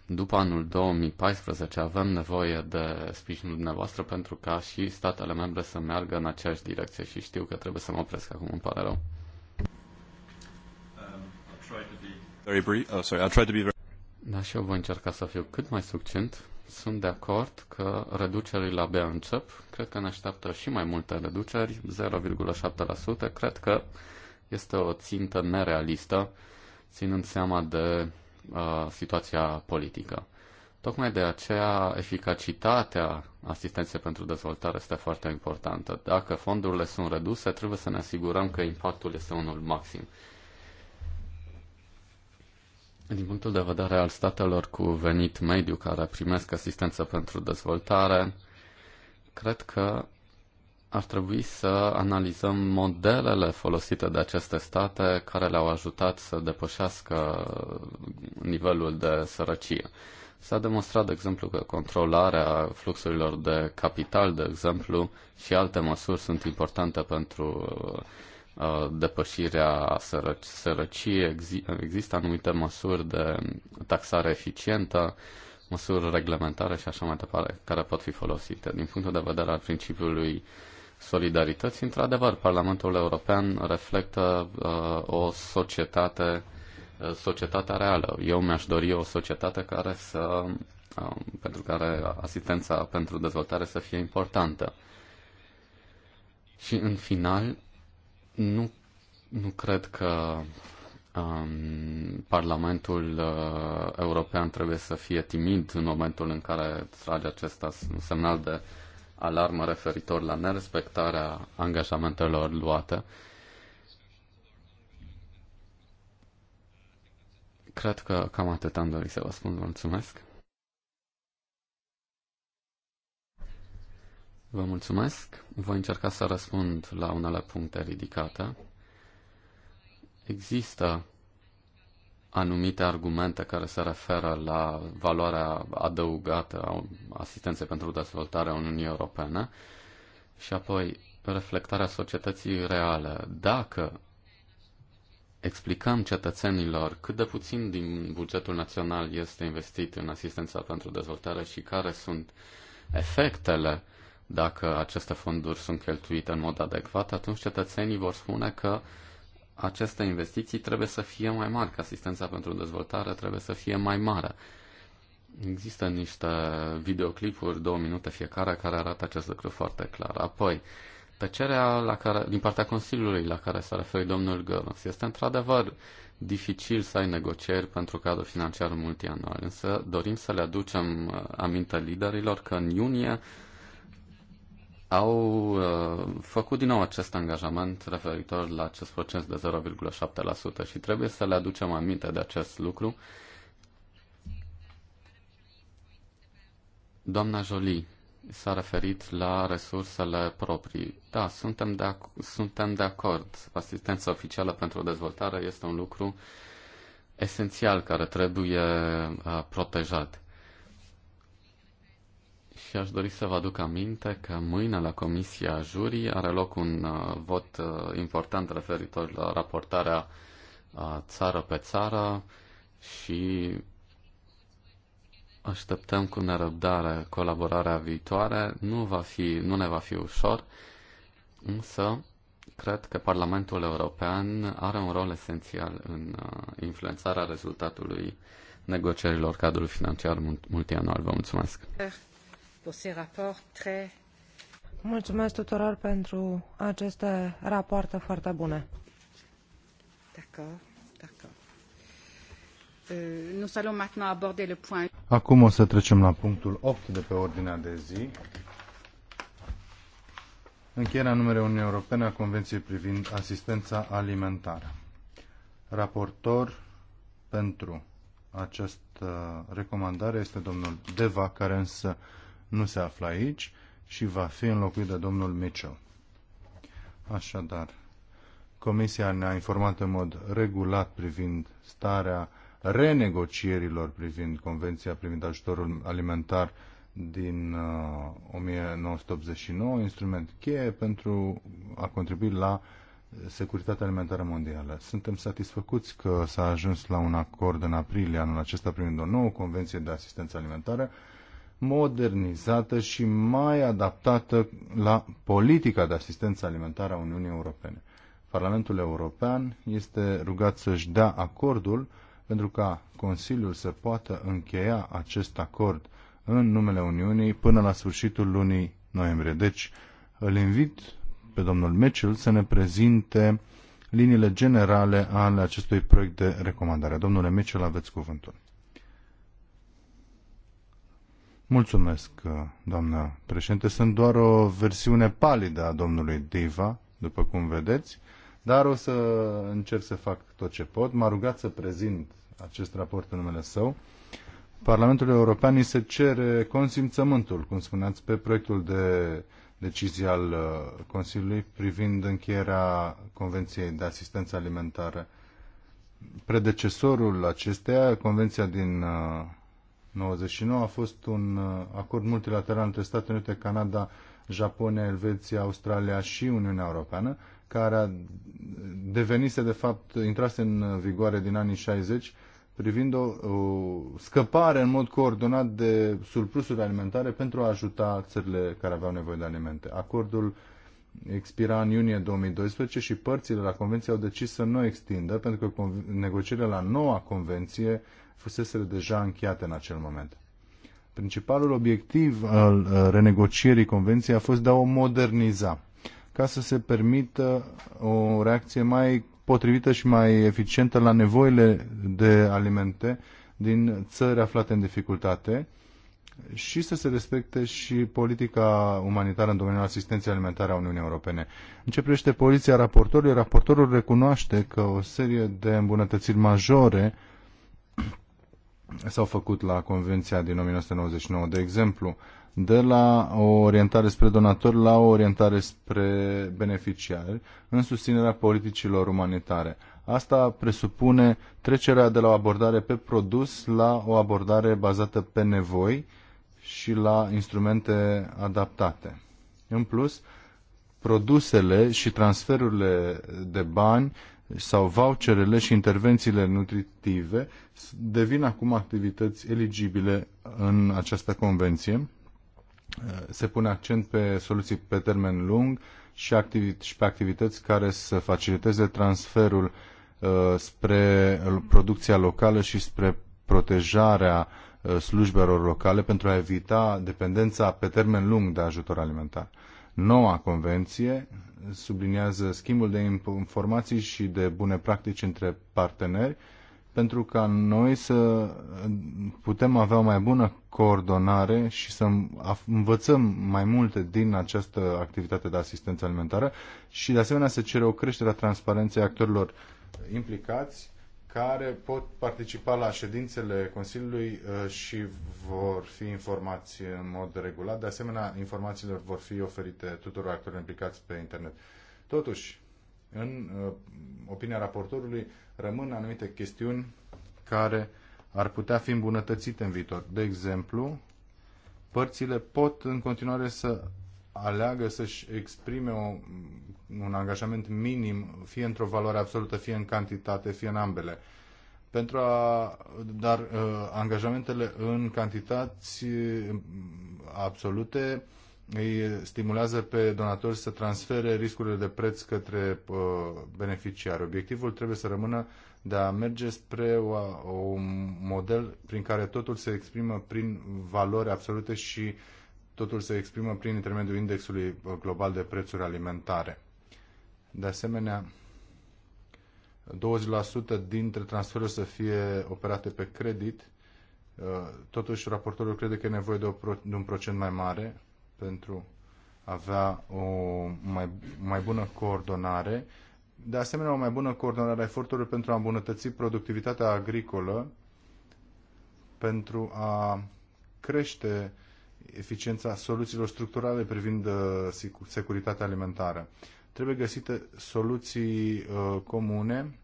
după anul 2014 avem nevoie de sprijinul dumneavoastră pentru ca și statele membre să meargă în aceeași direcție și știu că trebuie să mă opresc acum, îmi pare rău. Um, I'll try to be very brief. Oh, sorry. I'll try to be very... Da, și eu voi încerca să fiu cât mai succint. Sunt de acord că reducerile abia încep. Cred că ne așteaptă și mai multe reduceri, 0,7%. Cred că este o țintă nerealistă, ținând seama de uh, situația politică. Tocmai de aceea eficacitatea asistenței pentru dezvoltare este foarte importantă. Dacă fondurile sunt reduse, trebuie să ne asigurăm că impactul este unul maxim. Din punctul de vedere al statelor cu venit mediu care primesc asistență pentru dezvoltare, cred că ar trebui să analizăm modelele folosite de aceste state care le-au ajutat să depășească nivelul de sărăcie. S-a demonstrat, de exemplu, că controlarea fluxurilor de capital, de exemplu, și alte măsuri sunt importante pentru Uh, depășirea sărăc- sărăciei, există anumite măsuri de taxare eficientă, măsuri reglementare și așa mai departe, care pot fi folosite. Din punctul de vedere al principiului solidarității, într-adevăr, Parlamentul European reflectă uh, o societate, uh, societatea reală. Eu mi-aș dori o societate care să, uh, pentru care asistența pentru dezvoltare să fie importantă. Și în final, nu, nu cred că um, Parlamentul uh, European trebuie să fie timid în momentul în care trage acest semnal de alarmă referitor la nerespectarea angajamentelor luate. Cred că cam atât am dorit să vă spun. mulțumesc. Vă mulțumesc. Voi încerca să răspund la unele puncte ridicate. Există anumite argumente care se referă la valoarea adăugată a asistenței pentru dezvoltarea Uniunii Europene și apoi reflectarea societății reale. Dacă explicăm cetățenilor cât de puțin din bugetul național este investit în asistența pentru dezvoltare și care sunt efectele dacă aceste fonduri sunt cheltuite în mod adecvat, atunci cetățenii vor spune că aceste investiții trebuie să fie mai mari, că asistența pentru dezvoltare trebuie să fie mai mare. Există niște videoclipuri, două minute fiecare, care arată acest lucru foarte clar. Apoi, tăcerea la care, din partea Consiliului la care s-a referit domnul Gărâns este într-adevăr dificil să ai negocieri pentru cadrul financiar multianual, însă dorim să le aducem uh, aminte liderilor că în iunie au uh, făcut din nou acest angajament referitor la acest procent de 0,7% și trebuie să le aducem aminte de acest lucru. Doamna Jolie s-a referit la resursele proprii. Da, suntem de, ac- suntem de acord. Asistența oficială pentru dezvoltare este un lucru esențial care trebuie uh, protejat și aș dori să vă aduc aminte că mâine la Comisia Jurii are loc un uh, vot uh, important referitor la raportarea uh, țară pe țară și așteptăm cu nerăbdare colaborarea viitoare. Nu, va fi, nu ne va fi ușor, însă cred că Parlamentul European are un rol esențial în influențarea rezultatului negocierilor cadrul financiar multianual. Vă mulțumesc! pour ces rapports très... Mulțumesc tuturor pentru aceste rapoarte foarte bune. Euh, Acum o să trecem la punctul 8 de pe ordinea de zi. Încheierea numerei Uniunii Europene a Convenției privind asistența alimentară. Raportor pentru această recomandare este domnul Deva, care însă nu se află aici și va fi înlocuit de domnul Mitchell. Așadar, Comisia ne-a informat în mod regulat privind starea renegocierilor privind Convenția privind ajutorul alimentar din uh, 1989, instrument cheie pentru a contribui la securitatea alimentară mondială. Suntem satisfăcuți că s-a ajuns la un acord în aprilie anul acesta privind o nouă convenție de asistență alimentară modernizată și mai adaptată la politica de asistență alimentară a Uniunii Europene. Parlamentul European este rugat să-și dea acordul pentru ca Consiliul să poată încheia acest acord în numele Uniunii până la sfârșitul lunii noiembrie. Deci îl invit pe domnul Mitchell să ne prezinte liniile generale ale acestui proiect de recomandare. Domnule Mitchell, aveți cuvântul. Mulțumesc, doamnă președinte. Sunt doar o versiune palidă a domnului Diva, după cum vedeți, dar o să încerc să fac tot ce pot. M-a rugat să prezint acest raport în numele său. Parlamentul European îi se cere consimțământul, cum spuneați, pe proiectul de decizie al uh, Consiliului privind încheierea Convenției de Asistență Alimentară. Predecesorul acesteia, Convenția din uh, 99 a fost un uh, acord multilateral între Statele Unite, Canada, Japonia, Elveția, Australia și Uniunea Europeană, care a devenise, de fapt, intrase în vigoare din anii 60, privind o, o scăpare în mod coordonat de surplusuri alimentare pentru a ajuta țările care aveau nevoie de alimente. Acordul expira în iunie 2012 și părțile la convenție au decis să nu extindă, pentru că negocierile la noua convenție fusese deja încheiate în acel moment. Principalul obiectiv al uh, renegocierii convenției a fost de a o moderniza, ca să se permită o reacție mai potrivită și mai eficientă la nevoile de alimente din țări aflate în dificultate și să se respecte și politica umanitară în domeniul asistenței alimentare a Uniunii Europene. În ce privește poliția raportorului, raportorul recunoaște că o serie de îmbunătățiri majore s-au făcut la Convenția din 1999, de exemplu, de la o orientare spre donatori la o orientare spre beneficiari în susținerea politicilor umanitare. Asta presupune trecerea de la o abordare pe produs la o abordare bazată pe nevoi și la instrumente adaptate. În plus, produsele și transferurile de bani sau voucherele și intervențiile nutritive devin acum activități eligibile în această convenție. Se pune accent pe soluții pe termen lung și, activi- și pe activități care să faciliteze transferul uh, spre producția locală și spre protejarea uh, slujbelor locale pentru a evita dependența pe termen lung de ajutor alimentar. Noua convenție subliniază schimbul de informații și de bune practici între parteneri pentru ca noi să putem avea o mai bună coordonare și să învățăm mai multe din această activitate de asistență alimentară și de asemenea se cere o creștere a transparenței actorilor implicați care pot participa la ședințele Consiliului uh, și vor fi informați în mod regulat. De asemenea, informațiile vor fi oferite tuturor actorilor implicați pe internet. Totuși, în uh, opinia raportorului, rămân anumite chestiuni care ar putea fi îmbunătățite în viitor. De exemplu, părțile pot în continuare să aleagă să-și exprime o, un angajament minim, fie într-o valoare absolută, fie în cantitate, fie în ambele. Pentru a, dar uh, angajamentele în cantități uh, absolute îi stimulează pe donatori să transfere riscurile de preț către uh, beneficiari. Obiectivul trebuie să rămână de a merge spre o, un model prin care totul se exprimă prin valori absolute și uh, totul se exprimă prin intermediul indexului uh, global de prețuri alimentare. De asemenea, 20% dintre transferuri să fie operate pe credit, uh, totuși raportorul crede că e nevoie de, o, de un procent mai mare pentru a avea o mai, mai bună coordonare, de asemenea o mai bună coordonare a eforturilor pentru a îmbunătăți productivitatea agricolă, pentru a crește uh, eficiența soluțiilor structurale privind uh, securitatea alimentară. Trebuie găsite soluții uh, comune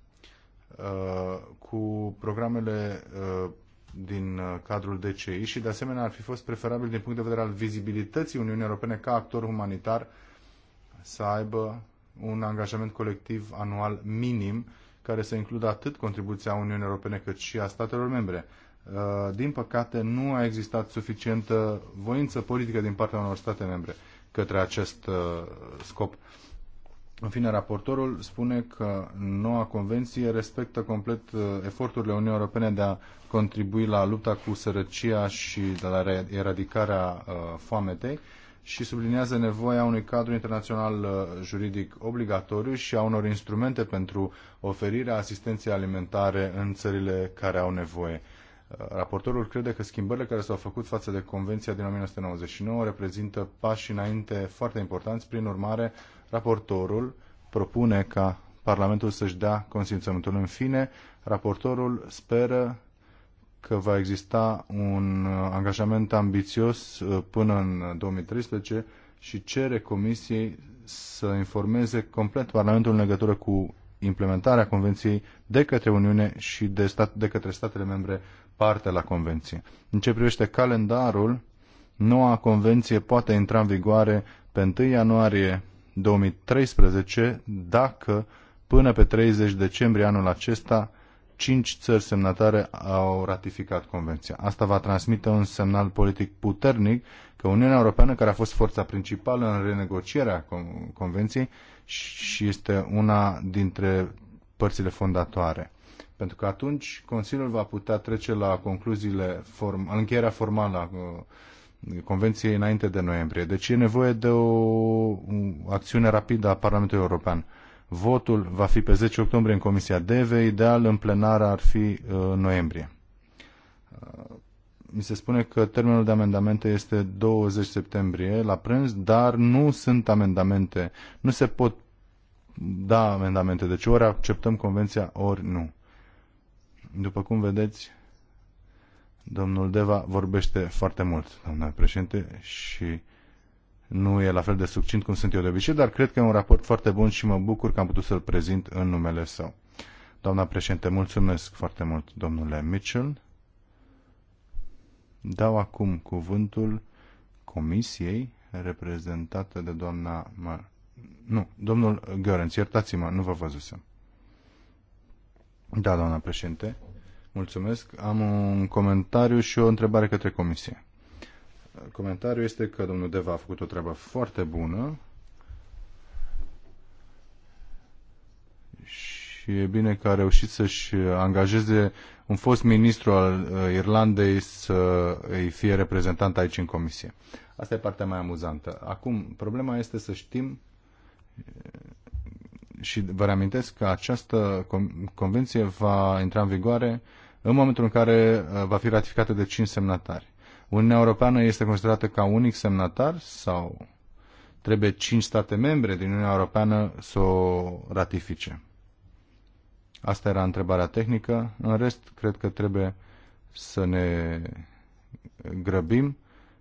uh, cu programele din cadrul DCI și, de asemenea, ar fi fost preferabil din punct de vedere al vizibilității Uniunii Europene ca actor umanitar să aibă un angajament colectiv anual minim care să includă atât contribuția Uniunii Europene cât și a statelor membre. Uh, din păcate, nu a existat suficientă voință politică din partea unor state membre către acest uh, scop. În fine, raportorul spune că noua convenție respectă complet uh, eforturile Uniunii Europene de a contribui la lupta cu sărăcia și de la eradicarea foametei și subliniază nevoia unui cadru internațional juridic obligatoriu și a unor instrumente pentru oferirea asistenței alimentare în țările care au nevoie. Raportorul crede că schimbările care s-au făcut față de Convenția din 1999 reprezintă pași înainte foarte importanți. Prin urmare, raportorul propune ca Parlamentul să-și dea consimțământul. În fine, raportorul speră că va exista un uh, angajament ambițios uh, până în 2013 și cere Comisiei să informeze complet Parlamentul în legătură cu implementarea Convenției de către Uniune și de, stat, de către statele membre parte la convenție. În ce privește calendarul, noua convenție poate intra în vigoare pe 1 ianuarie 2013 dacă până pe 30 decembrie anul acesta cinci țări semnatare au ratificat convenția. Asta va transmite un semnal politic puternic că Uniunea Europeană, care a fost forța principală în renegocierea convenției și este una dintre părțile fondatoare. Pentru că atunci Consiliul va putea trece la concluziile, form, încheierea formală a uh, Convenției înainte de noiembrie. Deci e nevoie de o acțiune rapidă a Parlamentului European. Votul va fi pe 10 octombrie în Comisia DV, ideal în plenară ar fi în uh, noiembrie. Uh, mi se spune că termenul de amendamente este 20 septembrie la prânz, dar nu sunt amendamente, nu se pot da amendamente, deci ori acceptăm convenția, ori nu. După cum vedeți, domnul Deva vorbește foarte mult, doamna președinte, și nu e la fel de succint cum sunt eu de obicei, dar cred că e un raport foarte bun și mă bucur că am putut să-l prezint în numele său. Doamna președinte, mulțumesc foarte mult, domnule Mitchell. Dau acum cuvântul comisiei reprezentată de doamna... nu, domnul Gheorenț, iertați-mă, nu vă văzusem. Da, doamna președinte. Mulțumesc. Am un comentariu și o întrebare către comisie. Comentariul este că domnul Deva a făcut o treabă foarte bună și e bine că a reușit să-și angajeze un fost ministru al uh, Irlandei să îi fie reprezentant aici în comisie. Asta e partea mai amuzantă. Acum, problema este să știm și vă reamintesc că această convenție va intra în vigoare în momentul în care uh, va fi ratificată de cinci semnatari. Uniunea Europeană este considerată ca unic semnatar sau trebuie cinci state membre din Uniunea Europeană să o ratifice? Asta era întrebarea tehnică. În rest, cred că trebuie să ne grăbim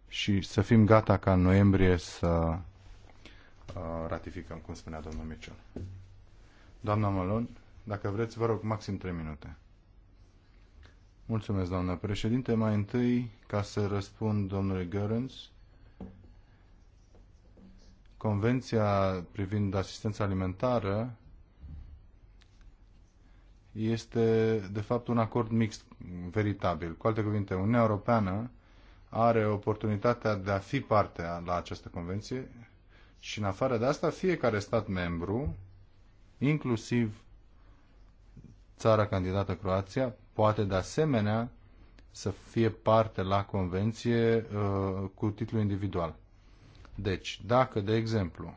și să fim gata ca în noiembrie să uh, ratificăm, cum spunea domnul Miciu. Doamna Malon, dacă vreți, vă rog, maxim 3 minute. Mulțumesc, doamna președinte. Mai întâi, ca să răspund domnului Görens, Convenția privind asistența alimentară este, de fapt, un acord mixt, veritabil. Cu alte cuvinte, Uniunea Europeană are oportunitatea de a fi parte la această convenție și, în afară de asta, fiecare stat membru inclusiv țara candidată Croația, poate de asemenea să fie parte la convenție uh, cu titlu individual. Deci, dacă, de exemplu,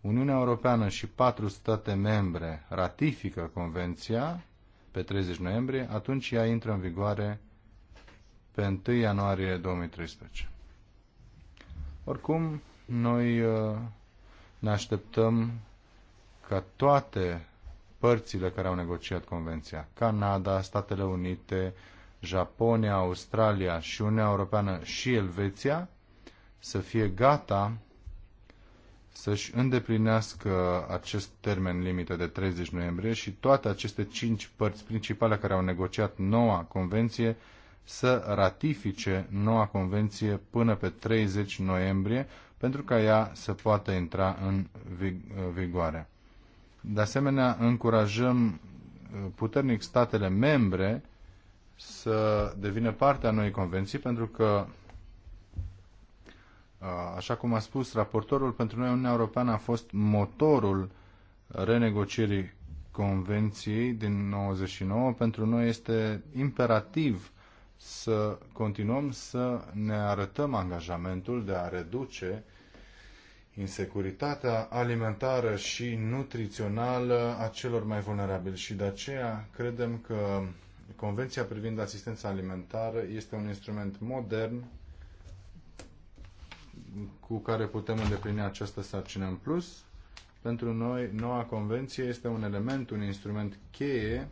Uniunea Europeană și patru state membre ratifică convenția pe 30 noiembrie, atunci ea intră în vigoare pe 1 ianuarie 2013. Oricum, noi uh, ne așteptăm ca toate părțile care au negociat convenția, Canada, Statele Unite, Japonia, Australia și Uniunea Europeană și Elveția, să fie gata să-și îndeplinească acest termen limită de 30 noiembrie și toate aceste cinci părți principale care au negociat noua convenție să ratifice noua convenție până pe 30 noiembrie pentru ca ea să poată intra în vigoare. De asemenea, încurajăm uh, puternic statele membre să devină parte a noii convenții, pentru că, uh, așa cum a spus raportorul, pentru noi Uniunea Europeană a fost motorul renegocierii convenției din 99. Pentru noi este imperativ să continuăm să ne arătăm angajamentul de a reduce insecuritatea alimentară și nutrițională a celor mai vulnerabili și de aceea credem că Convenția privind asistența alimentară este un instrument modern cu care putem îndeplini această sarcină în plus. Pentru noi, noua convenție este un element, un instrument cheie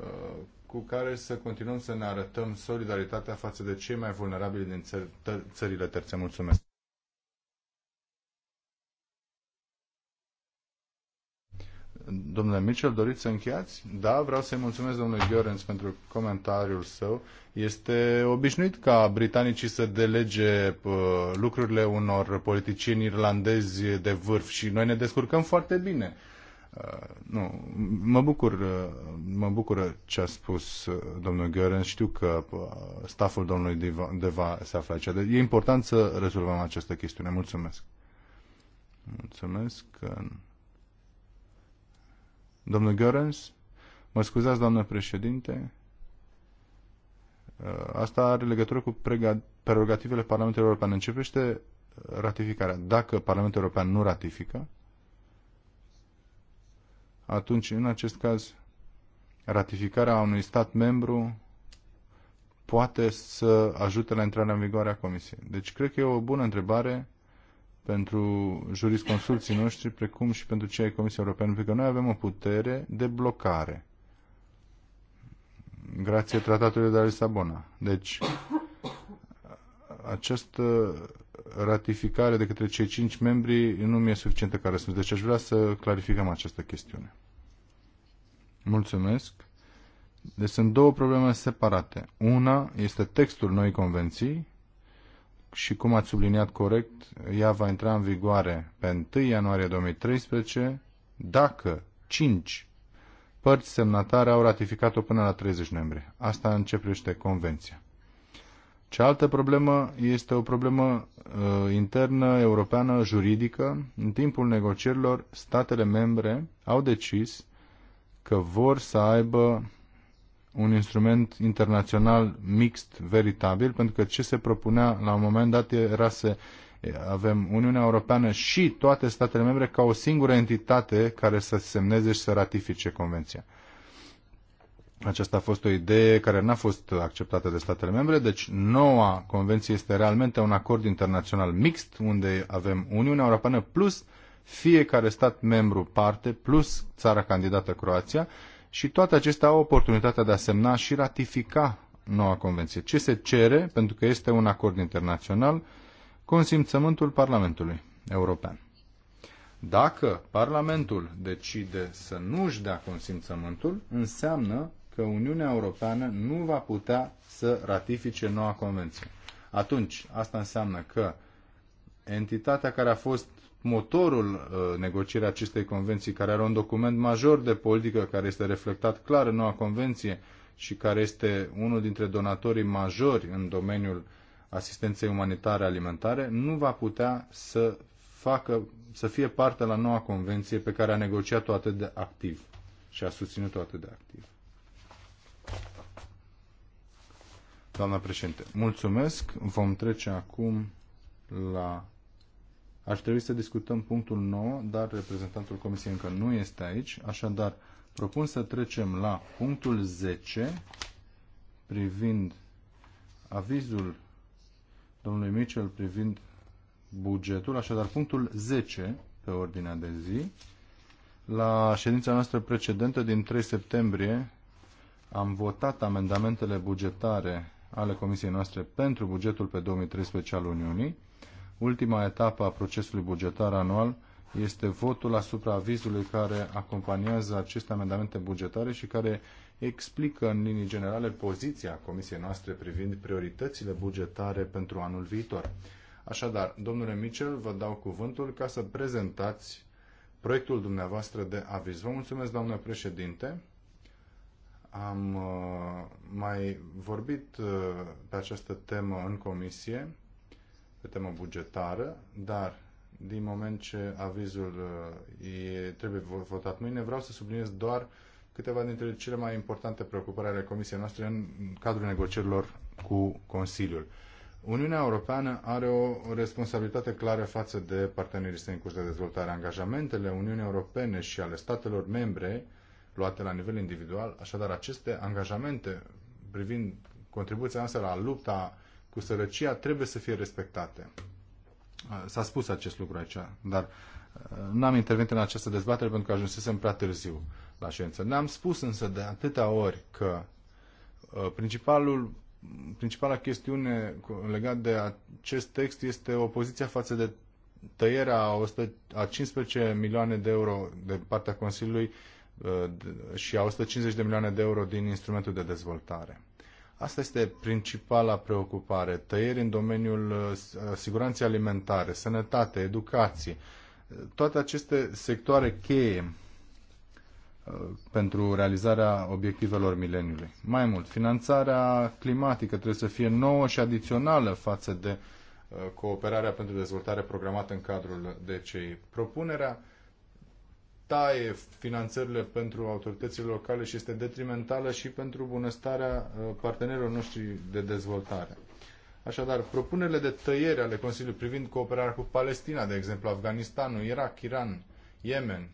uh, cu care să continuăm să ne arătăm solidaritatea față de cei mai vulnerabili din țări, tă, țările terțe. Mulțumesc! Domnule Mitchell, doriți să încheiați? Da, vreau să-i mulțumesc domnului Gheorens pentru comentariul său. Este obișnuit ca britanicii să delege uh, lucrurile unor politicieni irlandezi de vârf și noi ne descurcăm foarte bine. Uh, nu, mă bucur, mă bucur ce a spus uh, domnul Gheorens. Știu că uh, staful domnului Deva, Deva se află aici. Deci, e important să rezolvăm această chestiune. Mulțumesc. Mulțumesc. Uh, domnul Gheorens, mă scuzați, doamnă președinte. Asta are legătură cu prerogativele Parlamentului European. Începește ratificarea. Dacă Parlamentul European nu ratifică, atunci, în acest caz, ratificarea unui stat membru poate să ajute la intrarea în vigoare a Comisiei. Deci, cred că e o bună întrebare pentru jurisconsulții noștri, precum și pentru cei ai Comisiei Europene, pentru că noi avem o putere de blocare grație tratatului de la Lisabona. Deci, această ratificare de către cei cinci membri nu mi e suficientă care sunt. Deci aș vrea să clarificăm această chestiune. Mulțumesc. Deci sunt două probleme separate. Una este textul noi convenții și cum ați subliniat corect, ea va intra în vigoare pe 1 ianuarie 2013 dacă 5 părți semnatare au ratificat-o până la 30 noiembrie. Asta începește convenția. Cealaltă problemă este o problemă uh, internă, europeană, juridică. În timpul negocierilor, statele membre au decis că vor să aibă un instrument internațional mixt, veritabil, pentru că ce se propunea la un moment dat era să avem Uniunea Europeană și toate statele membre ca o singură entitate care să semneze și să ratifice convenția. Aceasta a fost o idee care n-a fost acceptată de statele membre, deci noua convenție este realmente un acord internațional mixt, unde avem Uniunea Europeană plus fiecare stat membru parte, plus țara candidată Croația, și toate acestea au oportunitatea de a semna și ratifica noua convenție. Ce se cere, pentru că este un acord internațional, consimțământul Parlamentului European. Dacă Parlamentul decide să nu-și dea consimțământul, înseamnă că Uniunea Europeană nu va putea să ratifice noua convenție. Atunci, asta înseamnă că entitatea care a fost motorul uh, negocierii acestei convenții, care are un document major de politică, care este reflectat clar în noua convenție și care este unul dintre donatorii majori în domeniul asistenței umanitare alimentare, nu va putea să facă, să fie parte la noua convenție pe care a negociat-o atât de activ și a susținut-o atât de activ. doamna președinte. Mulțumesc. Vom trece acum la... Aș trebui să discutăm punctul 9, dar reprezentantul Comisiei încă nu este aici, așadar propun să trecem la punctul 10 privind avizul domnului Mitchell privind bugetul, așadar punctul 10 pe ordinea de zi. La ședința noastră precedentă din 3 septembrie am votat amendamentele bugetare ale Comisiei noastre pentru bugetul pe 2013 al Uniunii. Ultima etapă a procesului bugetar anual este votul asupra avizului care acompaniază aceste amendamente bugetare și care explică în linii generale poziția Comisiei noastre privind prioritățile bugetare pentru anul viitor. Așadar, domnule Michel, vă dau cuvântul ca să prezentați proiectul dumneavoastră de aviz. Vă mulțumesc, doamnă președinte. Am uh, mai vorbit uh, pe această temă în comisie, pe temă bugetară, dar din moment ce avizul uh, e, trebuie votat mâine, vreau să subliniez doar câteva dintre cele mai importante preocupări ale comisiei noastre în cadrul negocierilor cu Consiliul. Uniunea Europeană are o responsabilitate clară față de partenerii săi în curs de dezvoltare. Angajamentele Uniunii Europene și ale statelor membre luate la nivel individual. Așadar, aceste angajamente privind contribuția noastră la lupta cu sărăcia trebuie să fie respectate. S-a spus acest lucru aici, dar uh, n-am intervenit în această dezbatere pentru că ajunsesem prea târziu la ședință. Ne-am spus însă de atâtea ori că uh, principalul, principala chestiune legată de acest text este opoziția față de tăierea a, a 15 milioane de euro de partea Consiliului Uh, și a 150 de milioane de euro din instrumentul de dezvoltare. Asta este principala preocupare. Tăieri în domeniul uh, siguranței alimentare, sănătate, educație, uh, toate aceste sectoare cheie pentru realizarea obiectivelor mileniului. Mai mult, finanțarea climatică trebuie să fie nouă și adițională față de cooperarea pentru dezvoltare programată în cadrul DCI. Propunerea taie finanțările pentru autoritățile locale și este detrimentală și pentru bunăstarea uh, partenerilor noștri de dezvoltare. Așadar, propunerile de tăiere ale Consiliului privind cooperarea cu Palestina, de exemplu, Afganistanul, Irak, Iran, Yemen,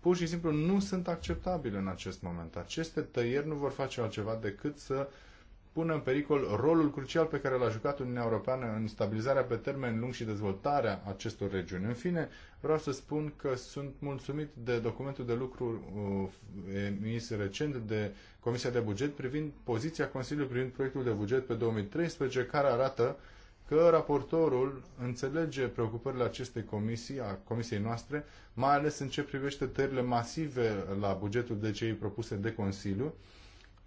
pur și simplu nu sunt acceptabile în acest moment. Aceste tăieri nu vor face altceva decât să uh, pună în pericol rolul crucial pe care l-a jucat Uniunea Europeană în stabilizarea pe termen lung și dezvoltarea acestor regiuni. În fine, vreau să spun că sunt mulțumit de documentul de lucru uh, emis recent de Comisia de Buget privind poziția Consiliului privind proiectul de buget pe 2013, care arată că raportorul înțelege preocupările acestei comisii, a comisiei noastre, mai ales în ce privește tările masive la bugetul DCI propuse de Consiliu,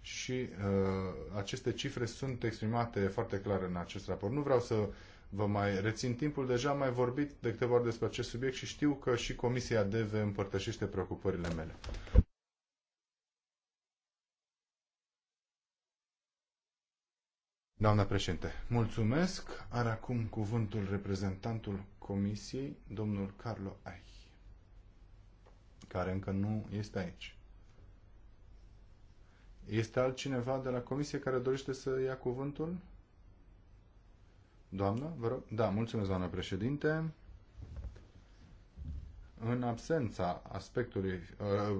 și uh, aceste cifre sunt exprimate foarte clar în acest raport. Nu vreau să vă mai rețin timpul, deja am mai vorbit de câteva ori despre acest subiect și știu că și Comisia DV împărtășește preocupările mele. Doamna președinte, mulțumesc. Are acum cuvântul reprezentantul Comisiei, domnul Carlo Ai, care încă nu este aici. Este altcineva de la comisie care dorește să ia cuvântul? Doamnă, vă rog. Da, mulțumesc, doamnă președinte. În absența aspectului, uh,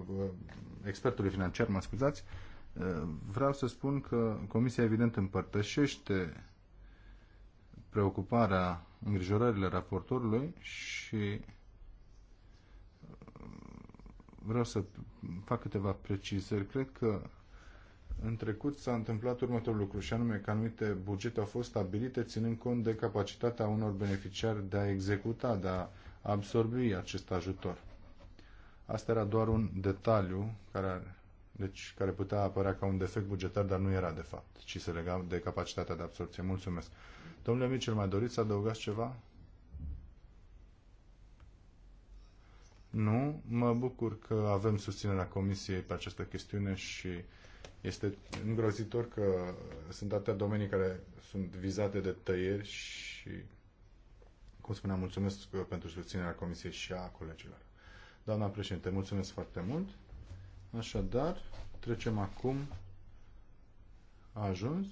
expertului financiar, mă scuzați, uh, vreau să spun că Comisia evident împărtășește preocuparea, îngrijorările raportorului și uh, vreau să fac câteva precizări. Cred că în trecut s-a întâmplat următorul lucru, și anume că anumite bugete au fost stabilite ținând cont de capacitatea unor beneficiari de a executa, de a absorbi acest ajutor. Asta era doar un detaliu care, deci, care putea apărea ca un defect bugetar, dar nu era de fapt, ci se lega de capacitatea de absorție. Mulțumesc. Domnule Micel, mai doriți să adăugați ceva? Nu, mă bucur că avem susținerea Comisiei pe această chestiune și este îngrozitor că sunt atâtea domenii care sunt vizate de tăieri și, cum spuneam, mulțumesc uh, pentru susținerea Comisiei și a colegilor. Doamna președinte, mulțumesc foarte mult. Așadar, trecem acum. A ajuns?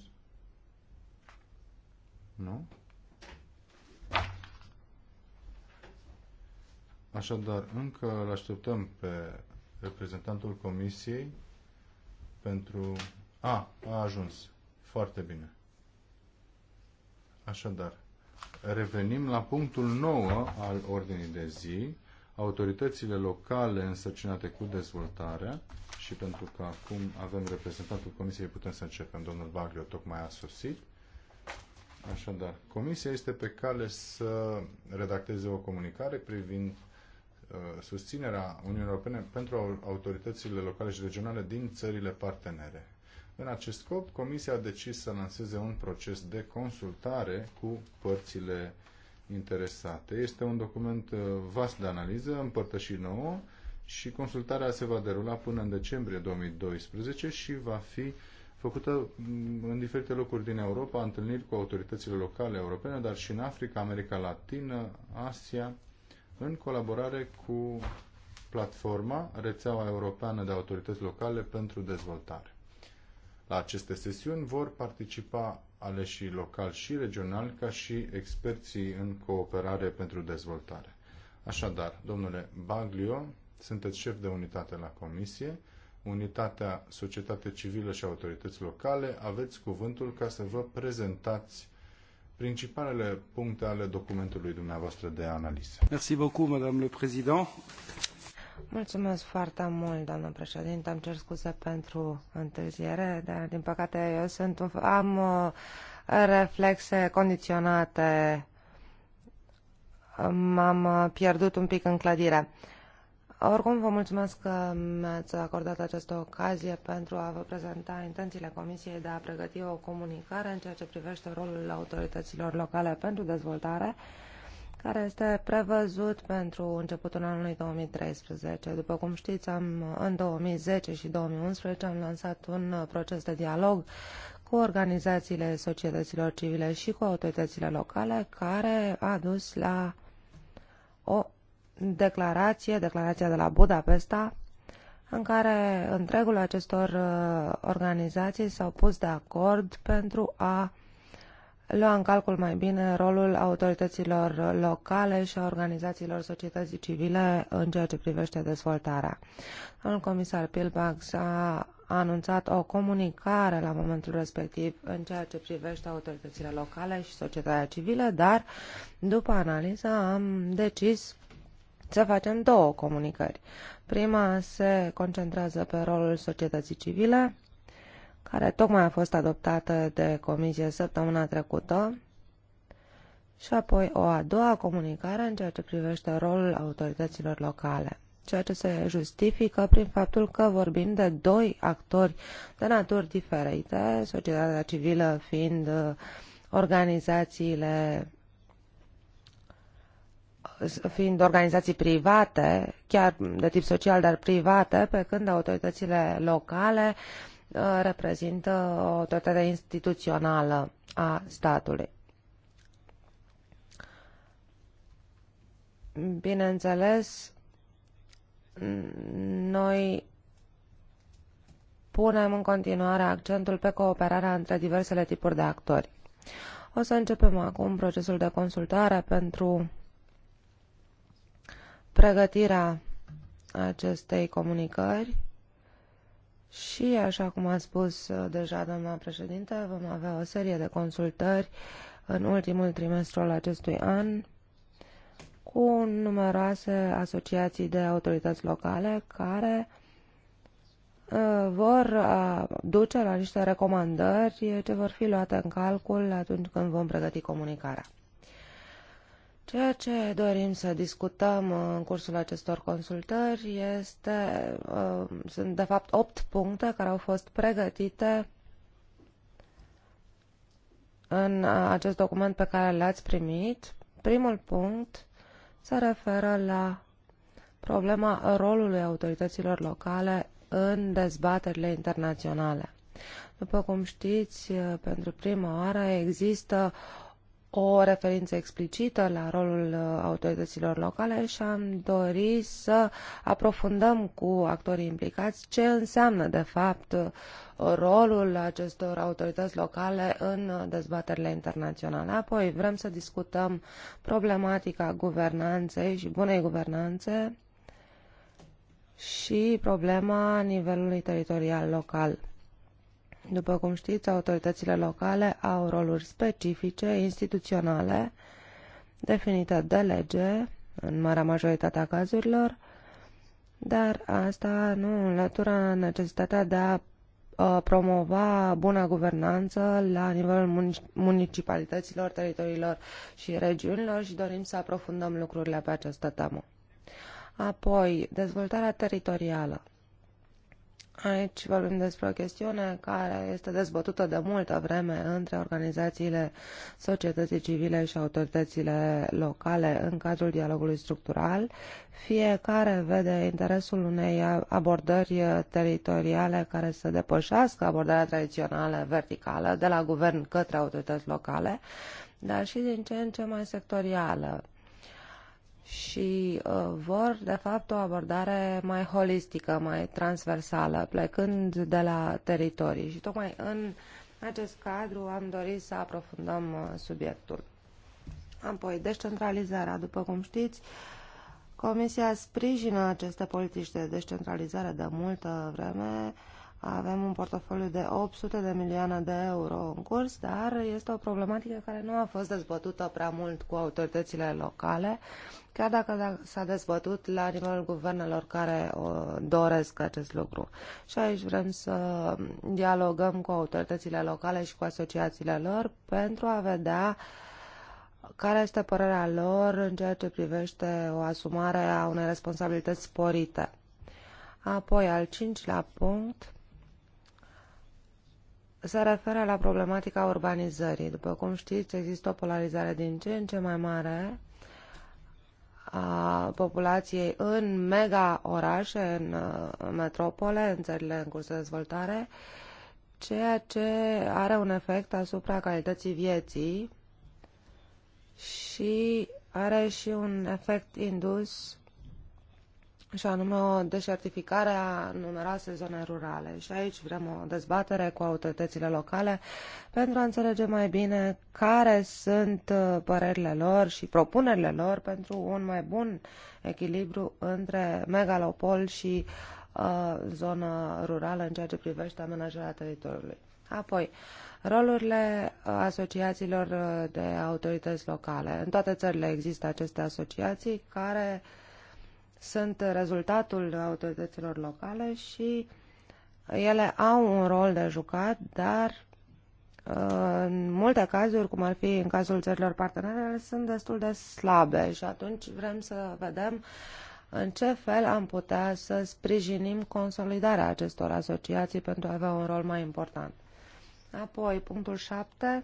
Nu? Așadar, încă îl așteptăm pe reprezentantul Comisiei pentru... A, a ajuns. Foarte bine. Așadar, revenim la punctul 9 al ordinii de zi, autoritățile locale însărcinate cu dezvoltarea și pentru că acum avem reprezentantul Comisiei, putem să începem. Domnul Baglio tocmai a sosit. Așadar, Comisia este pe cale să redacteze o comunicare privind Uh, susținerea Uniunii Europene pentru autoritățile locale și regionale din țările partenere. În acest scop, Comisia a decis să lanseze un proces de consultare cu părțile interesate. Este un document uh, vast de analiză, împărtășit nouă și consultarea se va derula până în decembrie 2012 și va fi făcută mm, în diferite locuri din Europa, întâlniri cu autoritățile locale europene, dar și în Africa, America Latină, Asia în colaborare cu platforma Rețeaua Europeană de Autorități Locale pentru Dezvoltare. La aceste sesiuni vor participa aleșii locali și regionali ca și experții în cooperare pentru dezvoltare. Așadar, domnule Baglio, sunteți șef de unitate la Comisie, Unitatea Societate Civilă și Autorități Locale, aveți cuvântul ca să vă prezentați principalele puncte ale documentului dumneavoastră de analiză. Merci beaucoup, Madame le Président. Mulțumesc foarte mult, doamnă președinte. Am cer scuze pentru întârziere, dar din păcate eu sunt, am uh, reflexe condiționate. M-am uh, pierdut un pic în clădire. Oricum, vă mulțumesc că mi-ați acordat această ocazie pentru a vă prezenta intențiile Comisiei de a pregăti o comunicare în ceea ce privește rolul autorităților locale pentru dezvoltare, care este prevăzut pentru începutul anului 2013. După cum știți, am, în 2010 și 2011 am lansat un proces de dialog cu organizațiile societăților civile și cu autoritățile locale, care a dus la o declarație, declarația de la Budapesta, în care întregul acestor uh, organizații s-au pus de acord pentru a lua în calcul mai bine rolul autorităților locale și a organizațiilor societății civile în ceea ce privește dezvoltarea. Domnul comisar Pilbax a anunțat o comunicare la momentul respectiv în ceea ce privește autoritățile locale și societatea civilă, dar după analiză am decis se facem două comunicări. Prima se concentrează pe rolul societății civile, care tocmai a fost adoptată de comisie săptămâna trecută, și apoi o a doua comunicare în ceea ce privește rolul autorităților locale ceea ce se justifică prin faptul că vorbim de doi actori de naturi diferite, societatea civilă fiind uh, organizațiile fiind organizații private, chiar de tip social, dar private, pe când autoritățile locale uh, reprezintă o autoritate instituțională a statului. Bineînțeles, noi punem în continuare accentul pe cooperarea între diversele tipuri de actori. O să începem acum procesul de consultare pentru pregătirea acestei comunicări și, așa cum a spus uh, deja doamna președinte, vom avea o serie de consultări în ultimul trimestru al acestui an cu numeroase asociații de autorități locale care uh, vor uh, duce la niște recomandări ce vor fi luate în calcul atunci când vom pregăti comunicarea. Ceea ce dorim să discutăm uh, în cursul acestor consultări este, uh, sunt de fapt opt puncte care au fost pregătite în uh, acest document pe care l-ați primit. Primul punct se referă la problema rolului autorităților locale în dezbaterile internaționale. După cum știți, pentru prima oară există o referință explicită la rolul uh, autorităților locale și am dori să aprofundăm cu actorii implicați ce înseamnă, de fapt, uh, rolul acestor autorități locale în uh, dezbaterile internaționale. Apoi vrem să discutăm problematica guvernanței și bunei guvernanțe și problema nivelului teritorial local. După cum știți, autoritățile locale au roluri specifice, instituționale, definite de lege, în marea majoritate a cazurilor, dar asta nu înlătură necesitatea de a promova buna guvernanță la nivelul municipalităților, teritoriilor și regiunilor și dorim să aprofundăm lucrurile pe această temă. Apoi, dezvoltarea teritorială. Aici vorbim despre o chestiune care este dezbătută de multă vreme între organizațiile societății civile și autoritățile locale în cadrul dialogului structural. Fiecare vede interesul unei abordări teritoriale care să depășească abordarea tradițională verticală de la guvern către autorități locale, dar și din ce în ce mai sectorială și uh, vor, de fapt, o abordare mai holistică, mai transversală, plecând de la teritorii. Și tocmai în acest cadru am dorit să aprofundăm uh, subiectul. Apoi, descentralizarea, după cum știți, Comisia sprijină aceste politici de descentralizare de multă vreme, avem un portofoliu de 800 de milioane de euro în curs, dar este o problematică care nu a fost dezbătută prea mult cu autoritățile locale, chiar dacă s-a dezbătut la nivelul guvernelor care doresc acest lucru. Și aici vrem să dialogăm cu autoritățile locale și cu asociațiile lor pentru a vedea care este părerea lor în ceea ce privește o asumare a unei responsabilități sporite. Apoi, al cincilea punct, se referă la problematica urbanizării. După cum știți, există o polarizare din ce în ce mai mare a populației în mega orașe, în uh, metropole, în țările în curs de dezvoltare, ceea ce are un efect asupra calității vieții și are și un efect indus și anume o deșertificare a numeroase zone rurale. Și aici vrem o dezbatere cu autoritățile locale pentru a înțelege mai bine care sunt uh, părerile lor și propunerile lor pentru un mai bun echilibru între megalopol și uh, zonă rurală în ceea ce privește amenajarea teritoriului. Apoi, rolurile asociațiilor uh, de autorități locale. În toate țările există aceste asociații care uh, sunt rezultatul autorităților locale și ele au un rol de jucat, dar uh, în multe cazuri, cum ar fi în cazul țărilor partenere, sunt destul de slabe și atunci vrem să vedem în ce fel am putea să sprijinim consolidarea acestor asociații pentru a avea un rol mai important. Apoi, punctul 7,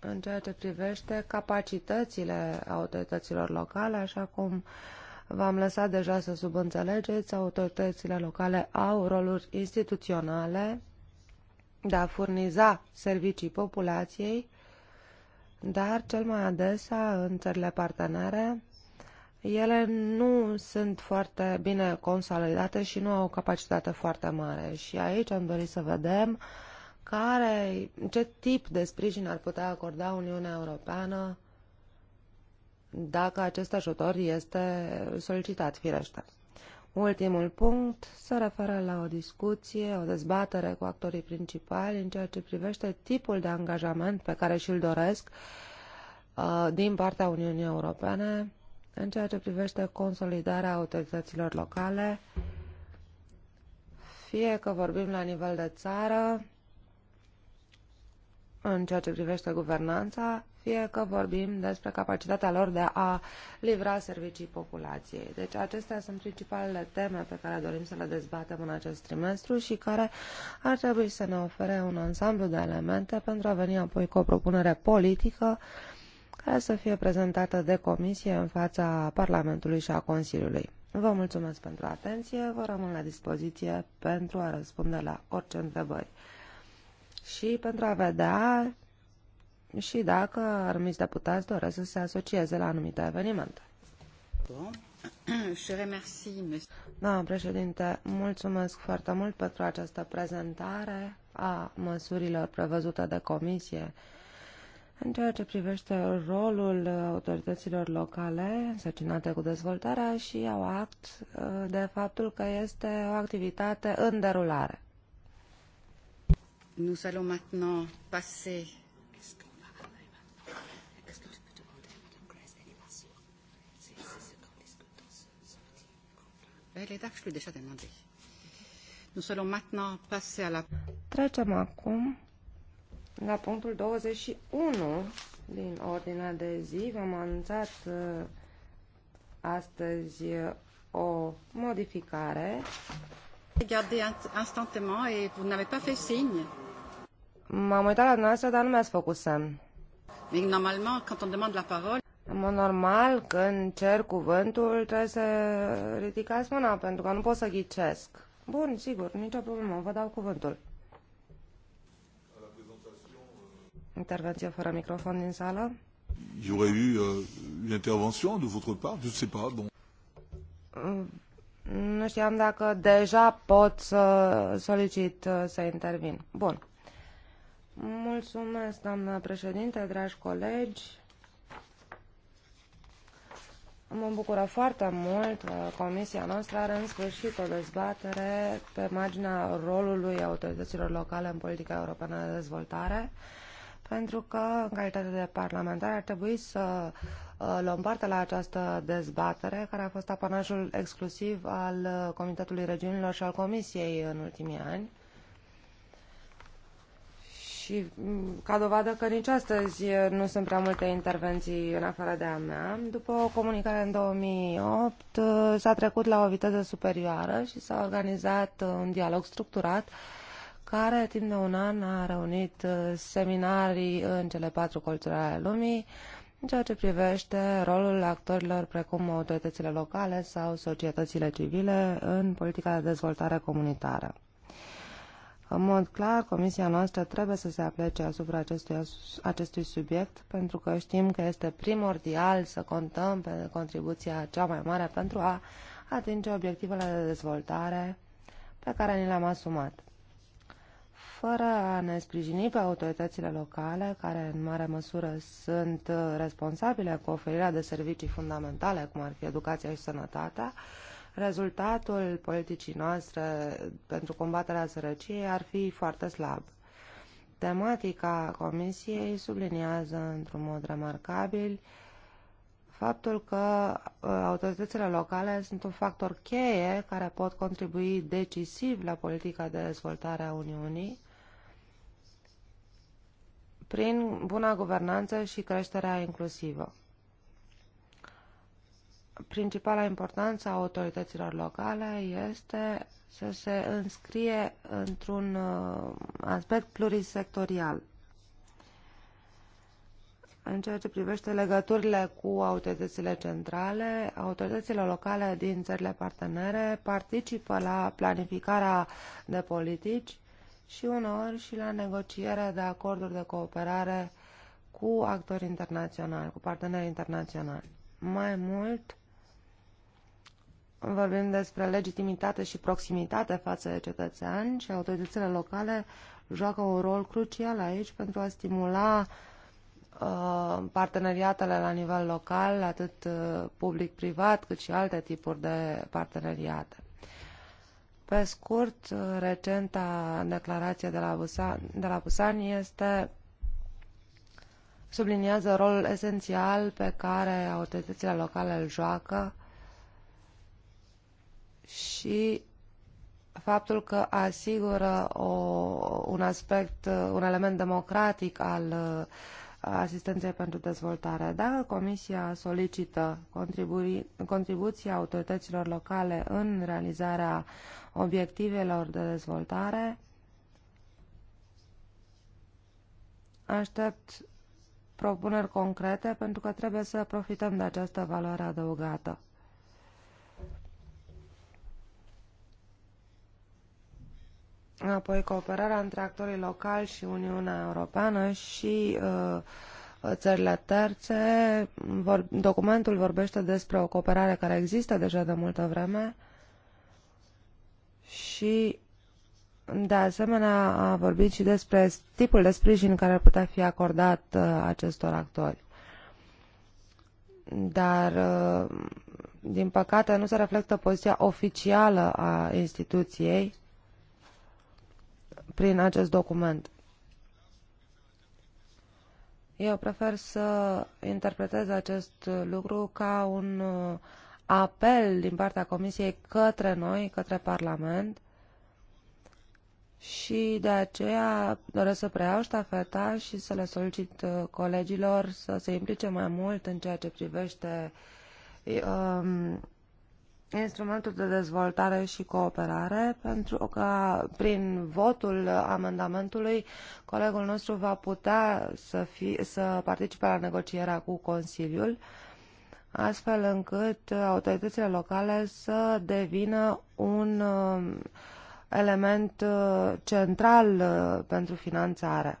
în ceea ce privește capacitățile autorităților locale, așa cum uh, V-am lăsat deja să subînțelegeți, autoritățile locale au roluri instituționale de a furniza servicii populației, dar cel mai adesea în țările partenere ele nu sunt foarte bine consolidate și nu au o capacitate foarte mare. Și aici am dorit să vedem care, ce tip de sprijin ar putea acorda Uniunea Europeană dacă acest ajutor este solicitat, firește. Ultimul punct se referă la o discuție, o dezbatere cu actorii principali în ceea ce privește tipul de angajament pe care și-l doresc uh, din partea Uniunii Europene în ceea ce privește consolidarea autorităților locale, fie că vorbim la nivel de țară, în ceea ce privește guvernanța, fie că vorbim despre capacitatea lor de a livra servicii populației. Deci acestea sunt principalele teme pe care dorim să le dezbatem în acest trimestru și care ar trebui să ne ofere un ansamblu de elemente pentru a veni apoi cu o propunere politică care să fie prezentată de Comisie în fața Parlamentului și a Consiliului. Vă mulțumesc pentru atenție, vă rămân la dispoziție pentru a răspunde la orice întrebări și pentru a vedea și dacă anumiți deputați doresc să se asocieze la anumite evenimente. Doamna președinte, mulțumesc foarte mult pentru această prezentare a măsurilor prevăzute de comisie în ceea ce privește rolul autorităților locale însăcinate cu dezvoltarea și au act uh, de faptul că este o activitate în derulare. Nous allons maintenant passer Trecem acum la punctul 21 din ordinea de zi. V-am anunțat uh, astăzi uh, o modificare. Regardez instantanément et vous n'avez pas fait signe. M-am uitat la dumneavoastră, dar nu mi-ați făcut semn. Deci, normalement, când on demande la parole... În mod normal, când cer cuvântul, trebuie să ridicați mâna, pentru că nu pot să ghicesc. Bun, sigur, nicio problemă, vă dau cuvântul. Intervenție fără microfon din sală. y aurait eu euh, une intervention de votre part, je ne sais pas. Bon. Mm, nu știam dacă deja pot să solicit uh, să intervin. Bun. Mulțumesc, doamnă președinte, dragi colegi. Mă bucură foarte mult că uh, comisia noastră are în sfârșit o dezbatere pe marginea rolului autorităților locale în politica europeană de dezvoltare, pentru că, în calitate de parlamentar, ar trebui să uh, luăm parte la această dezbatere, care a fost apanajul exclusiv al uh, Comitetului Regiunilor și al Comisiei în ultimii ani și mm, ca dovadă că nici astăzi nu sunt prea multe intervenții în afară de a mea. După o comunicare în 2008 uh, s-a trecut la o viteză superioară și s-a organizat uh, un dialog structurat care timp de un an a reunit uh, seminarii în cele patru colțuri ale lumii în ceea ce privește rolul actorilor precum autoritățile locale sau societățile civile în politica de dezvoltare comunitară. În mod clar, comisia noastră trebuie să se aplece asupra acestui, acestui subiect, pentru că știm că este primordial să contăm pe contribuția cea mai mare pentru a atinge obiectivele de dezvoltare pe care ni le-am asumat. Fără a ne sprijini pe autoritățile locale, care în mare măsură sunt uh, responsabile cu oferirea de servicii fundamentale, cum ar fi educația și sănătatea, rezultatul politicii noastre pentru combaterea sărăciei ar fi foarte slab. Tematica Comisiei subliniază într-un mod remarcabil faptul că uh, autoritățile locale sunt un factor cheie care pot contribui decisiv la politica de dezvoltare a Uniunii prin buna guvernanță și creșterea inclusivă principala importanță a autorităților locale este să se înscrie într-un uh, aspect plurisectorial. În ceea ce privește legăturile cu autoritățile centrale, autoritățile locale din țările partenere participă la planificarea de politici și uneori și la negocierea de acorduri de cooperare cu actori internaționali, cu parteneri internaționali. Mai mult, vorbim despre legitimitate și proximitate față de cetățean și autoritățile locale joacă un rol crucial aici pentru a stimula uh, parteneriatele la nivel local, atât uh, public-privat, cât și alte tipuri de parteneriate. Pe scurt, uh, recenta declarație de la, Busan, de la Busan este subliniază rolul esențial pe care autoritățile locale îl joacă și faptul că asigură o, un aspect, un element democratic al uh, asistenței pentru dezvoltare. Dacă Comisia solicită contribu contribuția autorităților locale în realizarea obiectivelor de dezvoltare, aștept propuneri concrete pentru că trebuie să profităm de această valoare adăugată. apoi cooperarea între actorii locali și Uniunea Europeană și uh, țările terțe. Vor, documentul vorbește despre o cooperare care există deja de multă vreme și de asemenea a vorbit și despre tipul de sprijin care ar putea fi acordat uh, acestor actori. Dar uh, din păcate nu se reflectă poziția oficială a instituției prin acest document. Eu prefer să interpretez acest lucru ca un uh, apel din partea Comisiei către noi, către Parlament, și de aceea doresc să preiau ștafeta și să le solicit uh, colegilor să se implice mai mult în ceea ce privește um, instrumentul de dezvoltare și cooperare, pentru că prin votul amendamentului colegul nostru va putea să, fi, să participe la negocierea cu Consiliul, astfel încât autoritățile locale să devină un uh, element uh, central uh, pentru finanțare.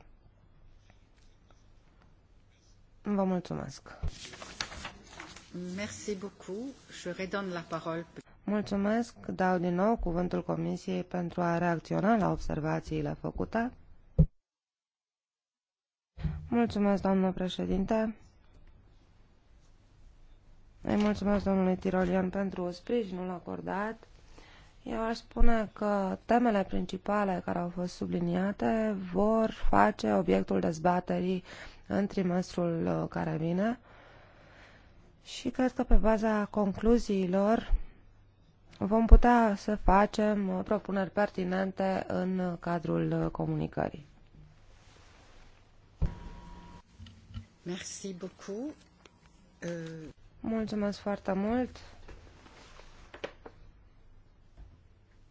Vă mulțumesc! Mulțumesc. Dau din nou cuvântul Comisiei pentru a reacționa la observațiile făcute. Mulțumesc, doamnă președinte. Îi mulțumesc domnului Tirolian pentru sprijinul acordat. Eu aș spune că temele principale care au fost subliniate vor face obiectul dezbaterii în trimestrul care vine și cred că pe baza concluziilor vom putea să facem uh, propuneri pertinente în cadrul uh, comunicării. Merci beaucoup. Euh, Mulțumesc foarte mult.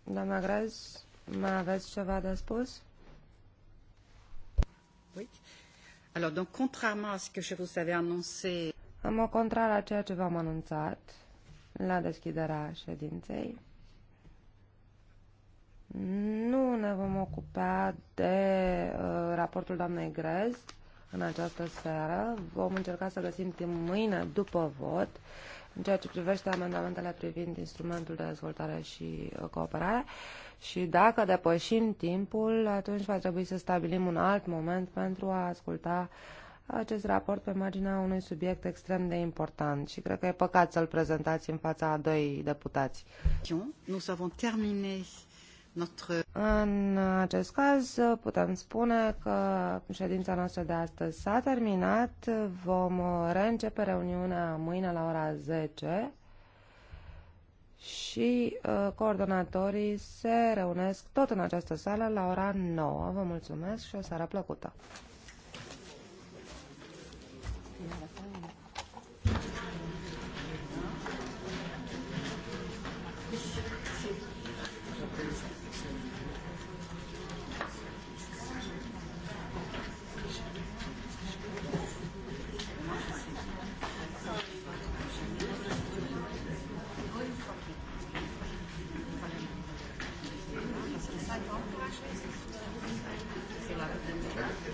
Doamna Grez, mai aveți ceva de spus? Oui. Alors, donc, contrairement à ce que je vous avais annoncé... În mod contrar la ceea ce v-am anunțat la deschiderea ședinței, nu ne vom ocupa de uh, raportul doamnei Grez în această seară. Vom încerca să găsim timp mâine după vot în ceea ce privește amendamentele privind instrumentul de dezvoltare și uh, cooperare și dacă depășim timpul, atunci va trebui să stabilim un alt moment pentru a asculta uh, acest raport pe marginea unui subiect extrem de important și cred că e păcat să-l prezentați în fața a doi deputați. Nous avons terminé notre... În acest caz putem spune că ședința noastră de astăzi s-a terminat. Vom reîncepe reuniunea mâine la ora 10 și uh, coordonatorii se reunesc tot în această sală la ora 9. Vă mulțumesc și o seară plăcută!